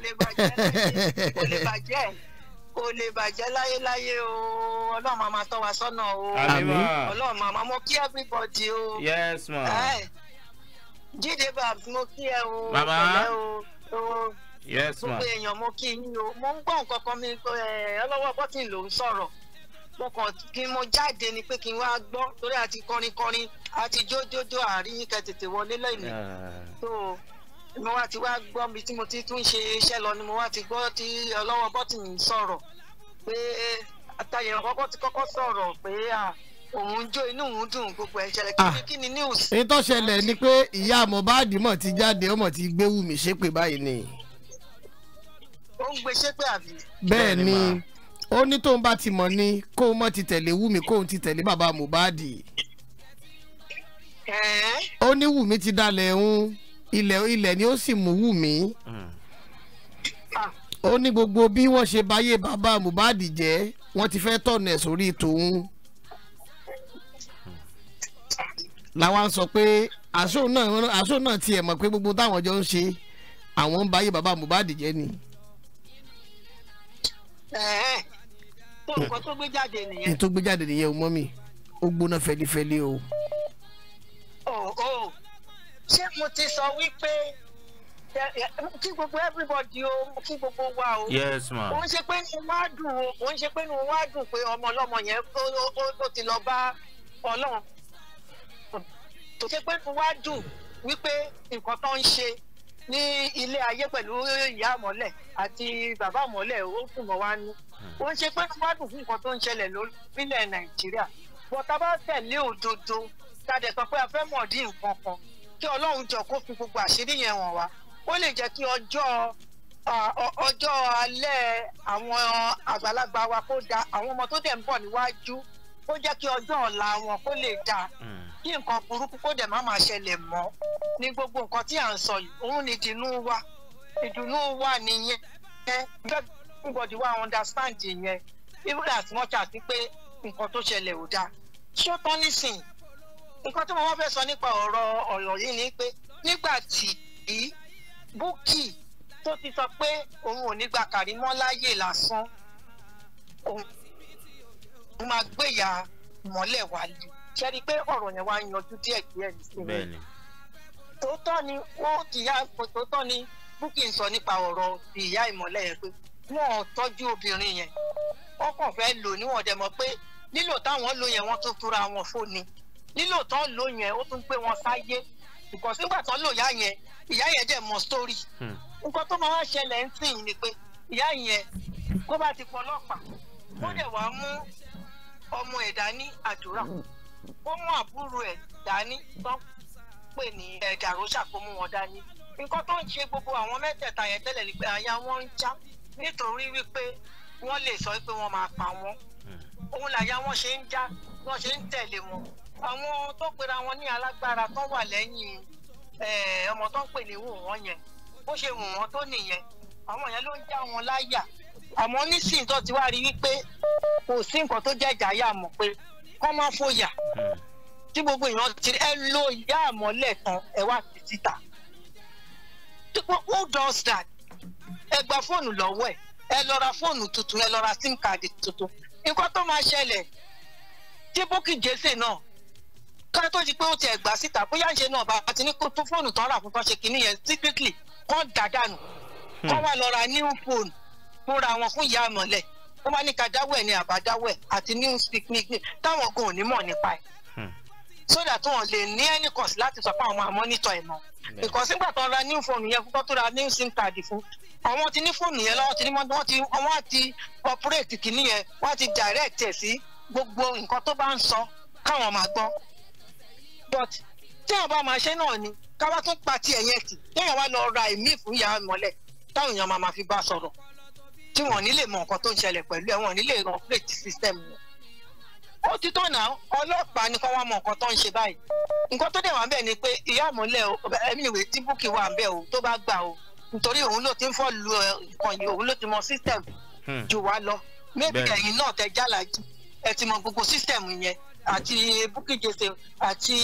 lè bàjẹ́ kò lè bàjẹ́ láyéláyé o ọlọ́run máa tọ́ wa sọ́nà o ọlọ́run máa mọ kí everybody o yes ma jíde babs mo kí ẹ o pẹ̀lẹ́ yes ma gbogbo èèyàn mo kí yín o mo ń gbọ́ nǹkan kan mi ọlọ́wọ́ bọ́tìn ló ń sọ̀rọ̀ mo kàn kí mo jáde ni pé kí n wá gbọ́ torí àti kọrin kọrin àti jójójó àárín yín wọlé lẹ́yìn tó ah. o mo wá ti wá gbọ́ bí tí mo ti tún ṣe iṣẹ́ lọ ni mo wá ti gbọ́ tí ọlọ́wọ́ bọ́tìnì sọ̀rọ̀ pé àtàyẹ̀rọ̀ kọ́kọ́ ti kọ́kọ́ sọ̀rọ̀ pé òun jó inú òun dùn gbogbo ẹ̀ ṣẹlẹ̀ kí ah. kí ni news. ètò ṣẹlẹ̀ ni pé ìyá Mohbad mọ̀ ti jáde ọmọ ti gbé Wùmí ṣépè báyìí ni. ó ń gbé ṣépè àbí. bẹ́ẹ̀ ni ó ní tóun bá ti mọ̀ ni kóun mọ̀ ti tẹ̀lé Wùmí kóun ti tẹ̀lé bàbá Mohbad. ó ní Wùmí ti dalẹ̀ ń ilẹ̀ ilẹ̀ ni ó sì mú wù mí. Ah. ó ní gbogbo bí wọ́n ṣe báyé bàbá Mohbad jẹ́ wọ́n ti fẹ́ tọ̀nà sórí tòun. làwọn sọ pé àṣọ náà àṣọ náà tiẹ̀ mọ̀ pé gbogbo táwọn jọ ń ṣe àwọn ń báyé bàbá Mohbad jẹ́ ni. nǹkan tó gbé jáde nìyẹn. nǹkan tó gbé nìyẹn o mọ́ mi ó gbóná fẹlifẹli o. Oh, oh ṣé mo ti sọ wípé kí gbogbo everybody o kí gbogbo wa o. yes ma. òun ṣe pé ní wá dùn o o òun ṣe pé ní wá dùn pé ọmọ ọlọ́mọ yẹn o ti lọ bá ọlọ́run. tó ṣe pé ní wá dùn wípé nǹkan tó ń ṣe ní ilé ayé pẹ̀lú ìyá àmọ́lẹ̀ àti bàbá àmọ́lẹ̀ ó kù mọ́ wá ní. o ń ṣe pé wọ́n dùn fún nǹkan tó ń ṣẹlẹ̀ lórílẹ̀ nàìjíríà bọ́tà bá tẹ̀lé òdodo tàdé sọ pé a fẹ́ mọ̀ dín nǹkan kan kí ọlọ́run jọ kó fi gbogbo àṣírí yẹn wọ̀n wá ó lè jẹ́ kí ọjọ́ ọjọ́ alẹ́ àwọn àgbàlagbà wa kó da àwọn ọmọ tó dẹ̀ ń bọ̀ níwájú kó jẹ́ kí ọjọ́ ọ̀la wọn kó lè da hmm. kí nǹkan burúkú kó dẹ̀ má máa ṣẹlẹ̀ mọ́ ní gbogbo nǹkan tí à ń sọ yìí òun ni ìdùnnú wa ìdùnnú wa nìyẹn ẹ everybody wa understand yẹn even as much as pé nǹkan tó ṣẹlẹ̀ ò da ṣó tán nísìnyí nǹkan tí mo wọ́n fẹ́ sọ nípa ọ̀rọ̀ ọ̀rọ̀ yìí ni pé nígbà tí Bukky tó ti sọ pé òun ò ní gba Kàrímọ́ láàyè lásán òun máa gbéyà mọ́lẹ̀ wálé ṣe rí i pé ọ̀rọ̀ yẹn wá yanjú díẹ̀ díẹ̀ nísìnyí tòótọ́ ni wọ́n ti yá tòótọ́ ni Bukky ń sọ nípa ọ̀rọ̀ ìyá ìmọ́lẹ̀ yẹn pé wọn ò tọ́jú obìnrin yẹn wọ́n kàn fẹ́ lò níwọ̀n dẹ̀ mọ̀ pé lílò táwọn lò yẹn wọ́n tún túra wọn fóni lílò tán lò ó tún gbé wọn sáyé nǹkan sígbà tán lò yẹn ìyá yẹn dẹ̀ mọ sórí hmm. nǹkan tó máa wá ṣẹlẹ̀ ń tìyìn ni pé ìyá yẹn kó bá ti pọ̀ ọlọ́pàá ó hmm. dẹ̀ wá mú ọmọ ẹ̀ dání àdúrà ó mú àbúrò ẹ̀ dání tó pè ní ẹ̀dà rọ́ṣà kó mú wọn dání nǹkan tó ń ṣe gbogbo àwọn mẹ́tẹ̀ẹ̀ta yẹn tẹ́lẹ̀ ni pé àyà wọn ń já nítorí wípé wọ́n lè sọ pé wọ́n máa pa wọ́n hmm. òun làyà wọn ṣe ń já wọ́n ṣe ń tẹ̀lé wọn àwọn tó pera wọn ní alágbára tó wà lẹ́yìn eh, ọmọ tó ń pè ní wù wọ́n yẹn bó ṣe wù wọ́n tó nìyẹn àwọn yẹn ló ń já wọn láyà àmọ́ nísìnyí tó ti wá rí wípé kò sí nǹkan tó jẹ́ ìjà yà mọ̀ pé kọ́ má fòyà hmm. tí gbogbo èèyàn ti ẹ lo ìyá àmọ́lẹ̀ tán ẹ wá sí síta who does that ẹ gba fóònù lọ́wọ́ ẹ ẹ lọ ra fóònù tuntun ẹ lọ ra sim card tuntun nǹkan tó máa ṣẹlẹ̀ tí Bukky Jesse náà ká tó di pé ó tiẹ̀ gbà síta bóyá ń ṣe náà bàbá ti ní kó tó fóònù tán rà fún kan ṣe kínní yẹn secretly kán dàdánù kán hmm. wà lọ ra new phone fúnra wọn fún ìyá àmọ̀lẹ̀ ó máa ní ká dáwọ́ ẹ̀ ní àbádáwọ́ ẹ̀ àti new speak ní gbìn táwọn gan ò ní mọ̀ nípa ẹ̀ hmm. so that wọn lè ní any cause láti sọ pé àwọn máa monitor ẹ̀ mọ́ hmm. because nígbà tó ra new phone yẹn fún tó ra new sim card fún àwọn ti ní fóònù yẹn lọ́wọ́ ti ní wọ́n wọ́n ti operate kìíní yẹn wọ́n ti direct ẹ̀ sí gbogbo nǹkan tó bá ń sọ káwọn máa gbọ́ but téèyàn bá máa ṣe náà ni káwá tún pa tiẹ̀ yẹn tì wọn wá lọ ra ẹ̀mí fún ìyá ìmọ̀lẹ̀ táwọn èèyàn máa fi bá sọ̀rọ̀ tí wọ́n nílè mọ nǹkan tó ń ṣẹlẹ̀ pẹ̀lú ẹ̀ wọ́n nílè ràn system wọn. ó ọlọ́pàá ni wá mọ nǹkan tó báyìí nǹkan tó dẹ̀ ni pé ìyá ìmọ̀lẹ̀ ẹ̀mí ìwé tí búkì wà ń bẹ̀ tó bá gbà o nítorí àti Bukky Joseph àti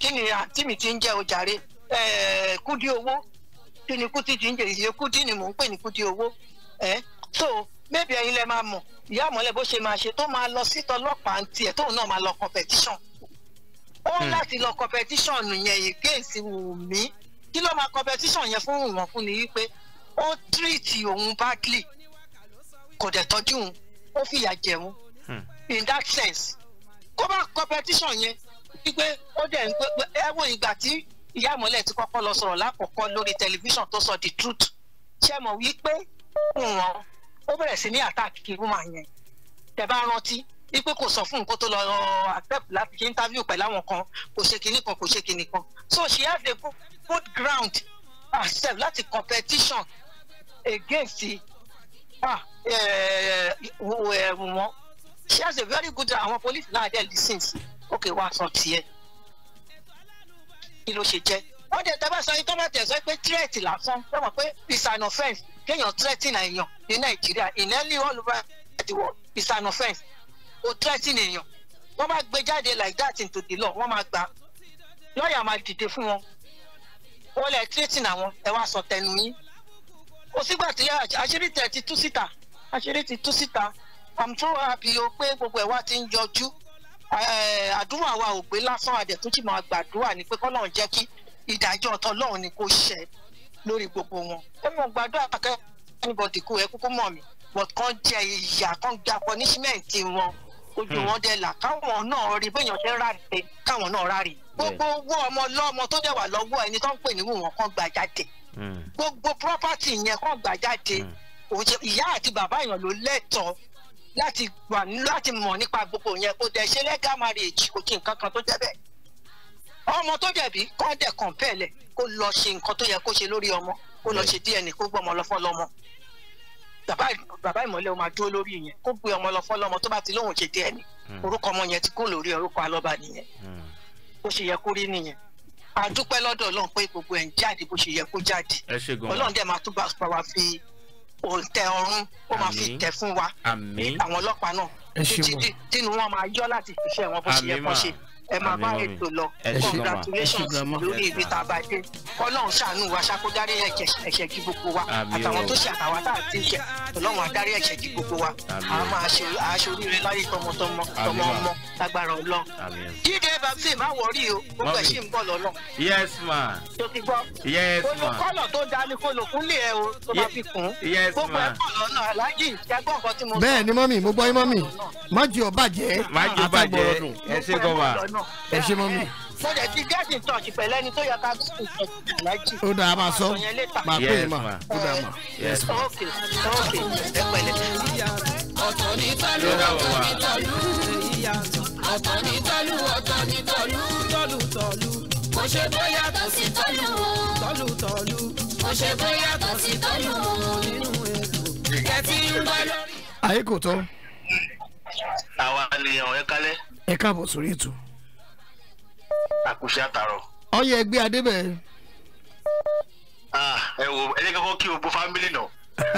kí ni àǹtí mi ti ń jẹ́ ojàre Kúdí owó kí ni Kúdí ti ń jẹ́ ìṣe Kúdí ni mò ń pè ní Kúdí owó so mẹ́bí ẹ̀yin lẹ máa mọ̀ ìyá àmọ́lẹ̀ bó ṣe máa ṣe tó máa lọ sí tọlọ́pàá ń tiẹ̀ tóun náà máa lọ competition ó hmm. láti lọ competition yẹn against Wùmí kí ló máa competition yẹn fún wọn fún ni wípé ó tírìtì òun badly kò dẹ̀ tọ́jú òun ó fìyà jẹun in that sense kó competition yẹn wípé ó dẹ̀ ń pé ẹ̀wọ̀n ìgbà tí ìyá àmọ́lẹ̀ ti kọ́kọ́ lọ sọ̀rọ̀ lákọ̀ọ́kọ́ lórí tẹlifíṣàn tó sọ the truth ṣe mọ̀ wípé wọn ó bẹ̀rẹ̀ sí ní àtàkì woman yẹn tẹ bá rántí wípé kò sọ fún nǹkan tó lọ accept láti ṣe interview pẹ̀lú àwọn kan kò ṣe kinní kan kò ṣe kinní kan so she has a good, ground herself láti competition against ah, uh, uh, uh, uh, uh, uh, uh, uh, she has a very good àwọn police náà dẹ̀ listen sí ok wá sọ tiẹ̀ kí ló ṣe jẹ́ wọ́n dẹ̀ tẹ́ bá sọ yín tó bá tẹ̀ sọ pé threat lásán wọ́n mọ̀ pé it's an offence kéèyàn threatening èèyàn ní nàìjíríà ìnẹ́lì all over the world it's an offence o threatening èèyàn wọ́n bá gbé jáde like that into the law wọ́n máa gbà lọ́ọ̀yà máa dìde fún wọn wọ́n lẹ̀ threatening àwọn ẹ̀ wá sọ tẹnu yín kò sígbà tí àṣírí tẹ̀ ti tú síta àṣírí ti tú síta i'm so happy o pé gbogbo ẹ̀ wá ti ń yọjú eh, àdúrà wa ò gbé lásán àdẹ̀túnjì máa gbàdúrà ni pé kọ́lọ́run jẹ́ kí ìdájọ́ tọ́lọ́run ni kò ṣẹ lórí gbogbo wọn ó mọ̀ gbàdúrà kẹ́kẹ́ anybody kú ẹ kúkú mọ̀ mi but kàn jẹ ìyà kàn gba punishment wọn ojú hmm. wọn dẹ̀ là káwọn náà rí béèyàn ṣe ráre káwọn náà ráre hmm. gbogbo owó ọmọ lọ́mọ tó dẹ̀ wà lọ́wọ́ ẹni tó ń pè níwò wọn kàn gbà jáde hmm. gbogbo property yẹn kàn gbà jáde ìyá àti bàbá èèyàn ló lẹ́tọ̀ọ́ láti wà láti mọ̀ nípa gbogbo yẹn kò dẹ̀ ṣe legal marriage kò kí nǹkan kan tó jẹ́ bẹ́ẹ̀ ọmọ tó jẹ̀bi kọ́ dẹ̀ kọ̀ǹpẹ́ẹ̀lẹ̀ kó lọ ṣe nǹkan tó yẹ kó ṣe lórí ọmọ kó lọ ṣe DNA kó gbọ́ ọmọ lọ́fọ́ lọ́mọ bàbá bàbá ìmọ̀lẹ́ o máa dúró lórí yẹn kó gbé ọmọ lọ́fọ́ lọ́mọ tó bá ti lóhùn ṣe DNA hmm. orúkọ ọmọ yẹn ti kó lórí orúkọ alọ́ba nìyẹn hmm. bó ṣe yẹ kó rí nìyẹn a dúpẹ́ lọ́dọ̀ Ọlọ́run pé gbogbo ẹ̀ ń jáde bó ṣe yẹ kó jáde Ọlọ́run dẹ̀ máa túbọ̀ àpá wa fi òǹtẹ̀ ọ̀run ó máa fi tẹ̀ fún wa àwọn ọlọ́pàá náà títí tí inú wọn máa yọ láti iṣẹ́ wọn bó ṣe yẹ kó ṣe ẹ máa bá ètò lọ congratulations lórí ibi tá a bá dé ọlọ́run ṣàánú wa ṣàkójárí ẹ̀ṣẹ̀ kí gbogbo wa àtàwọn tó ṣe àtàwọn tá a ti jẹ ọlọ́run adarí ẹ̀ṣẹ̀ kí gbogbo wa a máa ṣe aṣoríire láyé tọmọtọmọ tọmọ ọmọ lágbára ọlọ́run dídé vaccine má wọrí o gbogbo ẹ̀ ṣì ń bọ̀ lọ́nà. yes ma. tó ti gbọ́. yes ma. olùkọ́lọ̀ tó da ni kólókúnlé ẹ o tó bá fi kún. yes ma. gbogbo ẹ̀ bọ̀ lọ́nà aláàjì jágbọ́n kan tí mo sọ náà. ẹ ṣe mọ mi. mo jẹ ti get in touch pẹ̀lú ẹni tó yẹ ká get in touch pẹ̀lú ẹjì. ó dáa máa sọ máa pè é máa ó dáa máa. ok ok ẹ pẹ̀lẹ́. ọ̀tọ̀ ní tọ́lú ọ̀tọ̀ ní tọ́lú ọ̀tọ̀ ní tọ́lú ọ̀tọ̀ ní tọ́lú tọ́lú tọ́lú kò ṣe bóyá tó sí tọ́lú tọ́lú tọ́lú kò ṣe bóyá tó sí tọ́lú nínú ètò kẹ́tí ń bọ́ lórí. ayé kò tọ́. àwa ni ọ̀rẹ́ kálẹ̀. ẹ káàbọ̀ sórí ètò àkùsí àtàrọ. ọyẹ ẹgbẹ́ adébẹ̀. Ah, ẹ wo ẹ jẹ́ kọ́kọ́ kí o bó fámílì náà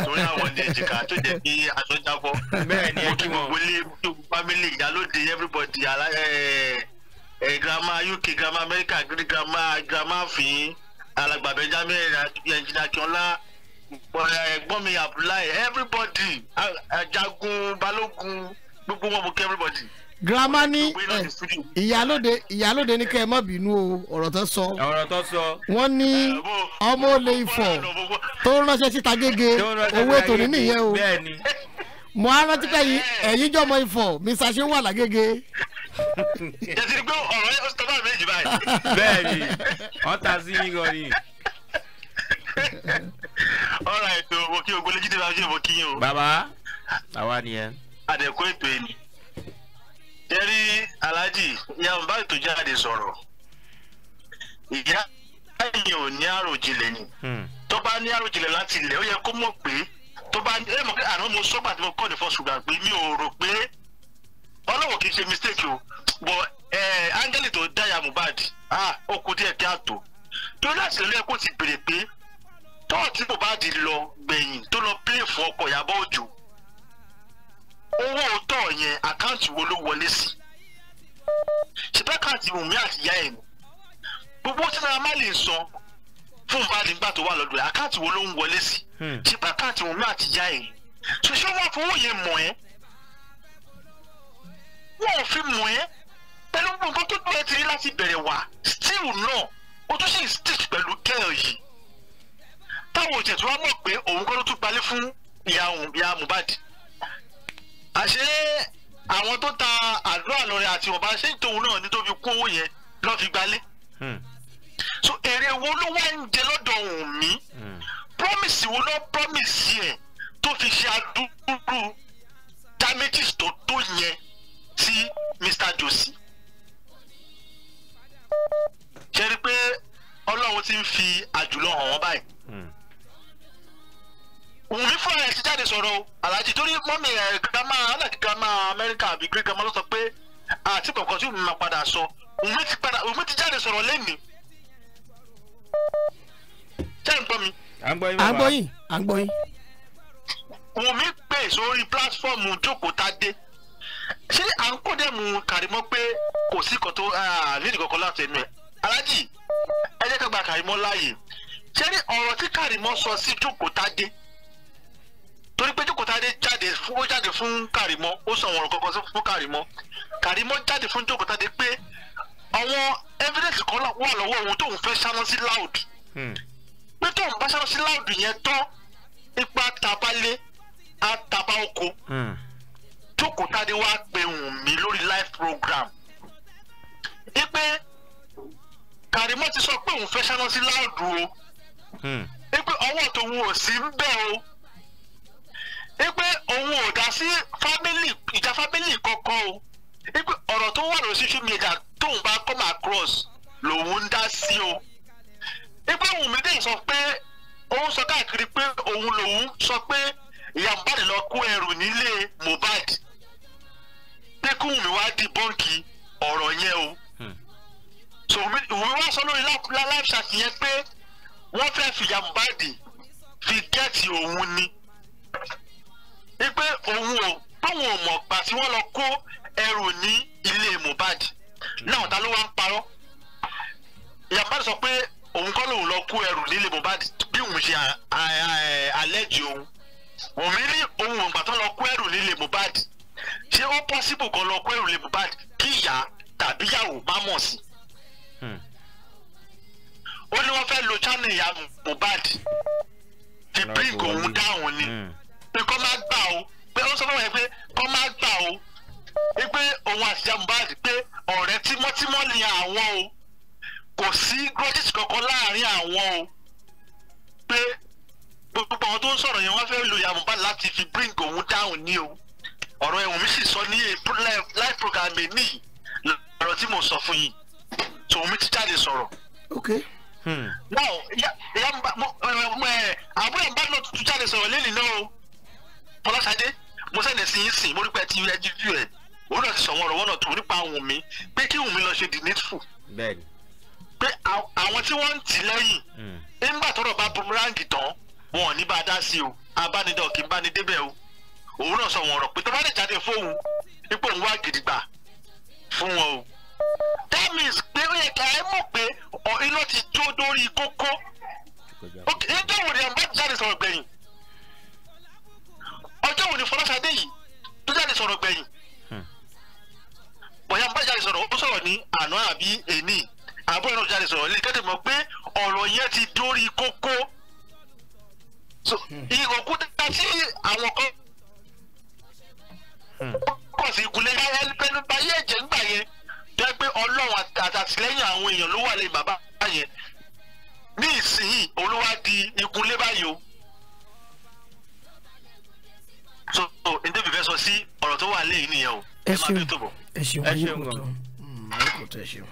torí àwọn ní èjìká tó jẹ́ kí aṣọ mo kí gbogbo ilé mo kí gbogbo fámílì ìyálóde everybody girama uk girama america girama girama fìyín alàgbà benjamin ẹnjìnà kíọ́lá ẹ̀gbọ́n mi abdullahi everybody ajagun balógun gbogbo wọn mo kí everybody girama ní eh, ìyálóde ìyálóde ní kẹ́ ẹ má bínú o ọ̀rọ̀ tó sọ. ọ̀rọ̀ tó sọ. wọ́n ní eh, ọmọ olè ifọ̀ tó ránṣẹ́ síta gẹ́gẹ́ owó ètò ní nìyẹn o. mo á rántí pé ẹ̀yin eh. jọmọ ifọ̀ mi ṣàṣẹ wà lágége. jẹ́sí pé ọ̀rọ̀ yẹn tó bá méjì báyìí. bẹ́ẹ̀ni wọn ta sí yín gan ni. ọ̀rọ̀ ètò mo kí ogun lójú tí wàá ṣe mo kí yín o. bàbá àwa nìyẹn. àdẹ̀kọ́ ètò yìí ni jẹ́rí aláàjì ìyá ọba ètò jáde sọ̀rọ̀ ìyá ẹ̀yìn ò ní àròjinlẹ̀ ni hmm. tó bá ní àròjinlẹ̀ láti ilẹ̀ ó yẹ kó mọ̀ pé tó bá ẹ mọ̀ pé àná mo sọ́gbà tí mo kọ́ ní fọ́sùgbà pé mi ò rò pé ọlọ́wọ́ kì í ṣe mistake o bọ̀ ẹ áńgẹ́lì tó dáyà Mohbad ó kú díẹ̀ kí á tó torí àṣẹ ló yẹ ti bèrè pé tọ́ọ̀ Mohbad lọ gbẹ̀yìn tó lọ pílẹ̀ fún ọkọ̀ Ìyábọ̀ Òjó owó òótọ́ yẹn àkáǹtì wo ló wọlé sí ṣètò àkáǹtì Wùmí àti ìyá ẹ̀ nù gbogbo Naira Marley ń san fún Mohbad tó wà lọ́dọ̀ ẹ̀ àkáǹtì wo ló ń wọlé sí hmm. ṣètò àkáǹtì Wùmí àti ìyá ẹ̀ ṣe ṣé wọ́n fowó mọ̀ ẹ́ wọ́n ò fi mọ̀ ẹ́ pẹ̀lú gbogbo tó dúró ti rí láti bẹ̀rẹ̀ wá still náà ó tún sì stitch pẹ̀lú kẹ́ẹ̀ yìí táwọn òjẹ̀ tó wá mọ̀ pé òun kọ́ ló tún gbalé fún ìyá Mohbad àṣé àwọn tó ta àdúrà lọrẹ àti ọba ṣé tòun náà ní tó fi kú owó yẹn lọ fi gbalé. Hmm. so èrè wo ló wá ń jẹ lọ́dọ̀ òun mi hmm. promise wo ló promise yẹn tó fi ṣe àdúrú damages tó tó yẹn sí Mr. Joshi. ṣe rí i pé ọlọ́run ti ń fi àjùlọ hàn wọ́n báyìí. Hmm wòlíì fúnra ẹ̀ ti jáde sọ̀rọ̀ o aláàjì torí mọ́mì ẹ̀ gírámà aláàjì gírámà amẹ́ríkà àbí gírámà ló sọ pé àti kọ̀ọ̀kan tí òun máa padà sọ òun ti padà òun ti jáde sọ̀rọ̀ lẹ́nìí. ṣé ń gbọ́ mi. à ń gbọ́ yín bàbá à ń gbọ́ yín à ń gbọ́ yín. wòmí pè sórí pílátífọ́ọ̀mù jókòó tá a dé ṣé à ń kó dẹ̀ mú kàrímọ́ pé kò sí kò tó nídìí kankan láti ẹnu ẹ̀ aláàjì ẹ jẹ́ ká gba kàrímọ́ láàyè ṣé ní ọ̀rọ̀ tí kàrímọ́ sọ torí pé jókòtadé jáde ó jáde fún kàrímọ́ ó sọ àwọn ọ̀rọ̀ kankan fún kàrímọ́ kàrímọ́ jáde fún jókòtadé pé àwọn evidence kan wà lọ́wọ́ òun tóun fẹ́ sáná sí loud hmm. pé tóun bá sáná sí loud yẹn tán ipa tabalé àtàbá oko hmm. jókòtadé wá pe Wùnmí lórí live program ipe kàrímọ́ ti sọ pé òun fẹ́ sáná sí loud o ipe hmm. ọwọ́ tòun ò sí ń bẹ́ẹ̀ o wípé òun ò dá sí fámìlì ìjà fámìlì kankan o wípé ọ̀rọ̀ tó wà lórí social media tóun bá come across lòun ń dá sí o wípé òun mi dẹ́yìn sọ pé òun sọ káàkiri pé òun lòun sọ pé ìyá Mohbad lọ kó ẹrù nílé Mohbad pé kóun mi wá di bọ́ǹkì ọ̀rọ̀ yẹn o hmm. so òun wá sọ lórí live chat yẹn pé wọ́n fẹ́ fìyà Mohbad fi gẹ́ẹ̀tì òun ni wípé òun ò tóun ò mọ̀ gbà tí wọ́n lọ kó ẹrù ní ilé Mohbad náà ta ló wá ń parọ́ Ìyá sọ pé òun kọ́ lòun lọ kó ẹrù nílé Mohbad bí òun ṣe àlẹ́jì òun Wùnmí ní òun ò gbà tó lọ kó ẹrù nílé Mohbad ṣé ó pọ́sibù kan lọ kó ẹrù nílé Mohbad kí ìyá tàbí ìyàwó má mọ̀ sí hmm. ó ní wọ́n fẹ́ lo channel ìyá Mohbad ti bring òun down ni. Hmm pé kọ́ máa gbà o pé ó sọ fún wọn pé kọ́ máa gbà o pé òun àti Mohbad pé ọ̀rẹ́ tímọ́tímọ́ ni àwọn o kò sí grudges kankan láàrin àwọn o pé gbogbo àwọn tó ń sọ̀rọ̀ yẹn wọ́n fẹ́ lu Mohbad láti fi bring òun down ni o ọ̀rọ̀ ẹ̀wọ̀n mi sì sọ ní live program mi níyì lọ́rọ̀ tí mo sọ fún yìí tòun mi ti jáde sọ̀rọ̀. okay hmm. now ìyá eh, àbúrò ìbá náà jáde sọ̀rọ̀ lẹ́nìí náà o bọ́lásadé mo sẹ́ni sí yín sìn mo rí pé ti rí ẹjú jù ẹ̀ òun náà ti sọ wọn ọ̀rọ̀ tó nípa Wùnmí pé kí Wùnmí lọ ṣe the needful pé àwọn tí wọ́n ń tì lẹ́yìn hmm. nígbà tọ́rọ̀ bá bumerangi tán wọn ò ní bá a dá sí o abánidọ̀ kì í bá ní débẹ̀ o òun náà sọ wọn ọ̀rọ̀ pé tó lè jáde fóun ipò ń wá gidigba fún wọn o that means pé ó yẹ ká ẹ mọ̀ pé iná ti jó dórí kókó ó kì í dẹ́wò ní àbájáde sọ̀rọ̀ gbẹ̀yìn ọjọ́ wo ni Fọláṣadé yìí tó jáde sọ̀rọ̀ gbẹ̀yìn hmm. bóyá bá jáde sọ̀rọ̀ ó sọ̀rọ̀ ní àná àbí èní àbúrò náà jáde sọ̀rọ̀ lè kẹ́tẹ̀ mọ̀ pé ọ̀rọ̀ yẹn ti dórí kókó hmm. ìrọ̀kú dáadáa sí àwọn kan pọ̀ sí ìkúlẹ̀ ẹlẹ́nu báyé ẹ̀jẹ̀ ńgbà yẹn jẹ́ pé ọlọ́run àtàtìlẹ́yìn àwọn èèyàn ló wà lẹ́yìn bàbá yẹn ní ìsinyìí olúwa di ìkúlẹ̀ báyìí o so n tẹ́bi fẹ́ sọ sí ọ̀rọ̀ tó wà lẹ́yìn nìyẹn o ẹ máa bí tó bọ̀. ẹ ṣeun ẹ hmm, ṣeun ẹ kò tẹ ṣeun.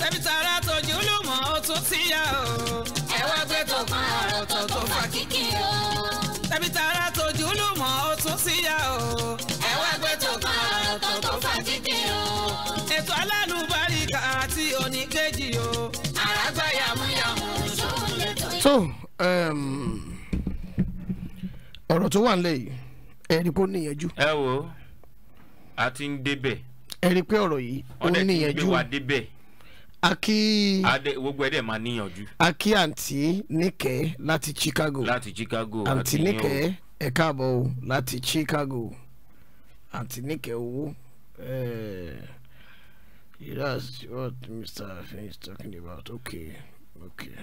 tẹ̀bí tààrà tòjú lùmọ̀ ó tún ti yá o. ẹ wá gbé tó kan ọ̀rọ̀ tó tó fà kíkì o. tẹ̀bí tààrà tòjú lùmọ̀ ó tún ti yá o. ẹ wá gbé tó kan ọ̀rọ̀ tó tó fà kíkì o. ètò alálùbáríkà àti oníkejì o. àràgbá yàmúyàmú ṣòun lè tó ọ̀rọ̀ tó wà ń lẹ̀ yìí ẹ̀rí kó níyànjú. ẹ wo a ti ń débẹ̀. ẹ̀rí pé ọ̀rọ̀ yìí ó níyànjú. ọ̀dẹ̀ ti gbé wa débẹ̀. a kí. adé gbogbo ẹ̀dẹ̀ máa níyànjú. a kí àǹtí níkẹ́ láti Chicago. láti Chicago àǹtí níkẹ́ ẹ káàbọ̀ o niyanju ti gbe wa debe a ki ade gbogbo ede maa niyanju a ki anti nike lati Chicago àǹtí níkẹ́ owó. That's what Mr. Afin is talking about. Okay, okay,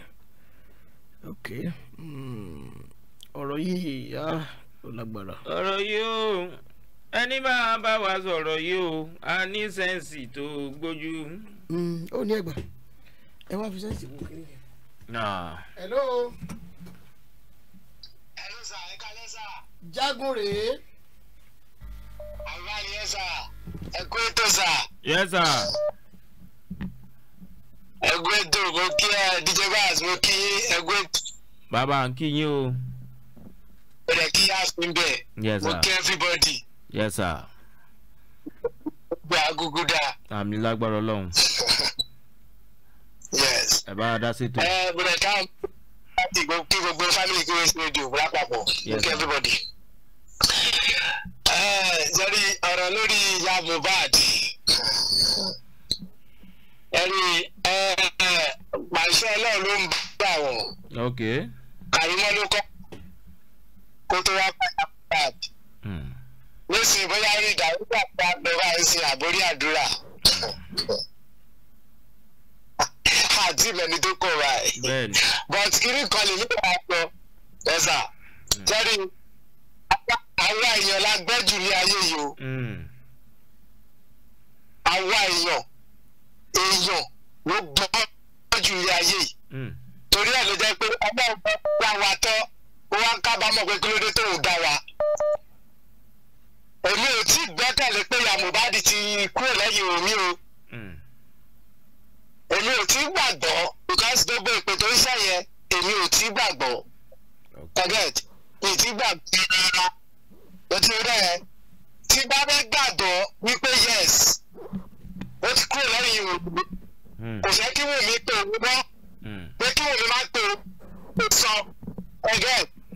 okay. Mm. ọ̀rọ̀ yìí ah, ó lágbára. ọ̀rọ̀ yìí ó ẹni máa bá wa sọ̀rọ̀ yìí ó a ní sẹ́ǹsì tó gbójú. Hmm, ó ní ẹgbà ẹ wá fi sẹ́ǹsì kú kiri. Ah. hello. hello sir ẹ kálẹ́ sir. jágùn rèé. àwa yẹn sà ẹ kú ètò sà. yẹn sà ẹgbẹ́ tó mo kí ẹ díjẹ́ bá mo kí ẹgbẹ́. bàbá ń yín o bẹ̀rẹ̀ kí á sí Yes. mo kí everybody. yes sir. gba agogo dáa. àmì lágbára ọlọ́run. yes. ẹ bá a dá sí tó. ẹ bẹ̀rẹ̀ ká láti kí gbogbo family kí wọ́n ṣe rédíò lápapọ̀ mo kí everybody. ẹ sẹ́rí ọ̀rọ̀ lórí ìyá Mohbad ẹ̀rí ẹ̀ pàṣẹ ọlọ́run ló ń bá wọn. ok. àyìnbó ló kọ́ kó tó wá padà pad lóṣù bóyá rí ìdàrúgbà pa lọ́wọ́ àìsàn àbórí àdúrà àti ìmẹ̀ni tó kọ̀ wá ẹ̀ but kiri kọlì nípa àpọ̀ ẹ̀sà sọ́rí hmm. àwa èèyàn la gbẹ́jù ní ayé yìí o hmm. àwa èèyàn èèyàn ló gbọ́ jù ní ayé yìí hmm. torí ẹ̀ ló jẹ́ pé ọgbọ́n gbọ́ wá wa tán ó wá ń kábàámọ̀ pé kí ló dé tó ò dá wa èmi ò tí gbẹ́kẹ̀lé pé ìyá Mohbad ti kúrò lẹ́yìn omi o hmm. èmi ò tí gbàgbọ́ because gbogbo ìpè tó ń ṣẹ̀yẹ èmi ò tí gbàgbọ́ target ìtí gbàgbọ́ rárá ló ti rẹ̀ yẹn tí bá fẹ́ gbàgbọ́ wípé yes o ti kúrò lẹ́yìn omi hmm. kò fẹ́ kí Wùmí pé òun mọ́ hmm. pé kí Wùmí má pé òun sọ target.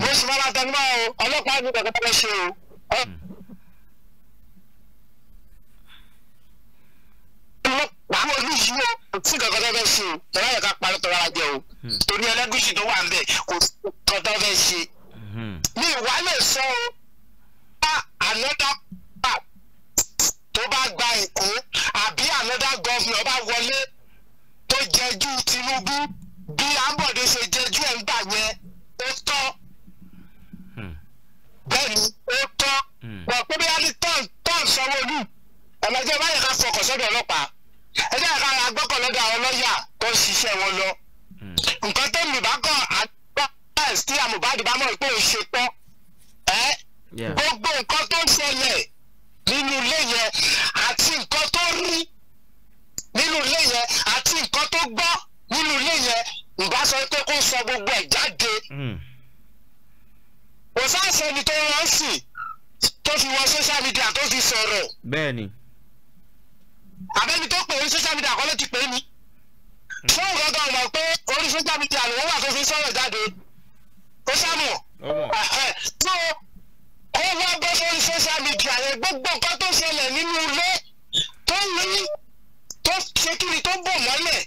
mo sì máa tẹnu mọ́ o ọlọ́pàá mi kọ̀ọ̀kan fẹ́ ṣe o. ọlọ́pàá olú yìí o tí kọ̀ọ̀kan tó fẹ́ ṣe o tọ́lá yẹ ká parí tọ́lá ara jẹ o hmm. torí Ẹlẹ́gùṣì tó wà níbẹ̀ kò sí kọ̀ọ̀kan tó fẹ́ ṣe. Hmm. mi ìwà lè sọ o bá another part tó bá gba Èkó àbí another governor bá wọlé tó jẹjú Tinubu bí Ambode ṣe jẹjú ẹ̀ ń gbà yẹn ó tọ́ bẹ́ẹ̀ni ó tọ́ wọ́n hmm. pé bí alẹ́ tán tán sanwó-olú ẹ̀mẹ́jẹ́ báyìí ká fọkàn sọ́dọ̀ ọlọ́pàá ẹ̀jẹ̀ ká agbọ́kàn lọ́dọ̀ àwọn lọ́ọ̀yà tó ń ṣiṣẹ́ wọn lọ. Hmm. nǹkan tó mi bá kọ́ àgbáyé tí àmùbádì bá mọ̀ pé ó ṣe tán ẹ́ gbogbo nǹkan tó ń ṣẹlẹ̀ nínú ilé yẹn àti nǹkan tó rí nínú ilé yẹn àti nǹkan tó gbọ́ nínú ilé yẹn ìbá sọ pé kó sọ gbogbo ẹ̀ jáde. Hmm kò sáàsẹ̀ ni tó wọ́n ń sìn tó fi wọ social media tó fi sọ̀rọ̀. bẹ́ẹ̀ni. àbẹ́ni tó pè é social media kọ́ ló ti pè é ni. fún ìgbàgbọ́ ọ̀mọ̀ pé orí social media ló wà tó fi sọ̀rọ̀ jáde ó sàmù. tó ó wá bọ́ sórí social media yẹn gbogbo nǹkan tó ṣẹlẹ̀ nínú ilé tó ní tó ṣe kí tó bò mọ́lẹ̀.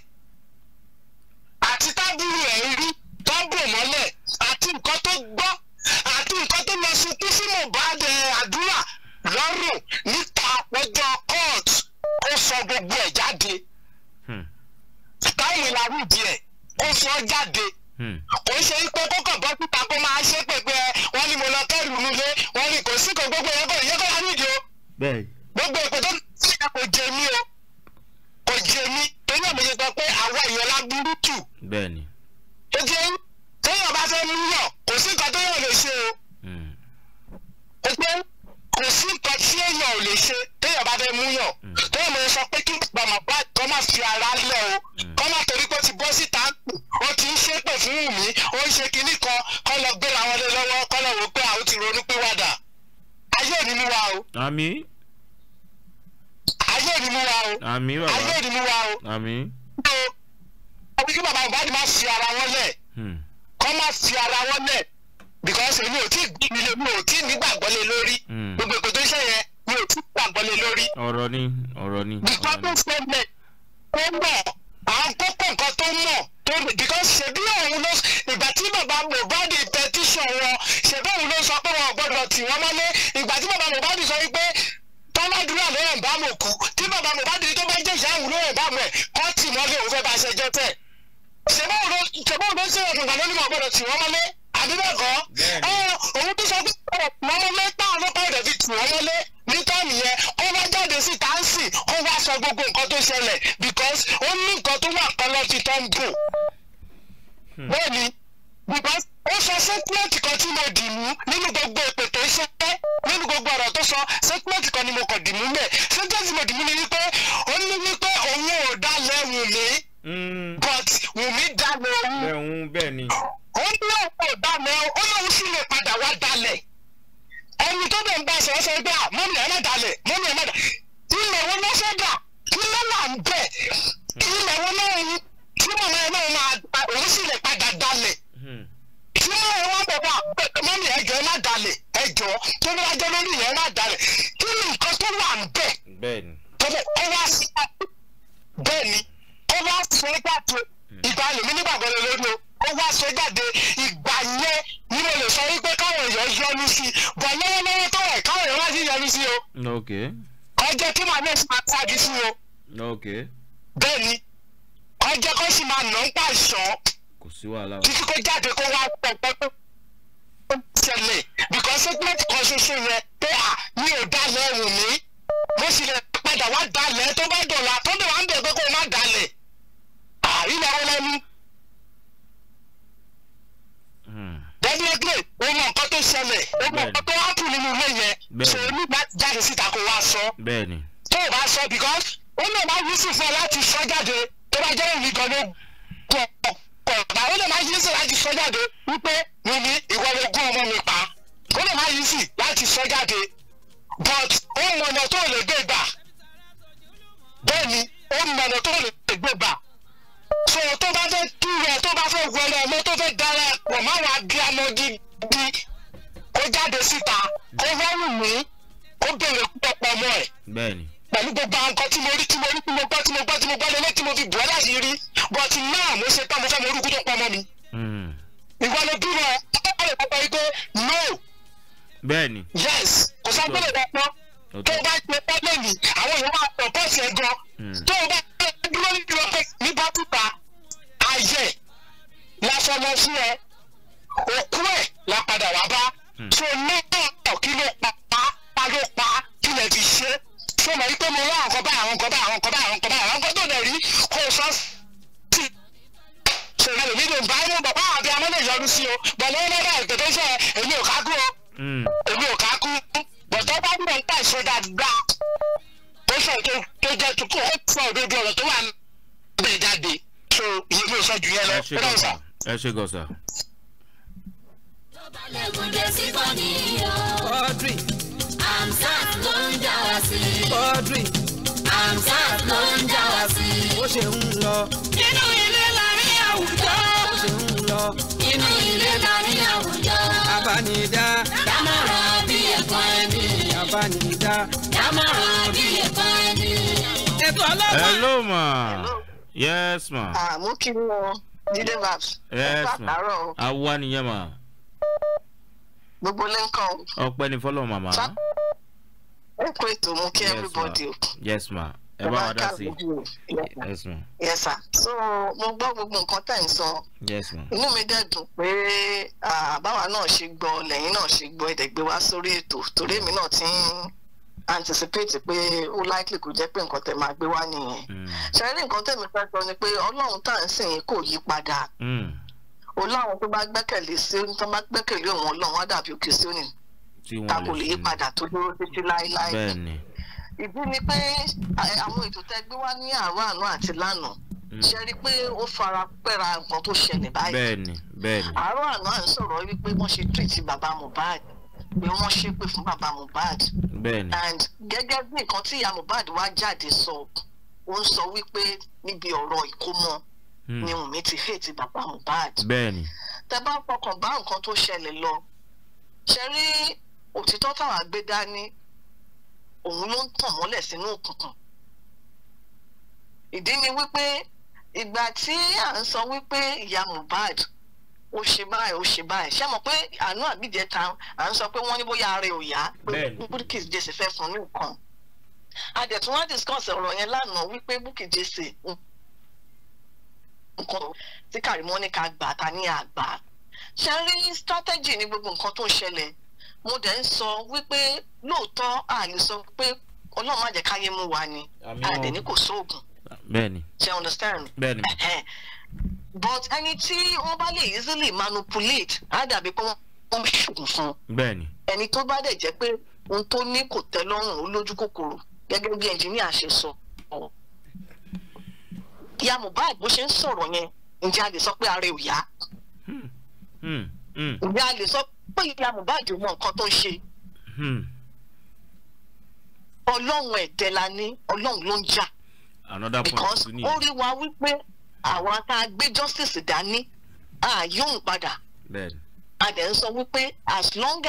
I got ọmọ bàbá àti àmọ́ lè sí o bọ̀lẹ́ lọ́dọ̀ ìgbẹ́dẹ́ sẹ́ èmi ò kákú o mm. èmi ò kákú bọ̀tọ́ bá ń bẹ̀ ń tàṣe dáadáa sọ tó jẹ́ tó kó ó fọ ọ̀rọ̀ tó wà bẹ̀ jáde so ìyẹn mi ò sọ jù yẹn lọ ẹ náà sà. ẹ ṣe gọ sà. Quadri. Amsat ló ń já wa sí. Quadri. Amsat ló ń já wa sí. Ó ṣe ń lọ. Nínú ilé lọ inú ilé la rí àwùjọ. abánidá. dámọ̀ràn bí ẹ̀kọ́ ẹni. abánidá. dámọ̀ràn bí ẹ̀kọ́ ẹni. ètò ọlọ́wọ́. hello ma. yes ma. àmú kí wọn jíde babs. yes ma awa nìyẹn ma. gbogbo lẹ́ńkàn. ọpẹ́ ni fọlọ́ màmá. ẹ kó ètò mú kí everybody yes ma. Yes, ma ẹ bá wa dá sí i. yes sir so mo gbọ́ gbogbo nǹkan tẹ̀ ń sọ inú mi dẹ̀ dùn pé àbáwa náà ṣe gbọ́ lẹ́yìn náà ṣe gbọ́ ẹ̀dẹ̀ gbé wá sórí ètò torí èmi náà ti ń anticipate pé ó likely kò jẹ́ pé nǹkan tẹ̀ máa gbé wá nìyẹn hmm. ṣe rí nǹkan tẹ̀mí fẹ́ sọ ni pé ọlọ́run tá à ń sìn yín kò yí padà hmm. o láwọn tó bá gbẹ́kẹ̀lé sí tó bá gbẹ́kẹ̀lé òun ọlọ́run á dàbí òkè sí òní ta kò lè yí padà tó dúró títí láéláé ìdí ni pé àwọn ètò tẹ́ gbé wá ní àárọ̀ àná àti lánàá mm. ṣe rí pé ó fara pẹ́ra nǹkan tó ṣẹlẹ̀ báyìí. bẹ́ẹ̀ni bẹ́ẹ̀ni. àárọ̀ àná ń sọ̀rọ̀ wípé wọ́n ṣe tírìtì bàbá Mohbad pé wọ́n ṣépè fún bàbá Mohbad. bẹ́ẹ̀ni. and gẹ́gẹ́ bí nǹkan tí ìyá Mohbad wá jáde sọ ó ń sọ wípé níbi ọ̀rọ̀ ìkómọ mm. ni Wùnmí ti hate bàbá Mohbad. bẹ́ẹ̀ni. tẹ bá fọkàn bá nǹkan tó ṣẹlẹ̀ lọ ṣe rí òtítọ́ táwa gbé dání òun ló ń tàn mọ́lẹ̀ sínú òkùnkùn ìdí ni wípé ìgbà tí à ń sọ wípé ìyá Mohbad ó ṣe báyìí ó ṣe báyìí ṣé mọ̀ pé àánú àbíjẹ ta à ń sọ pé wọ́n ní bóyá ara ò yá pé Bukky Jesse fẹ́ fún ní nǹkan adẹ̀tún wá discuss ọ̀rọ̀ yẹn lánàá wípé Bukky Jesse nǹkan tí Karimo ní ká gbà ta ní àgbà ṣe ń rí strategy ní gbogbo nǹkan tó ń ṣẹlẹ̀ mo dẹ̀ ń sọ wípé lóòótọ́ àní sọ pé ọlọ́run má jẹ́ káyé mú wa ni àdẹ̀ ní kò sóògùn bẹ́ẹ̀ni ṣe understand bẹ́ẹ̀ni but ẹni tí wọ́n bá lè easily manipulate á dàbí pé wọ́n ń ṣògùn fún bẹ́ẹ̀ni ẹni tó bá dẹ̀ jẹ́ pé ohun tó ní kò tẹ́ lọ́rùn ó lójú kòkòrò gẹ́gẹ́ bí ẹnjìníà ṣe sọ ìyá Mohbad bó ṣe ń sọ̀rọ̀ yẹn ǹjẹ́ a lè sọ pé ara ẹ̀ ò yá. Hmm. Hmm. ìyá hmm. lè sọ pé ìyá Mohbad mọ nǹkan tó ń ṣe hmm. ọlọ́run ẹ̀dẹ̀ la ní ọlọ́run ló ń jà because ó rí wa wípé àwa tá a gbé justice dání ààyòun padà a dẹ̀ ń sọ wípé as long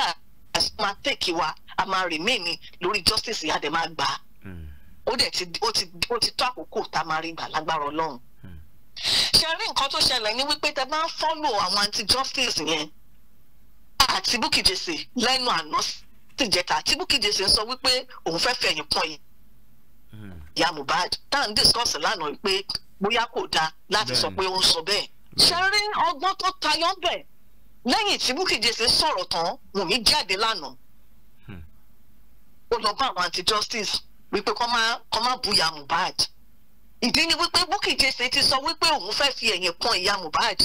as ma take wa a máa remain lórí justice yá dẹ̀ máa gbà hmm. ó dẹ̀ ti ó ti tó àkókò tá a máa rí gbà lágbára ọlọ́run ṣe rí nǹkan tó ṣẹlẹ̀ ní wípé tẹ bá ń fọ́lò àwọn anti-justice yẹn àti Bukky Jesse lẹ́nu àná sì jẹta àti Bukky Jesse ń sọ wípé òun fẹ́ fẹ̀yìn pọ́n yìí hmm. ìyá Mohbad tá discuss lánàá wípé bóyá kò dáa láti sọ pé ó ń sọ bẹ́ẹ̀ ṣe rí ọgbọ́n tó tayọ bẹ́ẹ̀ lẹ́yìn tí Bukky Jesse sọ̀rọ̀ tán Wùnmí jáde lánàá hmm. ó lọ bá àwọn anti-justice wípé kọ́ má bùyà Mohbad. Hmm ìdí ni wípé Bukky Jesse ti sọ wípé òun fẹ́ fi ẹ̀yìn kan ìyá Mohbad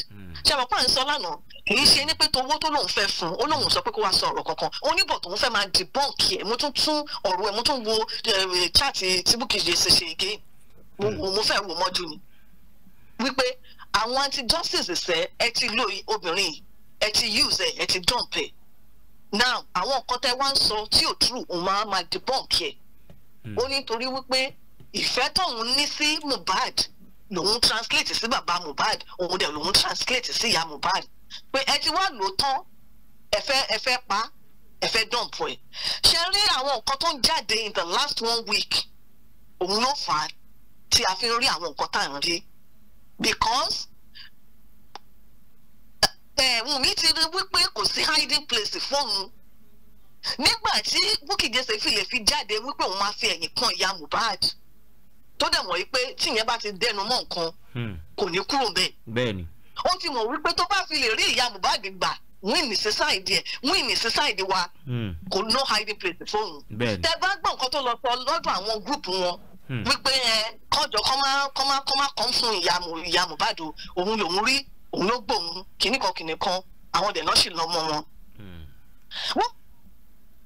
ṣe àwọn pàrọ̀ ń sọ lánàá kì í ṣe ní pé towó tó lòun fẹ́ fún ó lòun sọ pé kó wá sọ ọ̀rọ̀ kankan ó ní bọ̀ tóun fẹ́ máa dìbọ́ǹkì ẹ̀ mo tún tún ọ̀rọ̀ ẹ̀ mo tún wo eh, chaati tí Bukky Jesse ṣe ege hmm. mo fẹ́ wò mọ́jú ni wípé àwọn anti justice ṣe ẹ ti lo obìnrin ẹ ti use ẹ ẹ ti dump ẹ now àwọn nǹkan tẹ wá ń sọ tí ò true òun máa máa dìbọ́ǹkì ẹ̀ hmm. ó nítorí wípé ìfẹ́ tóun ní sí Mohbad lòun translate sí bàbá Mohbad òun dẹ̀ lòun translate sí ìyá Mohbad pé ẹ ti wá lò tán ẹ fẹ́ ẹ fẹ́ pa ẹ fẹ́ dọ̀npù ẹ̀ ṣe rí àwọn nǹkan tó ń jáde in the last one week òun ló fà á tí a fi ń rí àwọn nǹkan tá à ń rí because Wùnmí ti rí wípé kò sí hiding place fóun nígbà tí Bukky Jesse fi lè fi jáde wípé òun máa fi ẹ̀yìn kan ìyá Mohbad tó dẹ̀ mọ̀ wípé tíyẹn bá ti dẹnu mọ́ nǹkan hmm. kò ní kúrò bẹ́ẹ̀. bẹ́ẹ̀ni. ó ti mọ̀ wípé tó bá fi lè rí ìyá Mohbad gbà win ní society ẹ̀ win ní society wa hmm. kò no hiding place fóun. bẹ́ẹ̀ni. tẹ bá gbọ́ nǹkan tó lọ sọ lọ́dọ̀ àwọn gúrùpù wọn hmm. wípé ẹ kọjọ kọ́má kọ́má kọ́má kan fún ìyá Mohbad òun lòun rí òun ló gbóhun kìnnì kan kìnnì kan àwọn dẹ̀ náà sì lọ mọ wọn. wọ́n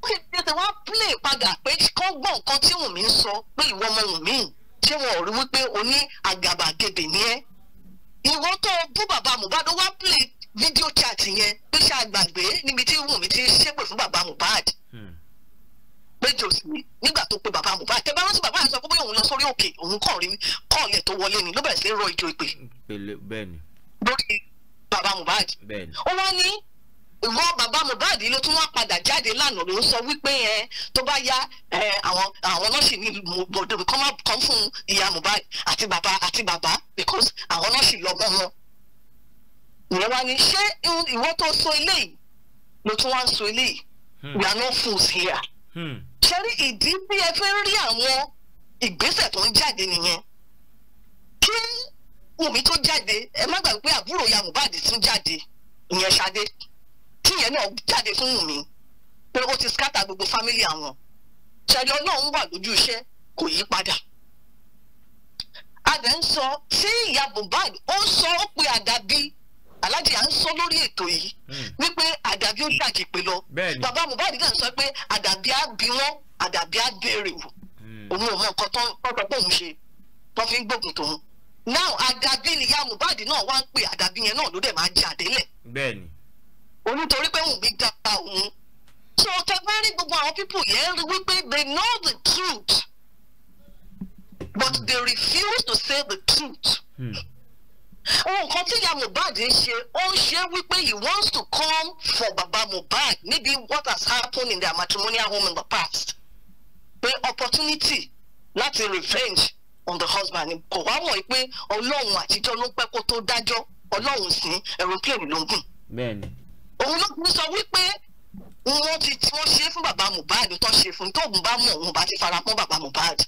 kéde tí wọ́n á play padà pé kán gbọ́ nǹkan tí Wùnmí ń sọ pé ìwọ ọmọ Wùnmí yìí ṣé wọn ò rí wípé o ní àgàbàgebè ní ẹ ìwọ tó bú bàbá Mohbad wá play fídíò chat yẹn tó ṣe àgbàgbé níbi tí Wùnmí ti ṣépè fún bàbá Mohbad hmm. péjọ sí nígbà tó pe bàbá Mohbad tẹ bá rántí bàbá yẹn sọ bóyá òun lọ sórí òkè òun kàn rí kọ́ọ̀lì tó wọlé ni ló bẹ̀rẹ̀ sí rọ ìjọ ìpè lórí bàbá Mohbad ó wá ní ìwọ bàbá Mohbad ló tún wá padà jáde lánàá ló sọ wípé ẹ tó bá yá àwọn àwọn nọ́ọ̀sì ní bọ̀dọ̀ kọ́má kan fún ìyá Mohbad àti bàbá àti bàbá because àwọn nọ́ọ̀sì lọ́mọ wọn. ìyẹn wá ní ṣé ìwọ tó sọ eléyìí ló tún wá ń sọ eléyìí hmm. we are no fools here. Hmm. ṣé rí ìdí bí ẹ fẹ́ rí àwọn ìgbésẹ̀ tó ń jáde nìyẹn kí Wùmí tó jáde ẹ má gbàgbé àbúrò ìyá Mohbad tún jáde ìyẹn Ṣadé tíyẹn náà jáde fún wùmí pé ó ti skata gbogbo fámílì àwọn ṣẹlẹ̀ Ọlọ́run wà lójú iṣẹ́ kò yí padà adẹ ń sọ tí ìyá Mohbad ó sọ ó pe àdàbí aláàjì à ń sọ lórí ètò yìí hmm. wípé àdàbí ó dàjì pé lọ bàbá Mohbad náà sọ pé àdàbí á bí wọn àdàbí á béèrè wò hmm. òun ò mọ nǹkan tó ń pé òun ṣe tó fi ń gbógun tòun náà àdàbí ni ìyá Mohbad náà wá ń pè àdàbí yẹn náà ló dẹ̀ máa jẹ àdélẹ̀. bẹ́ẹ̀ni onítorí pé Wùmí gba òun so tẹgbẹ́rì gbogbo àwọn people yẹn rí wípé they know the truth but they refuse to say the truth. Hmm ohun kan tí ìyá Mohbad ń ṣe ó ń ṣe wípé he wants to come for baba Mohbad níbi what has happened in their matrimonial home in the past pé opportunity láti revenge on the husband kò wá mọ̀ pé ọlọ́run àtijọ́ ló pẹ́ kó tó dájọ́ ọlọ́run sí aeroplane ló ń gùn. bẹ́ẹ̀ni òun ló ti sọ wípé wọ́n ti tí wọ́n ṣe fún bàbá Mohbad tó ṣe fún tó bá mọ̀ òun bá ti fara mọ́ bàbá Mohbad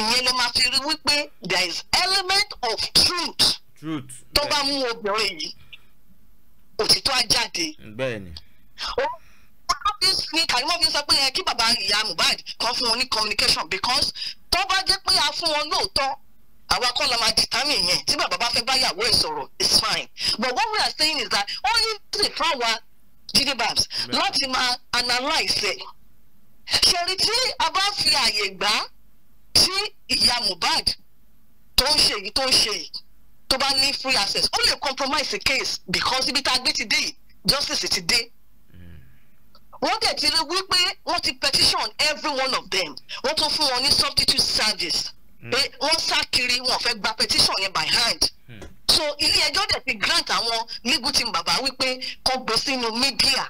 ìyẹn ló máa fi rí wípé there is element of truth tó bá mú obìnrin yìí òtítọ́ á jáde. bẹ́ẹ̀ni. fi ní kàní wọ́n fi sọ pé kí bàbá ìyá Mohbad kan fún wọn ní communication because tó bá jẹ́ pé a fún wọn lóòótọ́ àwa kọ́ la máa determine yẹn tí bàbá bá fẹ́ báyàwó ẹ̀ sọ̀rọ̀ it's fine but what we are saying is that only the fáwa jíde babs láti máa analyse ẹ̀ ṣẹ̀rí tí a bá fi àyè gbà tí ìyá Mohbad tó ń ṣe èyí tó ń ṣe èyí tó bá ní free access ó lè compromise the case because ibi tá a gbé ti dé yìí justice ti dé hmm. wọ́n dẹ̀ ti rí wípé wọ́n ti petition every one of them wọ́n tún fún wọn ní substitute service Mm. pé wọ́n sá kiri wọn fẹ́ gba petition yẹn by hand hmm. so ilé ẹjọ́ dẹ̀ ti grant àwọn legal team bàbá wípé kó gbé sínú media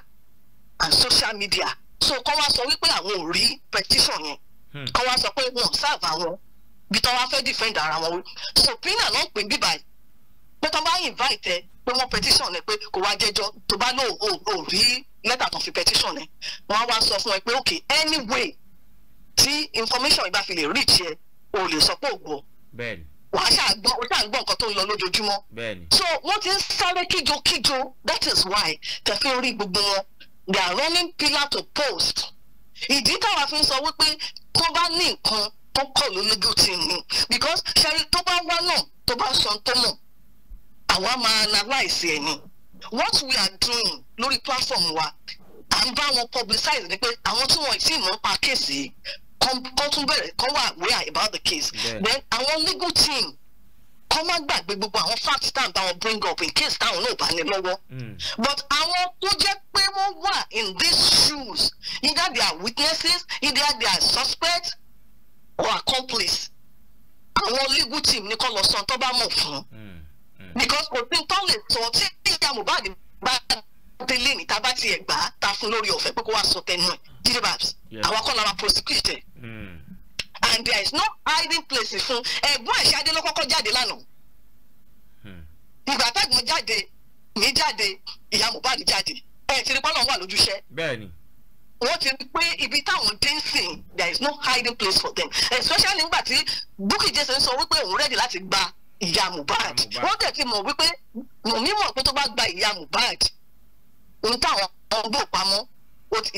and social media so kó wá sọ wípé àwọn ò rí petition yẹn hmm. kó wá sọ pé wọn ò sáàbà wọn bí tọ́ wá fẹ́ defend ara wọn so pina ló ń pè bíbá yìí pé tọ́ bá invite ẹ pé wọ́n petition ẹ pé kò wá jẹ́jọ́ tó bá lóò ò rí lẹ́tà tó fi petition ẹ wọ́n á wá sọ fún ẹ pé okay anyway tí information yìí bá fi lè reach ẹ o lè sọ pé o wà á ṣàgbọ́n o ṣàgbọ́n nǹkan tó ń lọ lójoojúmọ́ so wọ́n ti ń sáré kíjo kíjo that is why tẹ̀fẹ́ orí gbogbo wọn they are running pillar to post ìdí táwa fi ń sọ wípé tó bá ní nǹkan tó kọ̀ ló lójú tì mí because ṣẹ́rí tó bá wá náà tó bá sọ tó mọ̀ àwa máa analyse ẹ̀ ni what we are doing lórí platform wa à ń bá wọn publicize ni pé àwọn tí wọn ì tí ì mọ̀ pa kéèsì kọ́ tún bẹ̀rẹ̀ kọ́ wà wíyà about the case yeah. then àwọn legal team kọ́ má gbàgbé gbogbo àwọn facts táwọn táwọn bring up in case táwọn náà bá ní lọ́wọ́ hmm. but àwọn tó jẹ́ pé wọ́n wà in these shoes either they are witnesses either they are suspects or accomplice àwọn legal team ní kọ́ lọ sọ tó bá mọ̀ fún hmm. Hmm. because kò sí tó lè sọ tí ìyá Mohbad bá délé ní tá a bá tiẹ̀ gbà á ta fún lórí ọ̀fẹ́ pé kó wá sọ tẹnu ẹ̀ diribabs àwọn kọ́ la prosecuted hmm. and there is no hiding place fún ẹ̀gbọ́n àṣàdé ló jáde lánàá hmm. ìgbà tẹ́gbọ́n jáde mi jáde ìyá Mohbad jáde ẹ̀ ti rí pọ́lọ́ wà wọ́n ti rí pé ibi táwọn dé there is no hiding place for them especially nígbà tí Bukky Jesse ń sọ wípé òun rẹ́dì láti gba ìyá Mohbad wọ́n tẹ̀ ti mọ̀ wípé mímọ̀ pé tó bá gba ìyá Mohbad òun táwọn ọgbọ́n pamọ́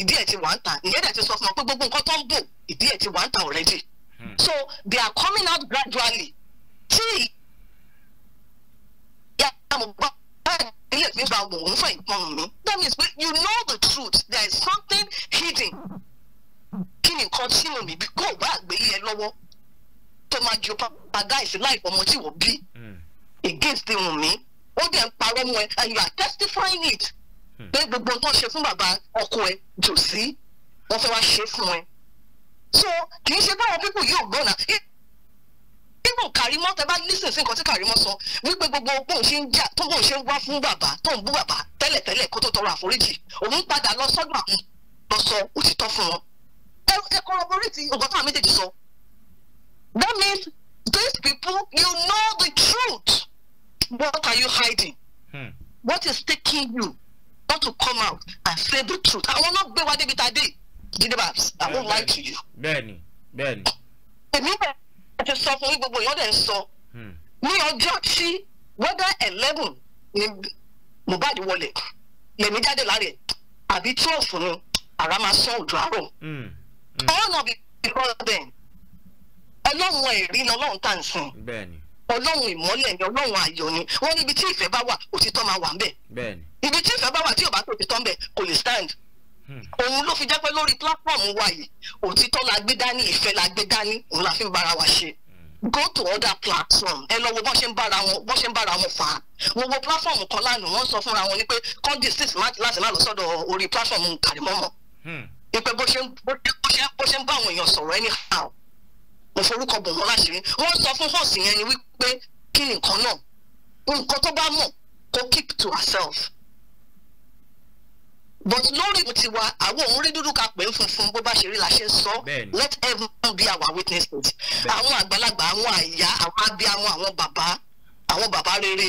ìdí ẹ̀ ti wà ń ta ìyẹn dẹ̀ ti sọ fún wọn pé gbogbo nǹkan tó ń bò ìdí ẹ̀ ti wà ń ta already hmm. so they are coming out gradually tí ìyá Mohbad ilé mi gba òun fún ìpọn mi that means you know the truth there is something hidden kí ni nǹkan tí mo mi bí kó o bá àgbélé ẹ lọ́wọ́ tó máa ju paradise life ọmọ tí wọ́n bí hmm. against ìwọ̀n mi ó dẹ̀ ń parọ́ mọ́ ẹ and you are testifying it. Hmm. pé gbogbo tó ń ṣe fún bàbá ọkọ ẹ jò sí wọ́n fẹ́ wá ṣe fún ẹ so kì í ṣe pé àwọn pípù yóò gbọ́nà pípù Kàrímọ́ tẹ bá lísìn sí nǹkan tí Kàrímọ́ sọ wípé gbogbo bóun ṣe ń jà tó bóun ṣe ń wá fún bàbá tó ń bú bàbá tẹ́lẹ̀tẹ́lẹ̀ kó tó tọrọ àforíjì òun padà lọ sọ́dọ̀ àwọn lọ sọ òtítọ́ fún wọn ẹ ẹ corroborate ọgbọ́n táwọn méjèèjì sọ that means these people you know the truth what are you hiding hmm. what is taking you ought to come out and say the truth àwọn náà gbé wa débi tá a dé jíde babs i won't lie to you. bẹ́ẹ̀ni bẹ́ẹ̀ni. èmi bẹ̀rẹ̀ ti sọ fún gbogbo ìyọ́dẹ̀ ń sọ hmm. ní ọjọ́ tí wẹ́dà eleven ni Mohbad wọlé lèmi jáde láre àbí twelve ni ara máa sán òjò àárọ̀ hmm, hmm. ọ̀hún náà bí because then ọlọ́run ẹ̀rí ni ọlọ́run tá à ń sìn ọlọ́run ìmọ́lẹ̀ ni ọlọ́run ayọ̀ ni wọ́n níbi tí ìfẹ́ bá wà òtítọ́ máa wà ń bẹ̀. bẹ́ẹ̀ni ibi tí ìfẹ́ bá wà tí ò bá tó òtítọ́ mbẹ̀ kò lè stand hmm. òun ló fi jẹ́ pé lórí platform wa yìí òtítọ́ la gbé dání ìfẹ́ la gbé dání òun la fi ń bára wa ṣe hmm. go to other platform ẹ lọ wo bọ́n ṣe ń bára wọn bọ́n ṣe ń bára wọn fà á wo wo platform kan lánàá wọ́n sọ fúnra wọn ní pé kọ́ndí six láti má lọ sọ́dọ̀ orí platform kàrímọ́mọ́ ìpè hmm. bó ṣe bó ṣe ń bá àwọn èèyàn sọ̀rọ̀ anyhow mo forúkọ bò wọ́n láṣìírí wọ́n sọ fún họ́ọ̀sì yẹn ni wípé kí nìkan náà nǹkan tó bá mọ̀ kó keep to herself but lórí ìbò tiwa àwọn òun rí dúdú ká pè é funfun bó bá ṣe rí la ṣe ń sọ let everyone be our witnesses àwọn àgbàlagbà àwọn àyà àwọn abiyamọ àwọn bàbá àwọn bàbá rere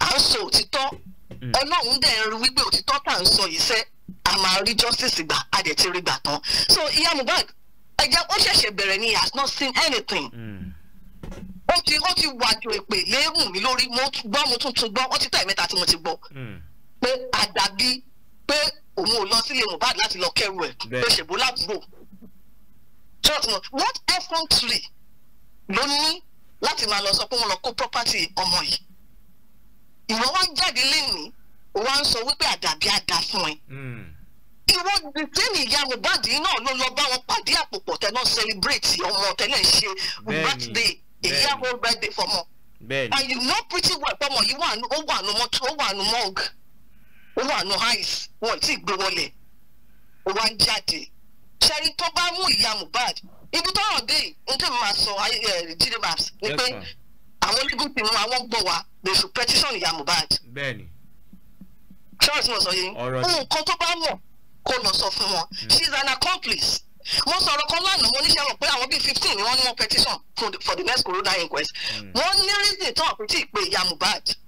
à ń sọ òtítọ́ mm. ọlọ́run dẹ̀ ń wípé òtítọ́ tá à ń sọ yìí sẹ́ a máa rí justice gbà a dẹ̀ ti rí gbà tán so ìyá Mohbad ẹ̀jẹ̀ ó ṣẹ̀ṣẹ̀ bẹ̀rẹ̀ ni he has not seen anything. Mm ó ti ó ti wàjò èpè léèmù mi lórí mo gbọ́ mo tún tún gbọ́ ó ti tó ẹ̀mẹ́ta tí mo ti gbọ́ mm. pé àdàbí pé òun ò lọ sílé Mohbad láti lọ kẹrù ẹ̀ pé ṣèbó lábúrò church mọ what effrontery ló ní láti máa lọ sọ pé wọ́n lọ kó property ọmọ yìí ìwọ wá jáde lẹ́nu o wá ń sọ wípé àdàbí àdá fún ẹ hmm. ìwọ dìtẹ́nì ìyá Mohbad náà ló lọ bá wọn pàdé àpòpọ̀ tẹ́ náà celebrate ọmọ tẹ́lẹ̀ ṣe birthday èyí àpò birthday fọmọ and you know pretty well pọmọ yìí ó wà nù mọ́tò ó wà nù mọ́ọ̀gù wà nù ice wọn tí gbé wọlé ó jáde ṣẹ́ni tó bá mú ìyá Mohbad ibi tọ́rọ̀ dé n mi máa sọ jíde maps ni pé àwọn legal team àwọn gbọ́ wa they should ìyá Mohbad. charles mọ̀ sọ yìí nǹkan tó bá mọ̀ kó lọ sọ fún wọn hmm. she is an accomplice mo sọ̀rọ̀ kan lánàá mo níṣẹ́ mọ̀ pé àwọn bíi fifteen ni wọ́n ní wọ́n petition for the next corona inquest hmm. wọ́n ní reason tó àpótí ìpè ìyá Mohbad. Mm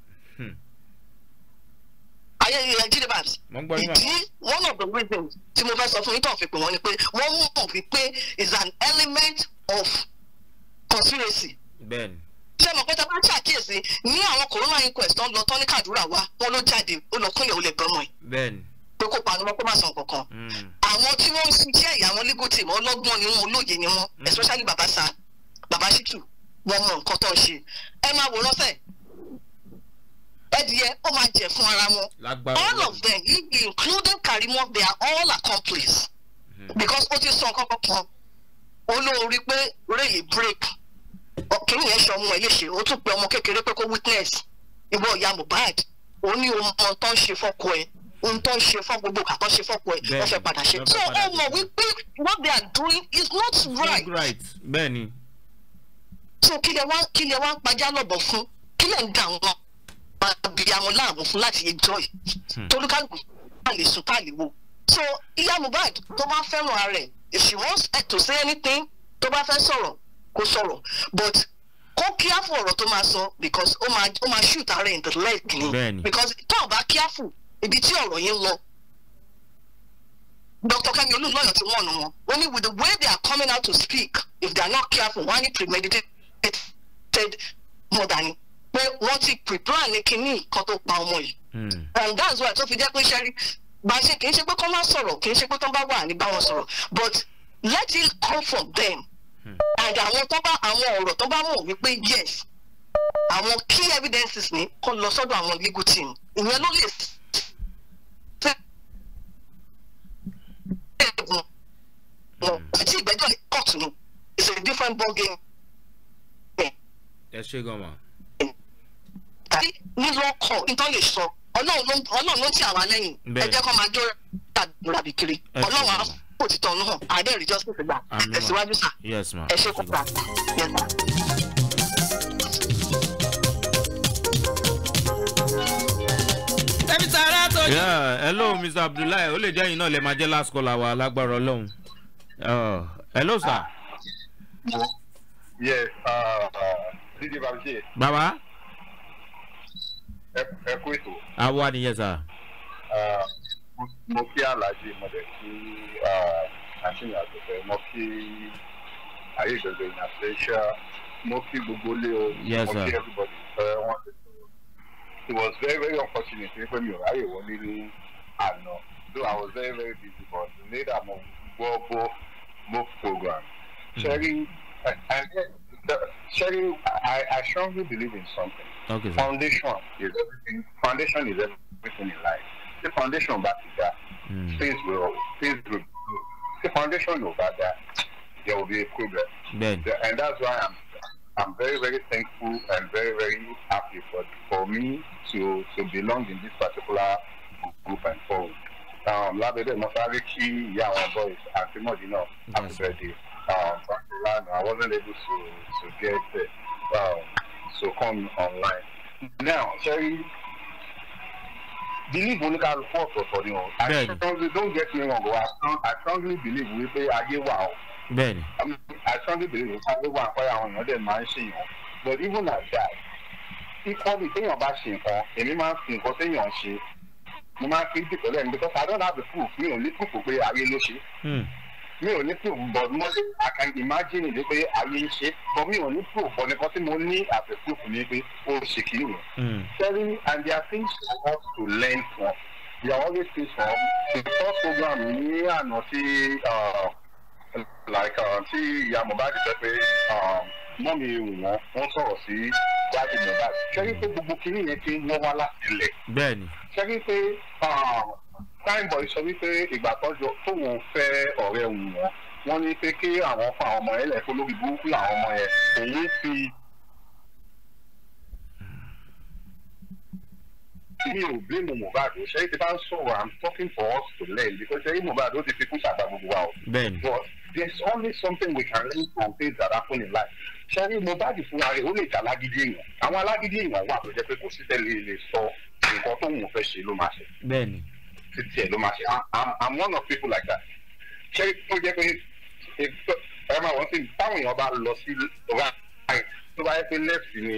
ayé ilẹ̀ jíde ìdí one of the reasons tí mo fẹ́ sọ fún yín tó pè wọ́n ni pé wọ́n mú wípé is an element of conspiracy. bẹ́ẹ̀ni ṣé mo pé tá a bá ṣàkíyèsí ní àwọn corona inquest tó ń lọ tán ní Kàdúrà wa wọn ló jáde ó lọ kúnlẹ̀ ó lè gbọ́mọ̀ ẹ̀. bẹ́ẹ̀ni pé kó panu wọn kó má san kankan. Hmm. àwọn tí wọ́n ń ṣiṣẹ́ ẹ̀yà àwọn legal team ọlọ́gbọ́n ni wọn olóye ni wọn hmm. especially baba sa wọn mọ nǹkan tó ń ṣe ẹ máa wòrán sẹ́ẹ̀ ẹdìyẹ ó máa jẹ fún ara wọn all of them including Karimot they are all accomplices mm -hmm. because ó ti sọ nǹkan kankan olórí pé rail break ọkùnrin yẹn ṣe ọmọ ẹ léṣe ó tún pe ọmọ kékeré pé kó witness ìwọ ìyá Mohbad ó ní ohun tó ń ṣe fọkọ ẹ ohun tó ń ṣe fún gbogbo àtọ́ ṣe fọ́pọ̀ ẹ̀ wọ́n fẹ́ padà ṣe. so ó mọ̀ wípé what they are doing is not right. right bẹ́ẹ̀ so kí lè wá kí lè wá pajá lọ́bọ̀ fún kí lè ń dà wọ́n máa bí àwọn láàmú fún láti enjoy hmm. tolúkàlùkù máa lè sùn táà lè wo so ìyá Mohbad tó bá fẹ́ràn ara ẹ̀ if she wants to say anything tó bá fẹ́ sọ̀rọ̀ kó sọ̀rọ̀ but kó careful ọ̀rọ̀ tó máa sọ because ó máa ó máa shoot ara in the leg ni because tó o bá careful ibi tí ọ̀rọ̀ yẹn lọ Dr. Kemi Olúlọ́yọ̀ ti wọ̀nù wọn ó ní with the way they are coming out to speak if they are not careful wọ́n á premeditated murder ni pé wọ́n ti prepare ní kinní nǹkan tó pa ọmọ yìí hmm. and that's why tó fi jẹ́ pé ṣẹ́rí bá ṣe kì í ṣe pé kó má sọ̀rọ̀ kì í ṣe pé tó bá wà ní báwọn sọ̀rọ̀ but let it come from them mm. and àwọn tó bá àwọn ọ̀rọ̀ tó bá mọ̀ wípé yes àwọn key evidences ni kó lọ sọ́dọ̀ àwọn legal team ìyẹn ló lè ṣẹ́gun wọn àti ìgbẹ́jọ́ ní kóòtù ni it's a different ball game. ẹ ṣe gan-an tí nílò ọkọ̀ nítorí lè sọ ọlọ́run ló ti àwa lẹ́yìn ẹ jẹ́ máa dúró tàbí kiri ọlọ́run á kò títọ̀ àdéhùn ìjọsìn ti gbà tẹ̀síwájú sà ẹ ṣe kó hello Mr. Abdullahi ó lè jẹ́ yín náà lè máa jẹ́ last caller wa lágbára ọlọ́run oh, hello sir. yes uh, uh, dídí bàbá ṣe ẹ kú ètò. àwa nìyẹn sà. mo kí alájí mo dẹ̀ kí àṣìyàn àgbẹ̀fẹ́ mo kí ayédèdè ní àṣẹṣà mo kí gbogbo lé o mo kí everybody fẹ́ wọn ti tó. it was very very unfortunate wípé mi ò ráyè wọlé ní àná though I was very very busy but later mo gbọ́ bó both programs. Mm. I, I, Sherry, I, I strongly believe in something. Okay, Foundation is everything. Foundation is everything in life. The foundation bá ti dá. Things hmm. will things will do. The foundation ò that There will be a problem. Bẹ́ẹ̀ni. And that's why I'm I'm very very thankful and very very happy for for me to to belong in this particular group and forum. Um, lábẹ́dẹ̀ mo sáré kí ìyá àwọn boys àti mọ̀dí náà happy birthday. Um, I wasn't able to to get there. Um, to come online. Now, sorry, believe oníkàlùkù report for you. I strongly don't get me wrong I strongly believe wípé ayé wà o. Bẹ́ẹ̀ni. I strongly believe wípé ayé wà for our money. dẹ̀ my ń But even at that, equally téèyàn bá ṣe nǹkan, èmi máa ń fi nǹkan téèyàn ṣe. Mo máa ń fi dìpọ̀ lẹ́nu because I don't have the proof mi ò ní proof pé ayé ló ṣe. Hmm mi ò ní proof but mo ṣe i can imagine ni pé ayé ń ṣe but mi ò ní proof but nǹkan tí mo ní as a proof ni pé ó ṣe kí ni. sharing and there are things for us to learn from there are always things for us the first program ní àná tí uh, like uh, tí ìyá Mohbad sọ pé um, mọ́mi wọ́n wọ́n sọ̀rọ̀ sí wájú Mohbad ṣé kí pé hmm. gbogbo kinní yẹn ti ń wọ́n wá láti ilẹ̀ ṣé kí pé. Um, prime sọ wípé ìgbà tọ́jọ tóun fẹ́ ọ̀rẹ́ òun wọn wọ́n ní pé kí àwọn fa ọmọ yẹn lẹ̀ kó lórí burúkú làwọn ọmọ yẹn òun fi. mi ò bí Mohbad o ṣe é ti bá ń sọ̀rọ̀ i'm talking for us to learn because ṣe é Mohbad ó ti fi kú sàgbà gbogbo wa o. bẹ́ẹ̀ni but there's only something we can learn from things that happen in life. ṣe é Mohbad fúnra rẹ̀ ó lè jà lágídí èèyàn àwọn alágídí èèyàn wà tó jẹ́ pé kò sí tẹ́lẹ̀ lè sọ nǹkan tó ń fẹ́ ṣe ló máa ṣe. bẹ́ẹ̀ni ti tiẹ̀ ló máa ṣe i'm one of people like that ṣé tó jẹ́ pé ẹ máa wọ́n sí táwọn èèyàn bá lọ sí right tó bá yẹ pé left ni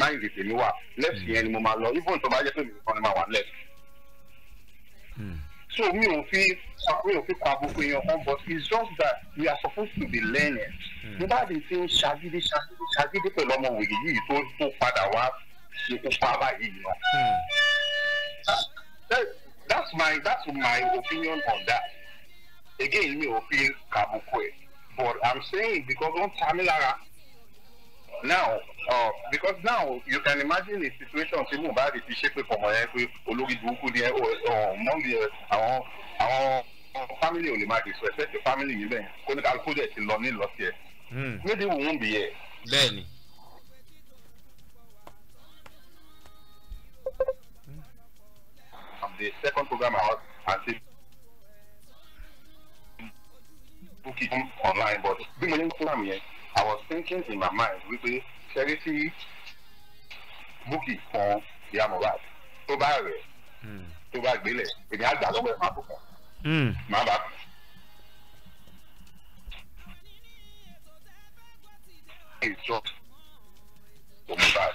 mind tèmi left yẹn ni mo even tó bá yẹ pé mi kan ni left hmm. so mi ò fi mi ò fi pa gbogbo èèyàn kan but it's just that we are supposed to be learning nígbà hmm. tí ti ń ṣàgídí ṣàgídí ṣàgídí pẹ̀lú ọmọ wèrè yìí tó tó padà wá ṣekú pa báyìí náà. Hmm that's my that's my opinion on that again mi ò fi kàbùkù ẹ but i'm saying because wọn ta now uh, because now you can imagine a situation tí Mohbad fi ṣépè fọmọ yẹn pé olórí burúkú ni ẹ mọ́mí ẹ àwọn àwọn family ò lè máa disrespect the family yìí bẹ́ẹ̀ kó ní kálukú dẹ̀ ti lọ nílọ tiẹ̀ méjì wò ń bì yẹ. bẹ́ẹ̀ni. the second program out and say book it online but bí mo ní program yẹn i was thinking in my mind wípé ṣẹ́rí sí búkì kan ìyá mohbad tó bá rẹ̀ hmm. tó bá gbélẹ̀ èmi àgbà lọ́wọ́ ẹ̀ máa tó kàn hmm. máa bá Just for Mohbad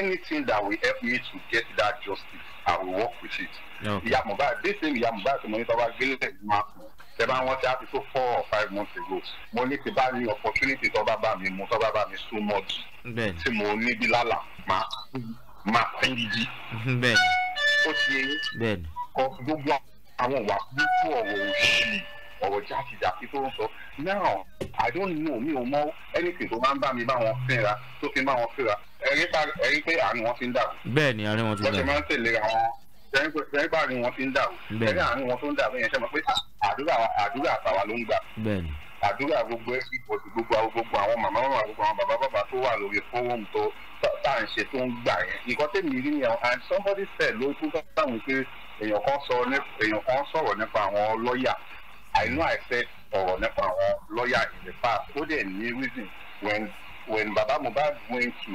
anything that will help me to get that justice I will work with it. Ìyá Mohbad this same Ìyá Mohbad tí mo ní tọ́wá gbélé máa kù tẹ bá wọn ti á ti tó four or five months ago mo ní ti bá ní opportunity tó bá bá mi mu tó bá bá mi sún mọ́ jù tí mo níbi lálà máa máa mhm, pín ó ti yẹ yín gbogbo àwọn ìwà púpọ̀ ọ̀rọ̀ òṣì ọ̀rọ̀ jáde jàpí tó ń sọ now i don't know mi ò mọ anything tó máa ń bá mi bá wọn fínra tó fi bá wọn fínra ẹ̀rí pé àárín wọn fi ń dàrú. bẹ́ẹ̀ ni àárín wọn ti ń dàrú. lọ́sẹ̀ máa ń tẹ̀lé ra wọn ẹ̀rí pé àárín wọn fi ń dàrú. bẹ́ẹ̀ ni àárín wọn tó ń dàrú yẹn ṣe mọ̀ pé àdúrà àdúrà àtàwà ló ń gbà. bẹ́ẹ̀ ni àdúrà gbogbo ẹbí ìbòsí gbogbo àwọn gbogbo àwọn màmá màmá gbogbo àwọn bàbá bàbá tó wà lórí fóònù tó tá à ń ṣe tó ń gbà yẹn nǹkan tẹ̀mí rí yẹn and somebody said ló tún sáwọn pé èèyàn kan sọ̀rọ̀ nípa àwọn lọ́ọ̀yà I know I said for nípa lawyer in the past ó dẹ̀ ní reason when when Baba Mubad went to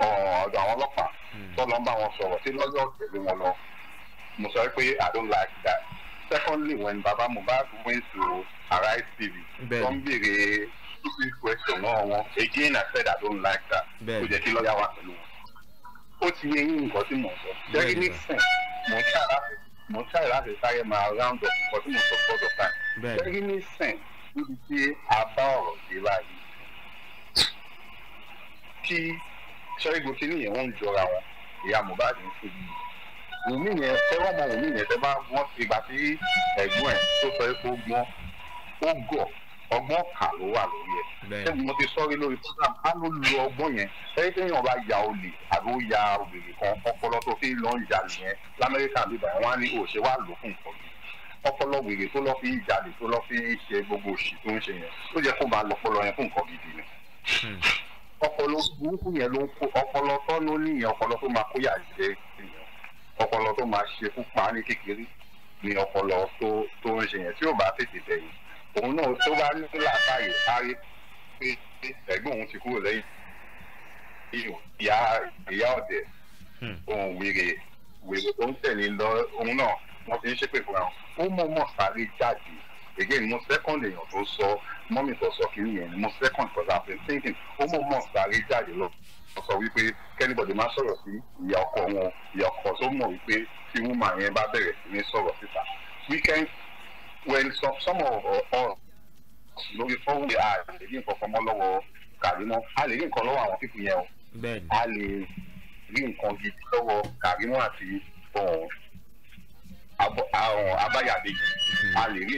uh, ọ̀dọ̀ àwọn ọlọ́pàá So hmm. ń bá wọn sọ̀rọ̀ sí I don't like that secondly when Baba Mubad went to Arise TV tó ń stupid question náà wọn again I said I don't like that kò jẹ́ kí lọ́ọ̀yà wà pẹ̀lú wọn ó ti yẹ yín nǹkan tí mò ń sọ jẹ́rí mo ń ṣàyẹ̀ láti sáré por round up nǹkan tí mo sọ gbọ́dọ̀ báyìí ṣẹ́rí ní sìn níbi tí a bá ọ̀rọ̀ dé báyìí tí ṣẹ́rí gòkè nìyẹn wọ́n ń jọra wọn ìyá mohbad ń ṣe yìí wùmí yẹn tẹ́wọ́n mọ wùmí yẹn tẹ́ bá wọ́n ìgbà tí ẹ̀gbọ́n ẹ̀ tó sọ ọgbọ́n kan ló wà lórí ẹ̀ ṣé mo ti sọ́rí lórí program a ló lo ọgbọ́n yẹn ẹ̀yìn tí yàn bá ya olè àbí ó ya obìnrin kan ọpọlọ tó fi ń lọ ń jalè yẹn lamẹ́ríkà bíbá yẹn wọ́n á ní òṣè wà ló fún nǹkan yìí ọpọlọ wèrè tó lọ fi ń jalè tó lọ fi ń ṣe gbogbo òṣì tó ń ṣe yẹn ó yẹ kó máa lọpọlọ yẹn fún nǹkan gidi ni hmm. ọpọlọ burúkú yẹn ló ń kó ọpọlọ tó ló ní ni ọpọlọ tó tó òun náà tó bá ní làákàyè parí pé ẹ̀gbọ́n òun ti kúrò lẹ́yìn ìyá ìyá ọ̀dẹ̀ hmm. òun wèrè wèrè tó ń tẹ̀lé lọ òun náà wọ́n fi ń ṣépè fún wọn ó mọ̀ọ́mọ̀ sáré jáde again mo second èèyàn tó sọ mọ́mì tó sọ kí nìyẹn ni mo second because i been thinking ó mọ̀ọ́mọ̀ sáré jáde lọ wọ́n sọ wípé kẹ́nìbọ̀dì máa sọ̀rọ̀ sí ìyá ọkọ wọn ìyá ọkọ tó mọ̀ wípé tí wúmà yẹn bá bẹ̀rẹ̀ sí ní sọ̀rọ̀ síta weekend when some some of us lórí fọwọ́ yà á lè rí nǹkan kan mọ́ lọ́wọ́ kàrímọ́ a lè rí nǹkan lọ́wọ́ àwọn pípín yẹn o a lè rí nǹkan gidi lọ́wọ́ kàrímọ́ àti abáyàdé a lè rí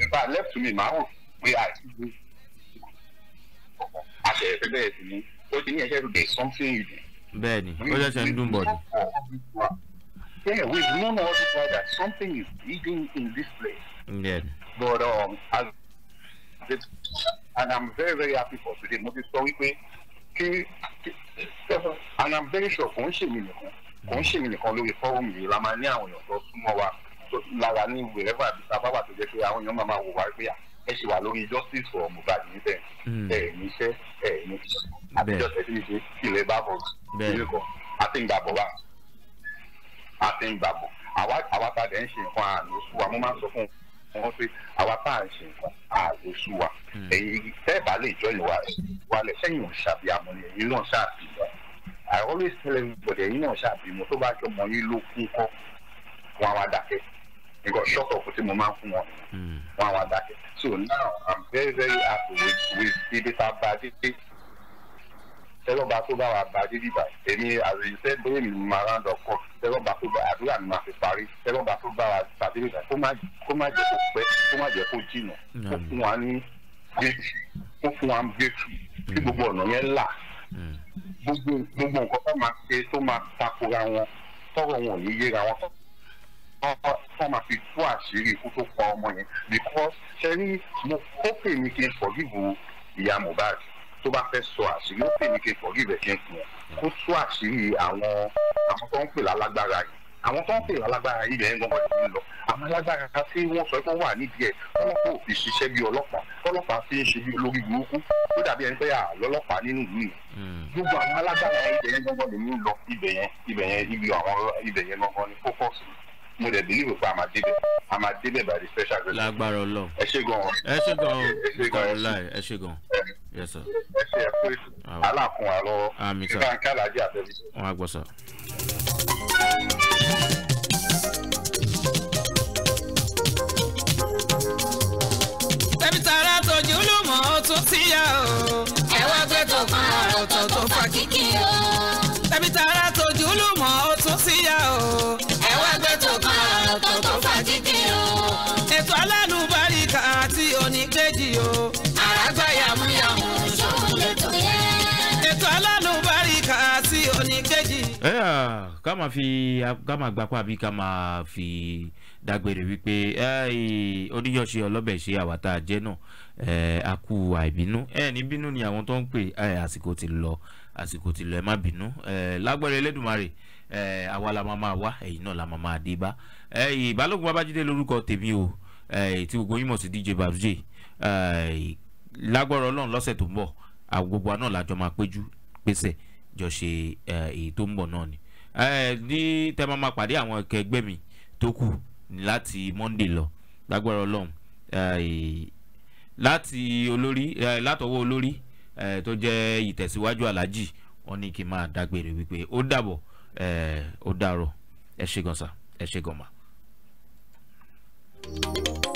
nípa left to me màá wò pé àìsíjú àṣẹ̀fẹ́ bẹ́ẹ̀ sì ni ó ti ní ẹ̀ṣẹ̀ tó dé something you do. bẹ́ẹ̀ni ó ṣẹ̀ṣẹ̀ ń dùn bọ̀dù. Yeah, We've known all this while that something is digging in this place. Yeah. But um, as and I'm very very happy for today. Mo ti sọ wípé and I'm very sure kò ń ṣe mí nìkan kò ń ṣe mí nìkan lórí fọ́ọ̀mù yìí la máa ní àwọn èèyàn tó súnmọ́ wa lára ní wẹ̀rẹ́fà àti sábàbà tó jẹ́ pé àwọn èèyàn máa máa wò wá pé ẹ ṣì wà lórí justice for Mohbad níbẹ̀ hmm. ẹ̀ ní iṣẹ́ ẹ̀ ní àbíjọ́ tẹ̀síṣe ilẹ̀ bá bọ̀ nílùkọ̀ àti ìgbàbọ̀ wa àti ìgbàgbọ́ àwa àwa tá dẹ̀ ń ṣe nǹkan àlòsù wa mo máa ń sọ fún wọn pé àwa tá ń ṣe nǹkan àlòsù wa ẹ̀yin hmm. tẹ́ lè jọ ìwà rẹ̀ wà lẹ̀ sẹ́yìn ò ṣàbí àmọ́ ni náà ṣàbí wọn I always tell everybody ẹ̀yin náà ṣàbí mo tó bá jọ mọ yín ló kún kọ́ wọn wá dákẹ́ nǹkan ṣọ́kọ̀ọ̀kù tí mo máa ń fún wọn hmm. wọn wá dákẹ́ so now I'm very very happy with with the tá a tẹ́lọ̀ba tó bá wa bá débi bá èmi àròyìnṣẹ́ bóyá mi máa rán lọ kọ́ tẹ́lọ̀ba tó bá àdúrà mi máa fi parí tẹ́lọ̀ba tó bá wa bá débi bá kó má jẹ́ kó pẹ́ kó má jẹ́ kó jìnà kó fún wa ní bẹ́ẹ̀tì kó fún wa ní bẹ́ẹ̀tì kí gbogbo ọ̀nà yẹn là mm. gbogbo gbogbo nǹkan tó máa ṣe tó máa takora wọn tọrọ wọn ò ní yéra wọn wọ́n máa fi tú àṣírí ikú tó pa ọmọ yẹn because ṣe mo ó pè mí kí n forgive ìyá Mohbad tó bá fẹ́ sọ àṣírí ó pè ní kí ìfọ̀rí rẹ̀ kí n fún un kó tú àṣírí àwọn àwọn tó ń pè lálágbára yìí àwọn tó ń pè lálágbára yìí yẹn gan wọ́n ti lọ àwọn alágbára tí wọ́n sọ pé wọ́n wà nídìí ẹ̀ wọ́n kò fi ṣiṣẹ́ bí ọlọ́pàá tọ́lọ́pàá fi ń ṣe bí olórí burúkú ó dàbí ẹni pé àlọ́lọ́pàá nínú ìlú yìí hmm. gbogbo àwọn alágbára yìí yẹn gan wọ́n ti lọ ibẹ̀ yẹn ibẹ̀ yẹn ibi àwọn ibẹ̀ yẹn gan ni fókọ̀sì mo dẹ̀ believe pé a máa débẹ̀ a by the special grace. lágbára ọlọ. ẹ ṣe gan o. ẹ ṣe gan o mr olai ẹ ṣe gan. yes sir. ẹ ṣe ẹ pé aláàkún wa lọ́wọ́. àmì sọ ìbá wọn á gbọ́ sọ. tẹ̀mítàrà tójú ló mọ̀ sí ya o. ẹ gbé tó kan ọ̀rọ̀ tó tó fa kíkì o. tẹ̀mítàrà tójú ló mọ̀ sí ya o. ká máa fi ká máa gbapá bí ká máa fi dágbére wípé oníyọ̀ṣe ọlọ́bẹ̀ ṣe àwàtà jẹ́ náà a àìbínú ẹ bínú ni àwọn tó ń pè àsìkò ti lọ àsìkò ti lọ ẹ má bínú lágbára Elédùmarè àwa la máa máa wá ẹ̀yin náà la máa máa dé bá ìbálòpọ̀ babájídé lórúkọ tèmi o tí gbogbo yín mọ̀ sí DJ Babuje lágbára Ọlọ́run lọ́sẹ̀ tó ń bọ̀ àwọn gbogbo àná làjọ máa péjú pèsè jọ ṣe èyí tó ń bọ̀ náà ni ní tẹ́ máa máa pàdé àwọn ẹ̀kẹ́gbẹ́ mi tó kù láti Monday lọ lágbára Ọlọ́run láti olórí látọwọ́ olórí tó jẹ́ ìtẹ̀síwájú aláàjì wọ́n ní kí n máa dágbére wípé ó dàbọ̀ ó dàrọ̀ ẹ ṣé gan sa ẹ ṣé gan ma. thank you